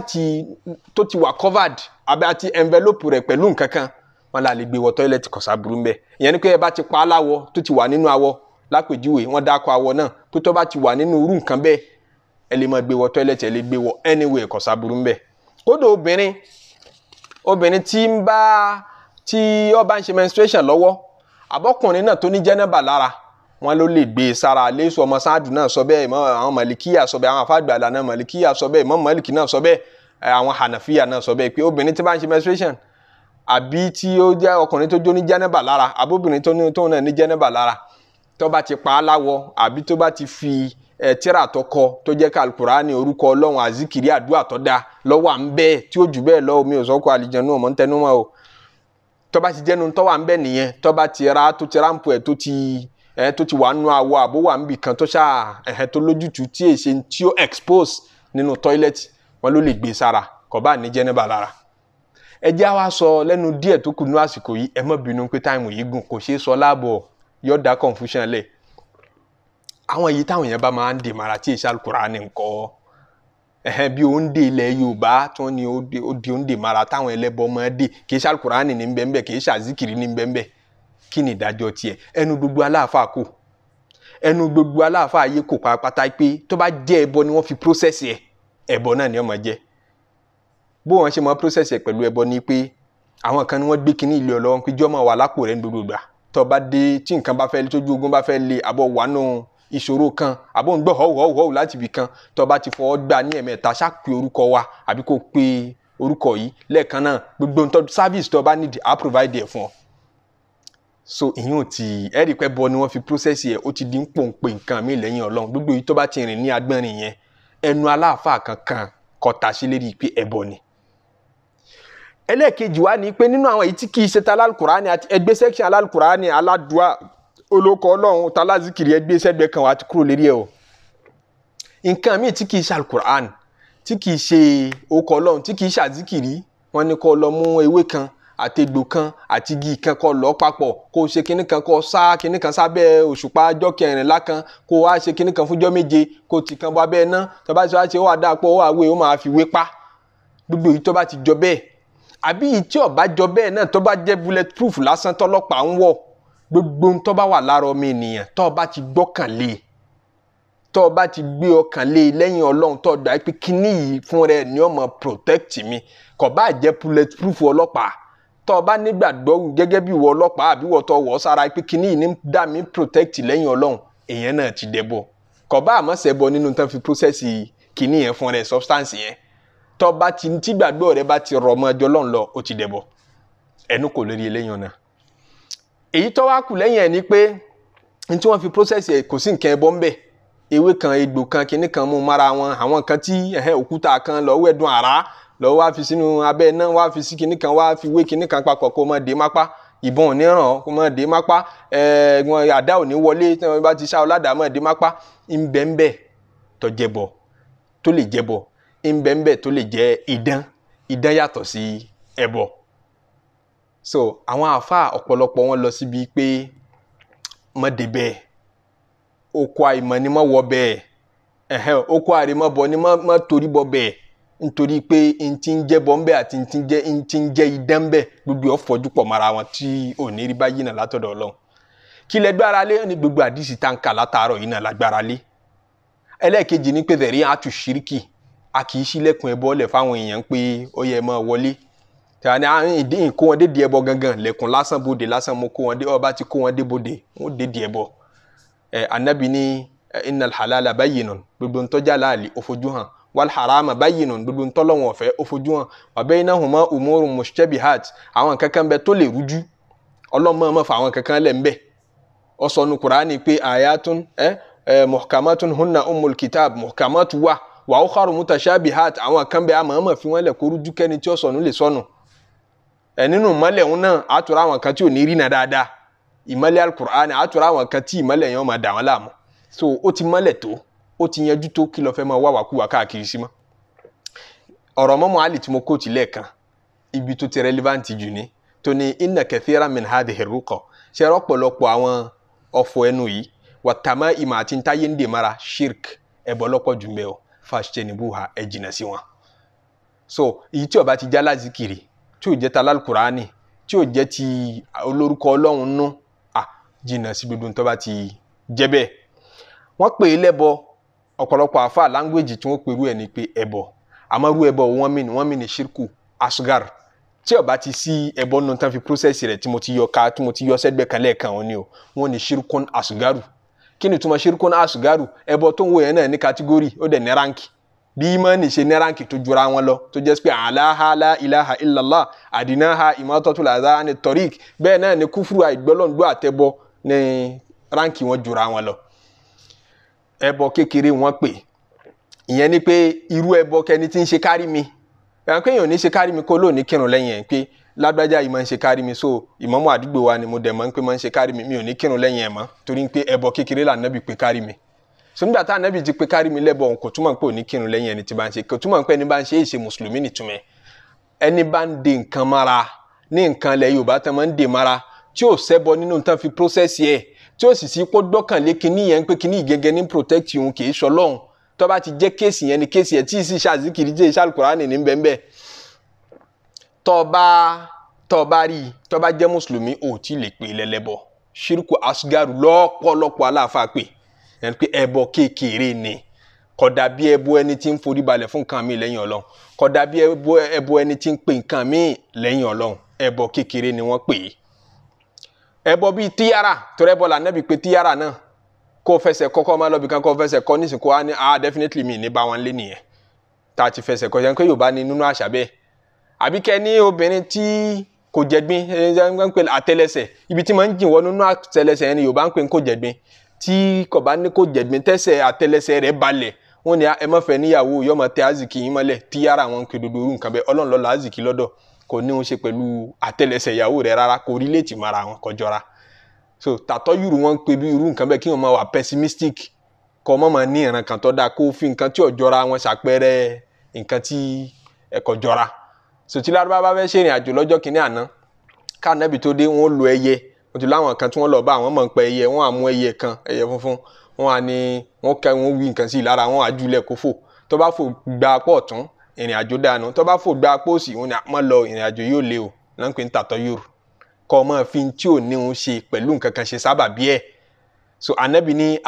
tó ti wà covered àbá ti envelope rẹ̀ pẹ̀lú nǹkan kan wọn là lè gbé wọ tọ́ílẹ̀tì kọ̀sá burú mbẹ́ ìyẹn ni pé ẹ bá ti pa á láwọ tó ti wà nínú awọ lápèjúwe wọn dákọ awọ náà pé tó bá ti wà nínú irú nǹkan bẹ́ẹ̀ ẹ lè máa gbé wọ tọ́ílẹ̀tì ẹ lè gbé wọ anywhere kọ̀sá burú kódà obìnrin obìnrin tí ń bá tí ó ń ṣe menstruation lọ́wọ́ àbọ́kùnrin náà tó ní jẹ́nẹ́bà lára wọn ló lè gbé e sára léṣu ọmọ sáàdù náà sọ bẹ́ẹ̀ ìmọ̀ àwọn màlìkíyà sọ bẹ́ẹ̀ àwọn afáàgbàlà náà màlìkíyà sọ bẹ́ẹ̀ ìmọ̀ màlìkì náà sọ bẹ́ẹ̀ àwọn hànàfíà náà sọ bẹ́ẹ̀ pé obìnrin tí bá ń ṣe menstruation àbí tí ó jẹ́ ọkùnrin tó jó ní jẹ́nẹ́bà lára àbóbìnrin tó ní tóun náà ní jẹ́nẹ́bà lára tó bá ti pa á láwọ àbí tó bá ti fi ẹ tíra tó kọ tó jẹ́ orúkọ ọlọ́run azikiri àdúrà à tí ó jù lọ omi òsọ́kọ àlìjẹnu ọmọ ń tẹnu o tọba ti jẹ́nu tọ́wà ń bẹ́ẹ̀ nìyẹn ti ra tó ti ráǹpù ẹ̀ tó ti ti wà nù awọ àbó wà níbì kan tó wọn ló lè gbé e sára bá sọ lẹ́nu díẹ̀ tó kù ní àsìkò yìí ẹ bínú pé táìmù yìí gùn kò àwọn èyí táwọn èèyàn bá máa ń dè mara tí ìṣe alukurani ńkọ́ ẹhẹn bí òǹdè ilẹ̀ yorùbá tó ní ó di òǹdè mara táwọn ẹlẹ́bọ máa dè kì í ṣe alukurani ní bẹ́ẹ̀ kì í ṣe azikiri ní bẹ́ẹ̀ kí ni ìdájọ́ tiẹ̀ ẹnu gbogbo aláàfáà kò ẹnu gbogbo aláàfáà yé kò pàápàá pé tó bá jẹ́ ẹbọ ni wọ́n fi prósẹ̀sì ẹ̀ ẹbọ náà ni ó máa jẹ́ bó wọn ṣe máa prósẹ̀sì ẹ̀ pẹ̀lú ẹbọ ni pé àwọn kan ni wọ́n gbé kinní ilé ọlọ́wọ́n pé jọ́mọ̀ wà lápò rẹ̀ ní gbogbo gbà tó bá dé tí nǹkan bá fẹ́ lé tójú ogun bá fẹ́ lé àbọ̀ wà nù ìṣòro kan àbò ń gbọ́ họ́wùhọ́wù láti ibì kan tó bá ti fọwọ́ gbà ní ẹ̀mẹ́ta ṣáàpì orúkọ wa àbí kò pe orúkọ yìí lẹ́ẹ̀kan náà gbogbo ntọ́ service tó bá need á provide ẹ̀ fún ọ. so ìyẹn ò ti ẹ̀rí pẹ́ bọ ni wọ́n fi process yẹ ó ti di ń pòǹpè nǹkan mi lẹ́yìn ọlọ́run gbogbo yìí tó bá ti rìn ní agbọ́nrin yẹn ẹnu aláàfáà kankan kọta sí lérí pé ẹbọ ni ẹlẹ́ẹ̀kejì wa ni pé nínú àwọn èyí tí kì í ṣe ta alálùkùránì àti ẹgbẹ́ section alálùkùránì aládùá olóko ọlọ́run talazikiri ẹ gbé sẹ́gbẹ́ kan wà á ti kúrò lérí ẹ o nǹkan míì tí kì í ṣe alukur'an tí kì í ṣe okọ ọlọ́run tí kì í ṣe àzikiri wọn ni kó lọ mú ewé kan àti egbò kan àti igi kan kó lọ papọ̀ kó o ṣe kinní kan kó o sá kinní kan sábẹ́ òṣùpá ọjọ́ kẹrìnlá kan kó o wá ṣe kinní kan fúnjọ́ méje kó o tì kan bọ́ abẹ́ iná tó bá ti wá ṣe ó wà dáa pé ó wà wé ó máa fi wé pa gbogbo èyí tó bá ti jọ bẹ́ẹ̀ àbí èyí tí ó jọ bẹ́ẹ̀ náà tó bá jẹ́ bullet proof lásán tọ́lọ́pàá ń wọ̀ gbogbo ń tó bá wà lára ọmọ ènìyàn tó bá ti gbọ́kàn lé e, tó bá ti gbé ọkàn lé e lẹ́yìn ọlọ́run tó gbà pé kíní yìí fún rẹ ni ó máa protect mi kò bá jẹ́ bullet proof ọlọ́pàá tó bá nígbàgbọ́ gẹ́gẹ́ bí ìwọ ọlọ́pàá àbí ìwọ tó wọ̀ sára pé kíní yìí ní dá mi protect lẹ́yìn ọlọ́run èèyàn náà ti dẹ̀bọ̀ kò bá àmọ́ sẹ́bọ̀ nínú tán fi process kíní yẹn fún rẹ substance yẹn tó bá ti tí gbàgbọ́ rẹ bá ti rọ̀ ọmọ ẹjọ́ lọ́n lọ ó ti dẹ̀bọ̀ ẹnu kò lórí eléyàn náà èyí tó wá kù lẹ́yìn ẹ̀ ni pé ní tí wọ́n fi process ẹ̀ kò sí nǹkan ẹbọ ń bẹ̀ ewé kan egbò kan kinní kan mú mara wọn àwọn kan tí òkúta kan lọ wẹ̀dùn àrá lọ wá fi sínú abẹ́ náà wá fi sí kinní kan wá fi wé kinní kan papọ̀ kó mọ̀ dé mápá ìbọn ò ní ràn kó mọ̀ dé mápá ẹ̀ẹ́dùn àdá ò ní wọlé tí wọ́n bá ti sá ọ̀làdà mọ̀ dé mápá ńbẹ́ńbẹ́ tó jẹbọ tó lè jẹbọ ńbẹ́ńbẹ́ tó lè jẹ idán idán yàtọ̀ sí ẹbọ. so àwọn àáfàá ọ̀pọ̀lọpọ̀ wọn lọ síbi pé mọ́ débẹ̀ oko àìmọ̀ ni mọ́ wọ bẹ́ẹ̀ ẹ̀hẹ́n oko àrèmọ́ bọ̀ ni mọ́ torí bọ̀ bẹ́ẹ̀ nítorí pé ntí ń jẹ́ àti gbogbo ọ̀fọ̀jú pọ̀ mara wọn tí rí bá yìí náà látọ̀dọ̀ ọlọ́run kí lẹ gbára lé ní gbogbo àdìsí tá kà látàárọ̀ yìí náà lágbára lé ẹlẹ́ẹ̀kejì tani a ń dín kó wọn dé diẹ bọ gangan lẹ̀kùn lásán bòde lásán mo kó wọn dé ọba ti kó wọn dé bòde wọn dé diẹ bọ ẹ anabi ni innal halala bayyinun gbogbo ntọ́jà láàlì òfojú hàn wal harama bayyinun gbogbo ntọ́lọ́wọ̀n ọ̀fẹ́ òfojú hàn wa baynahuma umurun mushtabihat àwọn kankan bẹ tó lè rújú ọlọ́mọ ọmọ fà àwọn kankan lẹ̀ ń bẹ̀ ọsọnu Qur'ani pé ayatun ẹ ẹ muhkamatun hunna umul kitab muhkamatu wa wa ukharu mutashabihat àwọn kan bẹ àmọ́ ọmọ fi wọn lẹ̀ kó rújú kẹ́ni tí ọsọnu lè sọnù ẹ nínú ìmọ́lẹ̀ òun náà á tura àwọn kan tí ò ní rí na dáadáa ìmọ́lẹ̀ alukur'an á àwọn kan tí yẹn so ó ti mọ́lẹ̀ tó ó ti yanjú tó kí ló fẹ́ máa wá wàkúwà káàkiri sí ọ̀rọ̀ mọ́mọ́ ibi tó ti relevant jù ní inna kathira min hadhihi ruqa ṣe rọpọlọpọ àwọn ọ̀fọ̀ ẹnu yìí wàtàmá ìmọ̀ àti ntáyé mara shirk ẹ̀bọ̀ lọ́pọ̀ o so èyí tí ti tí ò jẹ́ ta lálùkùránì tí ò jẹ́ ti olórúkọ ọlọ́run nú à jìnnà sí gbogbo tó bá ti jẹ́ bẹ́ẹ̀ wọ́n pè é lẹ́bọ ọ̀pọ̀lọpọ̀ àfa láńgbèjì tí wọ́n pè rú ẹ̀ ní pé ẹbọ àmọ́ rú ẹbọ wọ́n mì ní wọ́n ṣírkù asgar tí ó ti sí ẹbọ nù tán fi prósẹ̀sì rẹ̀ tí mo ti yọ ká tí mo ti yọ sẹ́gbẹ̀ẹ́ kan lẹ́ẹ̀kan òun ni o wọ́n ní ṣírkùn asgaru kí ni ìtumọ̀ ṣírkùn asgaru ẹbọ tó ń wo yẹn náà ní kátígórì ó dẹ̀ ní ránkì bí imáni ṣe ní ránkì tó jura wọn lọ tó jẹ́ pé àláha la ilaha illallah àdínáha ìmọ́tọ́tòlá àdáhàní tọ́rík bẹ́ẹ̀ náà ni kúfúrú àìgbọ́lọ́ǹdó àtẹ́bọ ní ránkì wọn jura wọn lọ. ẹbọ kékeré wọn pè ìyẹn ni pé irú ẹbọ kẹni tí ń ṣe kárí mi ẹ̀hán pé èèyàn ní ṣe kárí mi kó lóò ní kírun lẹ́yìn ẹ̀ pé lágbájá ìmọ̀ ń ṣe kárí mi so ìmọ̀mọ́ àdúgbò wa ni mo dẹ̀ mọ́ ń pé mọ́ ń ṣe kárí mi mi ò ní kírun lẹ́yìn ẹ̀ mọ́ torí pé ẹbọ kékeré là nábì pé kárí mi so nígbà tá anabi jí pé kárí mi lẹ́bọ̀ ọ̀hún kò túmọ̀ pé òní kírun lẹ́yìn ẹni tí bá ń ṣe kò túmọ̀ pé ẹni bá ń ṣe èṣe mùsùlùmí nìtumẹ̀ ẹni bá ń de nǹkan mara ní nǹkan ilẹ̀ yorùbá tán máa ń de mara tí ò sẹ́bọ nínú tán fi process yẹ tí ò sì sí pé gbọ́kànlé kinní yẹn pé kinní ìgẹ́gẹ́ ní protect yòun kì í sọ lọ́hùn tó bá ti jẹ́ kéèsì yẹn ni kéèsì yẹn tí ì sì ṣàzikiri jẹ́ yẹn pé ẹbọ kékeré ni kódà bí ẹbọ ẹni tí ń forí balẹ̀ fún nǹkan mi lẹ́yìn ọlọ́run kódà bí ẹbọ ẹni tí ń pè nǹkan mi lẹ́yìn ọlọ́run ẹbọ kékeré ni wọ́n pè é ẹbọ bíi tíyàrá torí ẹbọ là nẹ́bi pé tíyàrá náà kó fẹsẹ̀ kọ́kọ́ máa lọ bí kan kó fẹsẹ̀ kọ́ nísìnyí kó wá ah definitely mi ní bá wọn lé nìyẹn tá a ti fẹsẹ̀ kọ́ yẹn pé Yorùbá ni nínú àṣà bẹ́ẹ̀ àbí kẹ́ ní obìnrin tí kò jẹ̀gbin ẹ̀ ń pè àtẹlẹsẹ̀ ibi tí máa ń jìn wọ́n nínú àtẹlẹsẹ̀ yẹn ni Yorùbá ń pè ń kò jẹ̀gbin tí kò bá ní kó jẹ̀gbìn tẹ́sẹ̀ àtẹlẹsẹ̀ rẹ̀ balẹ̀ wọn ni ẹ má fẹ́ níyàwó yóò máa tẹ aziki yín mọ́lẹ̀ tí yàrá wọn kò dodo nǹkan bẹ́ẹ̀ ọlọ́run lọ́la aziki lọ́dọ̀ kò ní òun ṣe pẹ̀lú àtẹlẹsẹ̀ ìyàwó rẹ̀ rárá kò rí léètì mara wọn kọjọra so tàtọ́ yùrù wọn pe bí irú nǹkan bẹ́ẹ̀ kí wọ́n máa wà pessimistic kọ́ mọ́ máa ní ìran kan tó dáa kó fi nǹkan tí ọ̀jọ́ra wọn ṣàpẹẹrẹ nǹkan tí ẹ̀kọ́ jọra so tí lárúbáwá fẹ́ ṣèrìn àjò lọ́jọ́ kìnínní àná káà wọ́n ti láwọn kan tí wọ́n lọ bá àwọn mọ̀ ń pẹ́ ẹyẹ wọ́n á mú ẹyẹ kan ẹyẹ funfun wọ́n á ní wọ́n kẹ́ wọ́n wí nǹkan sí i lára wọ́n á júlẹ̀ kó fò tó bá fò gba apá ọ̀tún ìrìn àjò dànù tó bá fò gba apá òsì wọ́n ní àmọ́ lọ ìrìn àjò yóò le o náà ń pè ní tàtọ́ yòrò kọ́ ọmọ fi tí ò ní òun ṣe pẹ̀lú nǹkan kan ṣe sábà bí ẹ̀ so anabi ni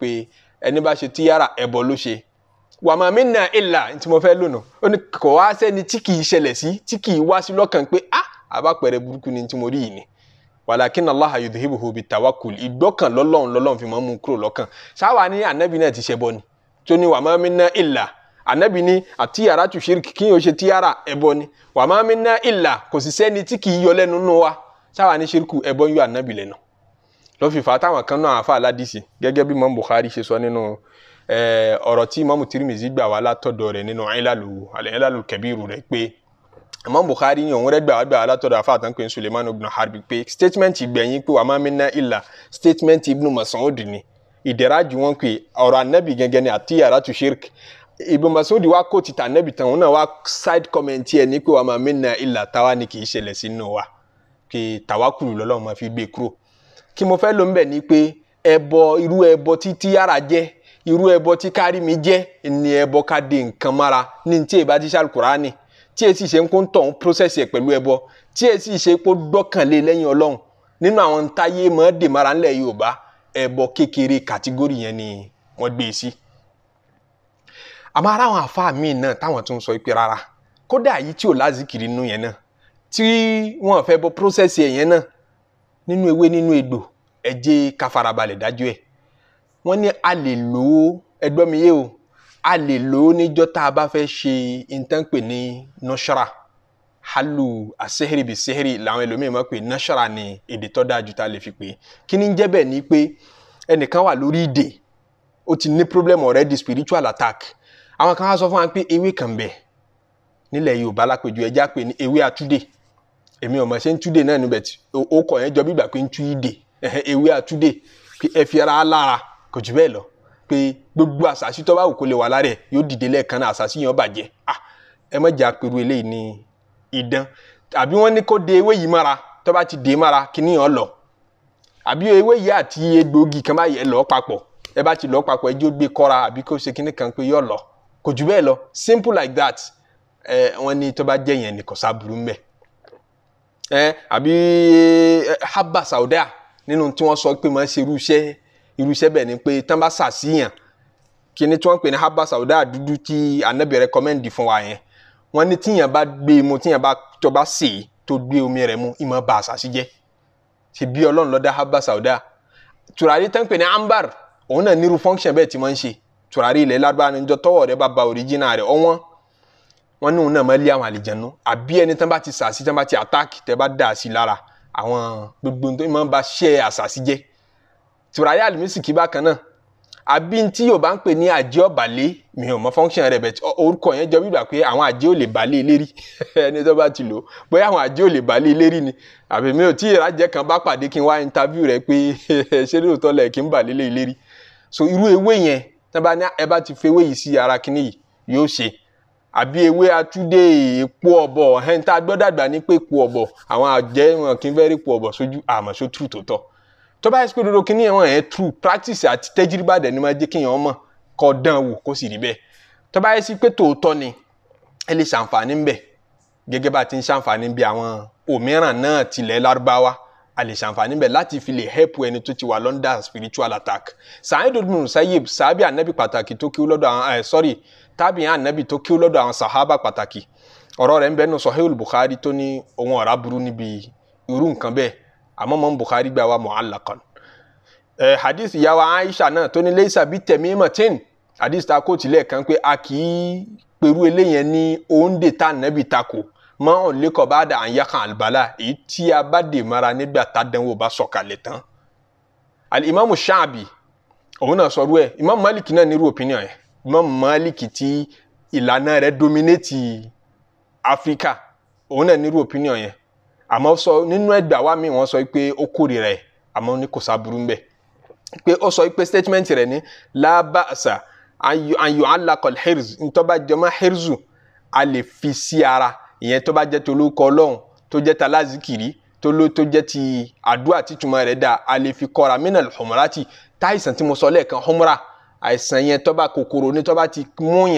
pé ẹni bá ṣe tíyàrá ẹ̀bọ ló ṣe wà máa mi nà ìlà tí mo fẹ́ lónà ó ní kò wá sẹ́ni tí kì í ah abápẹ̀rẹ̀ burúkú ni tí mo rí yìí ni walakin allah yudhibuhu bi tawakkul ìgbọ́kàn lọ́lọ́run lọ́lọ́run fi máa ń mú kúrò lọ́kàn sáwà ní anabi náà ti ṣe bọ́ ni tó ní wa ma minna illa anabi ní àtiyàrá tu shirk kí yóò ṣe tíyàrá ẹ̀bọ ni wa ma minna illa kò sì sẹ́ni tí kì í yọ lẹ́nu nù wa sáwà ní shirku ẹ̀bọ ń yọ anabi lẹ́nu lọ́fìfà táwọn kan náà àfa aládìsí gẹ́gẹ́ bí mọ́mú Bukhari ṣe sọ nínú ọ̀rọ̀ tí mọ́mú Tirmizi gbà wá látọ̀dọ̀ rẹ̀ nínú ilalu al rẹ̀ pé Imam Bukhari ní òun rẹ́gbàá gbàá látọ̀dọ̀ afáàtàn pé Suleiman ibn Harbi pé statement ìgbẹ̀yìn pé wà máa mi ná ìlà statement ibn Mas'ud ni ìdẹ́rájú wọn pé ọ̀rọ̀ anabi gẹ́gẹ́ ni àti yàrá tu shirk ibn Mas'ud wa kó ti ta tán òun náà wá side comment ẹ̀ ní pé wà máa mi ná ìlà táwa ni kì í ṣẹlẹ̀ sínú wa pé tàwákùlù lọ́lọ́run máa fi gbé kúrò kí mo fẹ́ ló ń bẹ̀ ni pé ẹbọ irú ẹbọ tí tíyàrá jẹ́ irú ẹbọ tí kárìmí jẹ́ ni ẹbọ ká de nǹkan mára ní ní tí èbá ti ṣàlùkùránì tí èsì ṣe ń kó ń tọ̀hún process ẹ̀ pẹ̀lú ẹbọ tí èsì ṣe kó dọ́kànlé lẹ́yìn ọlọ́run nínú àwọn táyé mọ́ dèmára ńlẹ̀ yorùbá ẹbọ kékeré kàtígórì yẹn ni wọ́n gbé e sí. àmọ́ ara àwọn àfa mi náà táwọn tún sọ pé rárá kódà yìí tí ò lázìkiri nínú yẹn náà tí wọ́n fẹ́ bọ process ẹ̀ yẹn náà nínú ewé nínú egbò ẹ jẹ́ ká farabalẹ̀ dájú ẹ̀ wọ́n ní a lè lò ó ẹgbọ́n mi yé o a lè lò ó níjọ́ tá a bá fẹ́ ṣe ìtànpè ní nọ́ṣọ́ra halu asehiri bi sehiri làwọn ẹlòmíì máa pè nọ́ṣọ́ra ní èdè tó dáa jù tá lè fi pè kí ni ń jẹ́ bẹ́ẹ̀ ni pé ẹnìkan wà lórí ìdè ó ti ní problem already spiritual attack àwọn kan á sọ fún wa pé ewé kan bẹ̀ nílẹ̀ Yorùbá lápèjú ẹja pè ní ewé àtúndè èmi ò mọ̀ ṣe ń túdè náà níbẹ̀ tí ó kọ̀ yẹn jọ bí ìgbà pé ń tú ìdè ewé àtúndè ẹ fi ara lára kò jù bẹ́ẹ̀ lọ pé gbogbo àṣàṣì tó bá wù kó lè wà lára ẹ̀ yóò dìde lẹ́ẹ̀kan náà àṣàṣì yẹn ó bàjẹ́ ah ẹ má jà pẹ̀lú eléyìí ní idán àbí wọ́n ní kó de ewé yìí mára tó bá ti dè é mára kíní yẹn lọ àbí ewé yìí àti egbòogi kan báyìí ẹ lọ papọ̀ ẹ bá ti lọ papọ̀ ẹ jẹ́ ó gbé kọ́ra àbí kó ṣe kíní kan pé yóò lọ kò jù bẹ́ẹ̀ lọ simple like that ẹ wọ́n ní tó bá jẹ́ yẹn ní kò sábùrú mbẹ́ ẹ àbí haba sauda nínú tí wọ́n sọ pé máa ń ṣerú iṣẹ́ irúṣẹ́ bẹ́ẹ̀ ni pé tán bá ṣàṣìyàn kíni tí wọ́n pè ní haba sauda dúdú tí anabi rẹkọmẹ́ndì fún wa yẹn wọ́n ní tíyàn bá gbé e mu tíyàn bá tó bá sè é tó gbé omi rẹ̀ mu ìmọ̀ bá àṣàṣì jẹ́ ṣe bí ọlọ́run ló dá haba sauda tùràrí tán pè ní ambar òun náà nírú function bẹ́ẹ̀ tí wọ́n ń ṣe tùràrí ilẹ̀ ládùá ni jọ tọwọ́ rẹ̀ bá ba original rẹ̀ ọ̀wọ́n wọn ní òun náà máa lé àwọn àlìjẹnu àbí ẹni tán bá ti sàṣì tán bá ti attack tẹ bá dà sí lára àwọn gbogbo tó máa ń ba ṣẹ́ àṣàṣì jẹ́ tùràrí àlùmísìkì bákan náà àbí tí yorùbá ń pè ní àjẹ́ ọ̀bàlẹ̀ mi ò mọ function rẹ̀ bẹ̀tẹ̀ orúkọ yẹn jọ bíbà pé àwọn àjẹ́ ò balẹ̀ lérí ẹni tó bá àwọn àjẹ́ balẹ̀ ni àbí mi ò tí ìrajẹ́ kan bá pàdé kí n wá interview rẹ̀ pé [LAUGHS] ṣé lóòótọ́ lẹ̀ kí n balẹ̀ lé lérí so iru ewé yẹn tí wọ́n ẹ bá ti fi ewé yìí ara kíní yìí yóò ṣe àbí ewé atúndé ọ̀bọ̀ ẹni tá a gbọ́dàgbà ní pé ọ̀bọ̀ àwọn àjẹ́ wọn kì í fẹ́ tó bá yẹ pé dodo kíní ẹ̀wọ̀n yẹn true practice àti tẹ́jìrìbá dẹ̀ ni máa jẹ́ kéèyàn ọmọ kọ́ dán wò kó sì rí bẹ́ẹ̀ tó bá yẹ pé tòótọ́ ni ẹ lè ṣàǹfààní ń bẹ̀ gẹ́gẹ́ bá ti ń ṣàǹfààní bí àwọn òmíràn náà tilẹ̀ lárúbáwá a lè ṣàǹfààní bẹ̀ láti fi lè help ẹni tó ti wà lọ́ndà spiritual attack Sa'id ibn Musayyib sàábì ànábì pàtàkì tó kí lọ́dọ̀ àwọn ẹ̀ eh, sorry tàbí ànábì tó kí ó lọ́dọ̀ àwọn sàhábà pàtàkì ọ̀rọ̀ rẹ̀ ń bẹ́nu Sahih al-Bukhari tó ní ohun ọ̀rá burú níbi irú nǹkan bẹ́ẹ̀ àmọ́ mọ́ Bukhari gbà wá mu'allaqan ẹ eh, hadith ìyàwó Aisha náà tó ní laysa bi tamimatin hadith ta kó tilẹ̀ kan pé a kì í perú eléyẹn ní òǹdè tá nàbì takò mọ́ òǹlẹ́kọ̀ bá dà àyàkàn àlùbálà èyí tí a bá dè mara nígbà tádánwò bá sọ̀kalẹ̀ tán alimami Sha'bi òun náà sọrú ẹ imam Malik náà nírú opinion ẹ imam Malik ti ìlànà rẹ̀ dominate Africa òun náà nírú opinion yẹn àmọ́ sọ nínú ẹgbàá wa mi wọ́n sọ pé ó kórìíra ẹ̀ àmọ́ ní kò sábúrú ńbẹ̀ pé ó sọ pé statement rẹ̀ ní lába àṣà ayọ̀ alakọ̀l herz ntọ́ba jẹmọ́ herzu a lè fi sí ara ìyẹn tó bá jẹ́ tó ló kọ ọlọ́run tó jẹ́ ta lázìkìrí tó ló tó jẹ́ ti àdúrà títúmọ̀ rẹ̀ dá a lè fi kọ́ra mínà humrati táìsàn tí mo sọ lẹ́ẹ̀kan humra àìsàn yẹn tó kòkòrò ní tó ti mú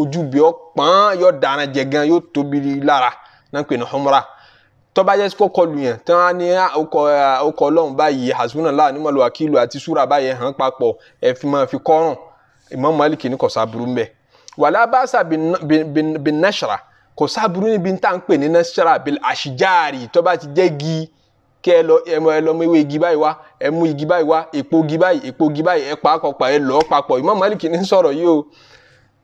ojú bí ọ pọ́n yọ dáná jẹ gan yóò tóbi lára náà pè ní humra tọ́ba yẹ kó kọlu yẹn tí wọ́n á ní ọkọ̀ ah, ọkọ̀ ah, ọlọ́run báyìí hasbunallah ni mọ̀lúwa kìlù àti súra báyẹn hàn papọ̀ ẹ fi máa fi ní kò sáburú ń wàlá báṣà bin nashra kò sáburú níbi tá à ń pè ní nashra bil ashijari tọ́ba ti jẹ́ gi kí ẹ lọ ẹ lọ mú ewé igi báyìí wá ẹ mú igi báyìí wá èpo igi báyìí èpo igi báyìí ẹ pa àkọpà ẹ lọ papọ̀ Imam Malik ní sọ̀rọ̀ yìí o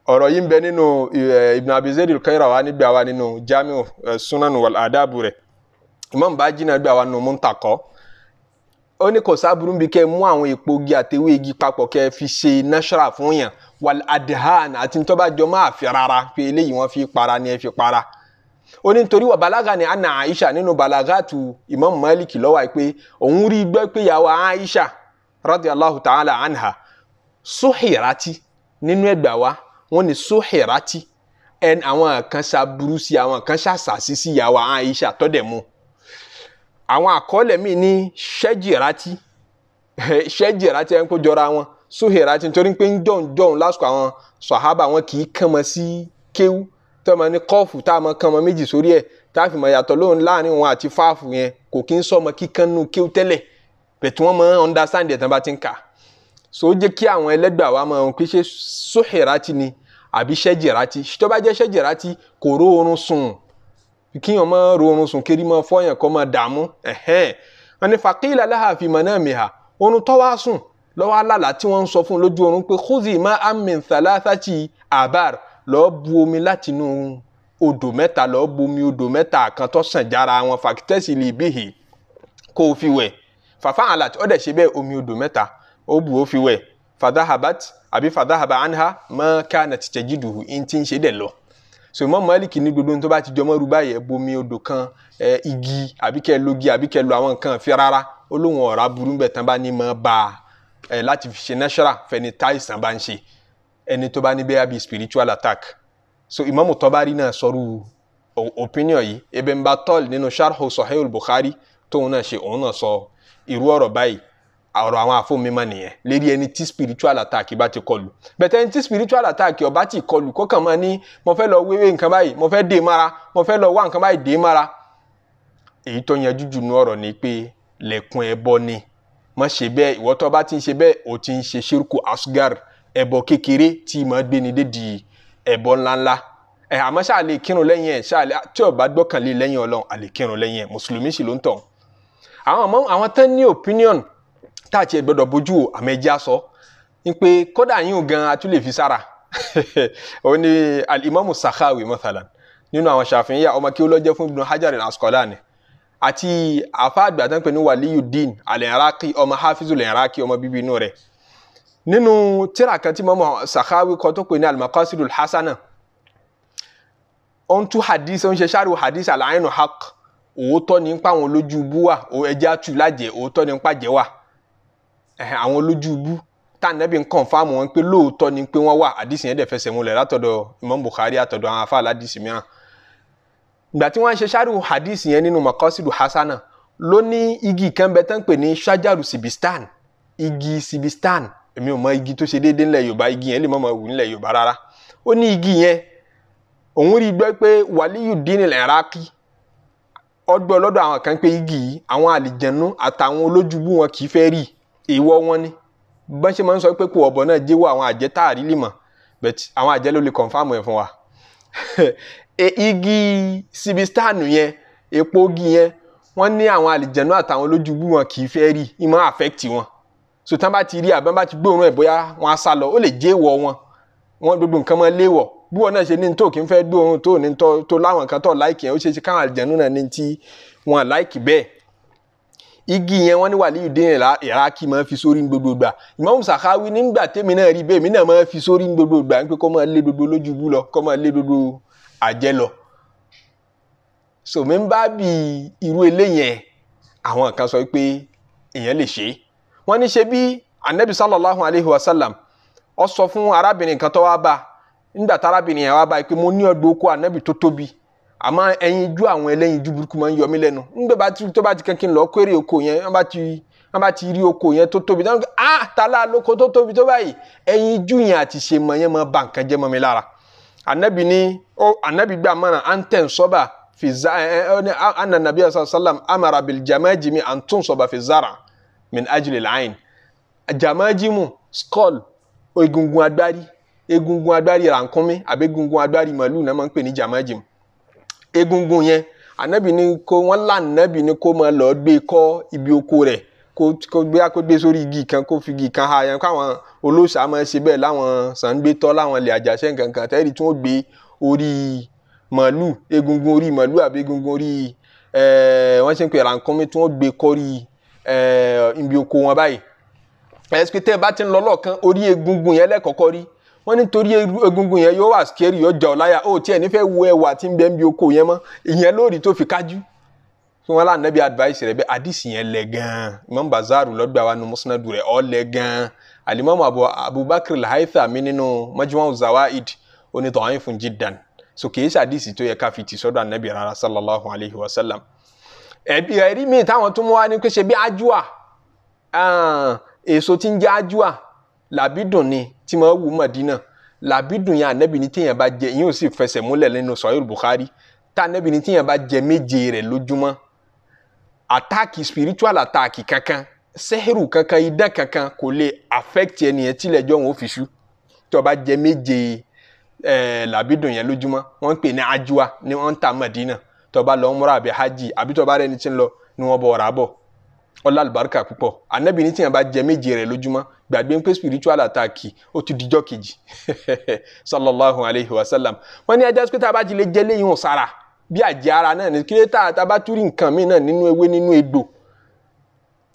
ọ̀rọ̀ yìí ń bẹ nínú eh, Ibn Abi Zayd al-Qayrawa níbi nínú Jami'u eh, Sunan wal Adabu rẹ̀ Imam Baji náà gbà wá nù Muntakọ ó ní kò sábúrú bí kẹ́ mú àwọn èpo igi àtẹwé igi papọ̀ kẹ́ fi ṣe náṣọ́ra fún yàn wal adhan àti tó máa fi rárá pé eléyìí wọ́n fi para ni ẹ fi para ó ní nítorí wà balaga ni ana Aisha nínú balagatu Imam Maliki lọ́wọ́ pé òun rí gbọ́ pé yàwó Aisha radiyallahu ta'ala anha sóhìrátì nínú ẹgbà wa wọ́n ní sóhìrátì ẹn àwọn kan ṣàbúrú sí àwọn kan ṣàṣàṣì sí yàwó Aisha tọ́dẹ̀ mu àwọn àkọọ́lẹ̀ míì ní ṣẹ́jìrátì [LAUGHS] ṣẹ́jìrátì ẹ̀ ń kó jọra wọn sóhìrátì nítorí pé ń jọ̀hún jọ̀hún lásìkò àwọn sàhábà wọn kì í kàn mọ́ sí kéwú tó máa ní kọ́ọ̀fù tá a máa kàn mọ́ méjì sórí ẹ̀ tá a fi mọ̀ yàtọ̀ lóhùn láàrin wọn àti fáàfù yẹn kò kí ń sọmọ kíkan nù kéwú tẹ́lẹ̀ bẹ̀tù wọn máa ń understand ẹ̀ tán bá ti ń kà so ó jẹ́ kí àwọn ẹlẹ́gbàá wa máa ni àbí ṣẹ́jìrátì tó bá jẹ́ ṣẹ́jìrátì kò kíyàn máa rorun sùn kiri máa fọyàn kọ́ máa dààmú ẹ̀hẹ́n wọn ni fàkìlà láhàfin manamiha oorun tó wá sùn lọ́wọ́ alálà tí wọ́n ń sọ fún lójú oorun pé khuzi ma amin thalathati abar lọ́ọ́ bu omi látinú odò mẹ́ta lọ́ọ́ bu omi odò mẹ́ta kan tó sàn jára wọn fàkítẹ́sì lè bíhì kó o fi wẹ̀ fàfà àlàtì ọ̀dẹ̀ ṣe bẹ́ẹ̀ omi odò mẹ́ta ó bu ó fi wẹ̀ fàdáhàbàt àbí fàdáhàbà anha ma kanat tajiduhu in ti ń ṣe dẹ̀ lọ so Imam Malik ní gbogbo tó bá ti jọmọ́ rú báyìí ẹ bomi odò kan ẹ igi àbí kẹ logi àbí kẹ lo àwọn nǹkan fi rárá ó lóun ọ̀rá burú bẹ̀ tán bá ní mọ́ bá ẹ láti fi ṣe nẹ́ṣọ́rà fẹ́ni táìsàn bá ń ṣe ẹni tó bá ní bẹ́ẹ̀ bí spiritual attack so Imam Tabari náà sọrú opinion yìí Ibn Battal nínú sharh Sahih al-Bukhari tóun náà ṣe òun náà sọ irú ọ̀rọ̀ báyìí ọ̀rọ̀ àwọn àfọ̀mímọ́ nìyẹn lérí ẹni tí spiritual attack bá ti kọlù bẹ̀tẹ̀ ẹni tí spiritual attack ó bá ti kọlù kọ́kàn máa ní mo fẹ́ lọ wéwé nǹkan báyìí mo fẹ́ dè mara mo fẹ́ lọ wá nǹkan báyìí dè mara èyí tó yẹn jújù nu ọ̀rọ̀ ni pé lẹ́kùn ẹbọ ni má ṣe bẹ́ẹ̀ ìwọ tó bá ti ń ṣe bẹ́ẹ̀ ó ti ń ṣe ṣírkù asgar ẹbọ kékeré tí mà gbé ni dé di ẹbọ ńláńlá ẹ àmọ́ ṣáà lè kírun lẹ́yìn ẹ̀ ṣáà tí ó bá gbọ́kànlé lẹ́yìn Ọlọ́run à lè kírun lẹ́yìn ẹ̀ mùsùlùmí sì ló ń tàn opinion táàtì ẹgbẹ́dọ̀ bójú o àmọ́ ẹjẹ́ aṣọ ń pé kódà yín ò gan atúlẹ̀ fi sára [LAUGHS] òun ni alimami sakhawi mathalan nínú àwọn Ṣafi'iyya ọmọ kí ó lọ jẹ́ fún Ibn Hajar al-Asqalani àti àfa àgbà tán pé ní Waliyuddin al-Iraqi ọmọ Hafizul Iraqi ọmọ bíbí inú rẹ̀ nínú tírà kan tí mọ́mọ́ sakhawi kọ́ tó pè ní al-Maqasidul Hasana ó ń tú hadith ó ń ṣe ṣáàrù hadith al-ainu haq òótọ́ ní pa àwọn lójú bú ẹja tù lájẹ òótọ́ ní pa jẹ wa àwọn olójú ibú tá ànábì ń kọ̀nfàmù wọn pé lóòótọ́ ni pé wọ́n wà àdìsí yẹn dẹ̀ fẹsẹ̀ múlẹ̀ látọ̀dọ̀ Imam Bukhari àtọ̀dọ̀ àwọn afáàlá àdìsí mìíràn ìgbà tí wọ́n ṣe ṣáàrù àdìsí yẹn nínú makosidu hasana ló ní igi kan bẹ tán pè ní ṣájàrù sibistan igi sibistan èmi ò mọ igi tó ṣe déédéé ńlẹ̀ Yorùbá igi yẹn lè mọ̀ mọ̀ wù ńlẹ̀ Yorùbá rárá ó ní igi yẹn òun rí gbọ́ pé wàlíyù dínì lẹ́ràkì ọgbọ́n lọ́dọ̀ àwọn kan pé igi yìí àwọn àlìjẹ̀nú àtàwọn olójúbú wọn kì í fẹ́ rí i ìwọ wọn ni bọ́n ṣe máa ń sọ pé kò ọ̀bọ náà jẹ́wọ́ àwọn àjẹ́ tá a rí lè mọ̀ but àwọn àjẹ́ ló lè confam ẹ̀ fún wa [LAUGHS] e, igi sibistanu yẹn epo igi yẹn wọ́n ní àwọn àlìjẹ̀nú àtàwọn olójúbú wọn kì í fẹ́ rí i máa affect wọn so tán bá ti rí àbá bá ti gbóòórùn ẹ̀ bóyá wọ́n á sá lọ ó lè jẹ́wọ́ wọn wọn gbogbo nǹkan máa léwọ̀ bí wọn náà ṣe ní tó kí n fẹ́ gbóòórùn tó ní tó láwọn nǹkan tó láìkì yẹn ó ṣeé ṣe káwọn àlìjẹ̀nú náà ní tí wọn láìkì bẹ́ẹ̀ igi yẹn wọ́n ní wàlíì dín ìrákì máa fi sórí gbogbo gbà Imam Sakhawi nígbà tèmi náà rí bẹ́ẹ̀ mi náà máa fi sórí gbogbo gbà ń pé kọ́ máa lé gbogbo lójú bú lọ kọ́ máa lé gbogbo àjẹ lọ. sòmí ń bá bí irú eléyẹn àwọn kan sọ pé èèyàn lè ṣe é wọ́n ní ṣe bí anabi sallallahu alayhi wa sallam ó sọ fún arábìnrin kan tó wá bá nígbà tárábìnrin yẹn wá bá pé mo ní ọgbọ́n oko anabi tó tóbi àmọ́ ẹyinjú àwọn ẹlẹ́yinjú burúkú máa ń yọ mí lẹ́nu nígbà bá ti tó bá ti kankan lọ kéré oko yẹn wọ́n bá ti rí oko yẹn tó tóbi dáhùn ah tala lóko tó tóbi tó báyìí ẹyinjú yẹn àti ṣe mọ yẹn máa ba nǹkan jẹ́ mọ́ mi lára anabi ni ó anabi gbà mọ́ra à ń tẹ̀ ń sọ́ba fi za ẹ ẹ ní anna nabi sallam amara bil jamaji mi à ń tún sọ́ba fi zara min ajili lain jamaji mu skull egungun agbárí egungun agbárí rànkúnmi àbí egungun agbárí màlúù náà máa ń pè ní jamaji mu egungun yẹn anabi ni ko wọn lá anabi ni kó máa lọ gbé kọ ibi oko rẹ̀ kó kó gbé kó gbé sórí igi kan kó fi igi kan ha yẹn káwọn olóòṣà máa ṣe bẹ́ẹ̀ láwọn sàǹgbétọ láwọn ilẹ̀ àjàṣe nǹkankan tẹẹrí tí wọn gbé orí màálù egungun orí màálù àbí egungun orí ẹ eh, wọn ṣe ń pè rànkọmí tí wọn gbé kọrí ẹ eh, ibi oko wọn báyìí ẹ ẹ sọ pé tẹ ẹ bá ti ń lọ lọọkan orí egungun yẹn lẹkọọkọ rí wọ́n ní torí egungun yẹn yóò wà scary yóò jà ọ́ láyà ó tiẹ̀ nífẹ̀ẹ́ wo ẹwà tí ń bẹ ń bi oko yẹn mọ́ ìyẹn lórí tó fi kájú tí wọ́n lá nàbí advice rẹ̀ bẹ́ẹ̀ àdìsí yẹn lẹ̀ gan Imam bazaar lọ́gbà wa nu musnadu rẹ̀ ọ́ lẹ̀ gan-an alimami Abubakar al-Haythami nínú Majmu' az-Zawaid onítọ̀ àwọn ìfún jiddan so kì í ṣe àdìsí tó yẹ ká fi tì sọ́dọ̀ anabi rárá sallallahu alayhi wa sallam ẹ̀rí mi táwọn tó mú wa ní pé ṣe bí ajua èso tí ń jẹ́ ajua làbídùn ni tí mo wù Mádínà làbídùn yẹn ànábì ní téèyàn bá jẹ yóò sì fẹsẹ̀ múlẹ̀ nínú Sahih Bukhari tá ànábì ní téèyàn bá jẹ méje rẹ̀ lójúmọ́ àtáàkì spiritual àtáàkì kankan sẹ́hìrù kankan idán kankan kò lè affect ẹnìyẹn tílẹ̀ jọ wọn ò fi ṣú tó bá jẹ méje ẹ̀ làbídùn yẹn lójúmọ́ wọ́n ń pè ní ajwa ni wọ́n ń ta Mádínà tó bá lọ múra àbí hajj àbí tó bá rẹni tí ń lọ ni wọ́n bọ̀ ọ̀rà bọ̀ ọlá àlùbáríkà púpọ̀ ànábì ní tíyẹn bá jẹ méje rẹ̀ lójúmọ́ gbàgbé pé spiritual attack ó ti dijọ́ kejì [LAUGHS] sallallahu alayhi wa sallam wọ́n ní ajá pé tá a bá ti lè jẹ léyìn ò sára bí àjẹ ara náà ní kí lẹ́tà tá a bá túrí nǹkan míì náà nínú ewé nínú egbò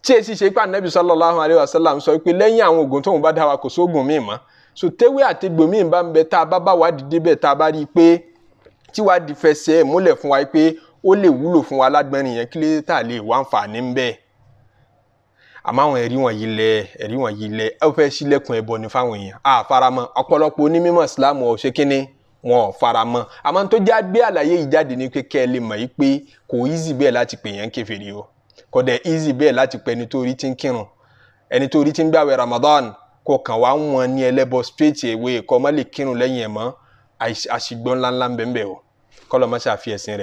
tí èsì ṣe pé ànábì sallallahu alayhi wa sallam sọ pé lẹ́yìn àwọn oògùn tóun bá dá wa kò sóògùn míì mọ́ so tewé àtegbò míì bá ń bẹ tá a bá bá wàá dìde bẹ́ẹ̀ tá a bá rí i pé tí wàá di fẹsẹ̀ múlẹ̀ fún wa pé ó lè wúlò fún wa lágbẹ́rin yẹn kí lẹ́tà lè wá àǹfààní ń bẹ́ẹ̀ àmọ́ àwọn ẹ̀rí wọ̀nyí lẹ ẹ̀rí wọ̀nyí lẹ ẹ fẹ́ sílẹ̀kùn ẹ̀bọ ní fáwọn èèyàn a faramọ́ ọ̀pọ̀lọpọ̀ onímọ̀ ìsìlámù ò ṣe kínní wọn ò faramọ́ àmọ́ tó já gbé àlàyé yìí jáde ní pé kẹ́ ẹ lè mọ̀ yí pé kò easy bẹ́ẹ̀ láti pè yẹn kèfèrí o kò dẹ̀ easy bẹ́ẹ̀ láti pè ẹni tó rí ti ń kírun ẹni tó rí ti ń gbàwẹ̀ Ramadan kò kàn wá wọn ní ẹlẹ́bọ straight away kò má lè kírun lẹ́yìn ẹ̀ mọ́ àṣìgbọ́n ńláńlá ń bẹ́ẹ̀ o kọ́lọ́ mọ́ṣáfi ẹ̀sìn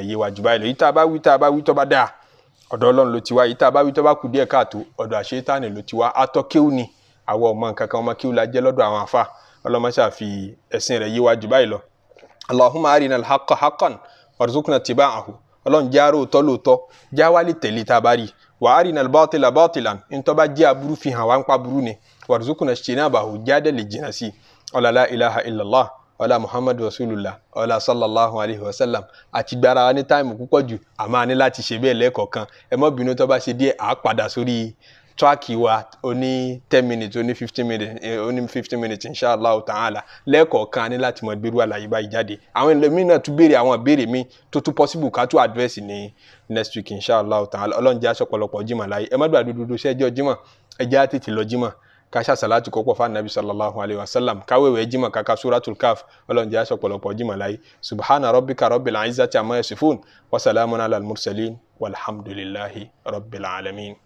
ọ̀dọ̀ ọlọ́run ló ti wá yìí tá a bá wí tó bá kù díẹ̀ káàtó ọ̀dọ̀ àṣetánì ló ti wá atọ́ kéwù ni àwọn ọmọ nǹkan kan ọmọ kéwù la jẹ́ lọ́dọ̀ àwọn afa ọlọ́mọṣà fi ẹ̀sìn rẹ̀ yíwájú báyìí lọ. allahumma arina alhaqa haqqan warzuqna tibaahu ọlọ́run já róòtọ́ lóòtọ́ já wálé tẹ̀lé tá a bá rí wa arina albatila batilan ntọ́ bá aburú fi hàn ń pa burú ni warzuqna ṣìnàbàhù já dẹ̀ lè jìnà sí ọlọ́lá ilaha illallah ọlá muhammadu rasulullah ọlá sallallahu alayhi wa sallam àti gbára wa ní táìmù púpọ̀ jù àmọ́ a ní láti ṣe bẹ́ẹ̀ lẹ́ẹ̀kọ̀kan ẹ mọ́ bínú tó bá ṣe díẹ̀ à á padà sórí tíráàkì wa oní ten minutes oní fifteen minutes eh, oní fifteen minutes inshallah ta'ala lẹ́ẹ̀kọ̀kan a ní láti mọ gbèrú àlàyé báyìí jáde àwọn ẹlòmíì náà tún béèrè àwọn ìbéèrè mi tó tún possible ká tún address ní next week inshallah ta'ala ọlọ́run jẹ́ aṣọ́pọ̀lọpọ̀ jimá láyé ẹ má gbàdúró ṣẹ́jọ́ jimá ẹ jẹ́ àtètè lọ jimá ká ṣá salatu kọ́pọ̀ fún anabi sallallahu alayhi wa sallam káwéwé jimá kaka suratul kaf ọlọ́run jẹ́ aṣọpọ̀lọpọ̀ jimá láyé subhana rabbika rabbil izzati amma yasifun wa salamun ala al-mursalin walhamdulillahi rabbil alamin.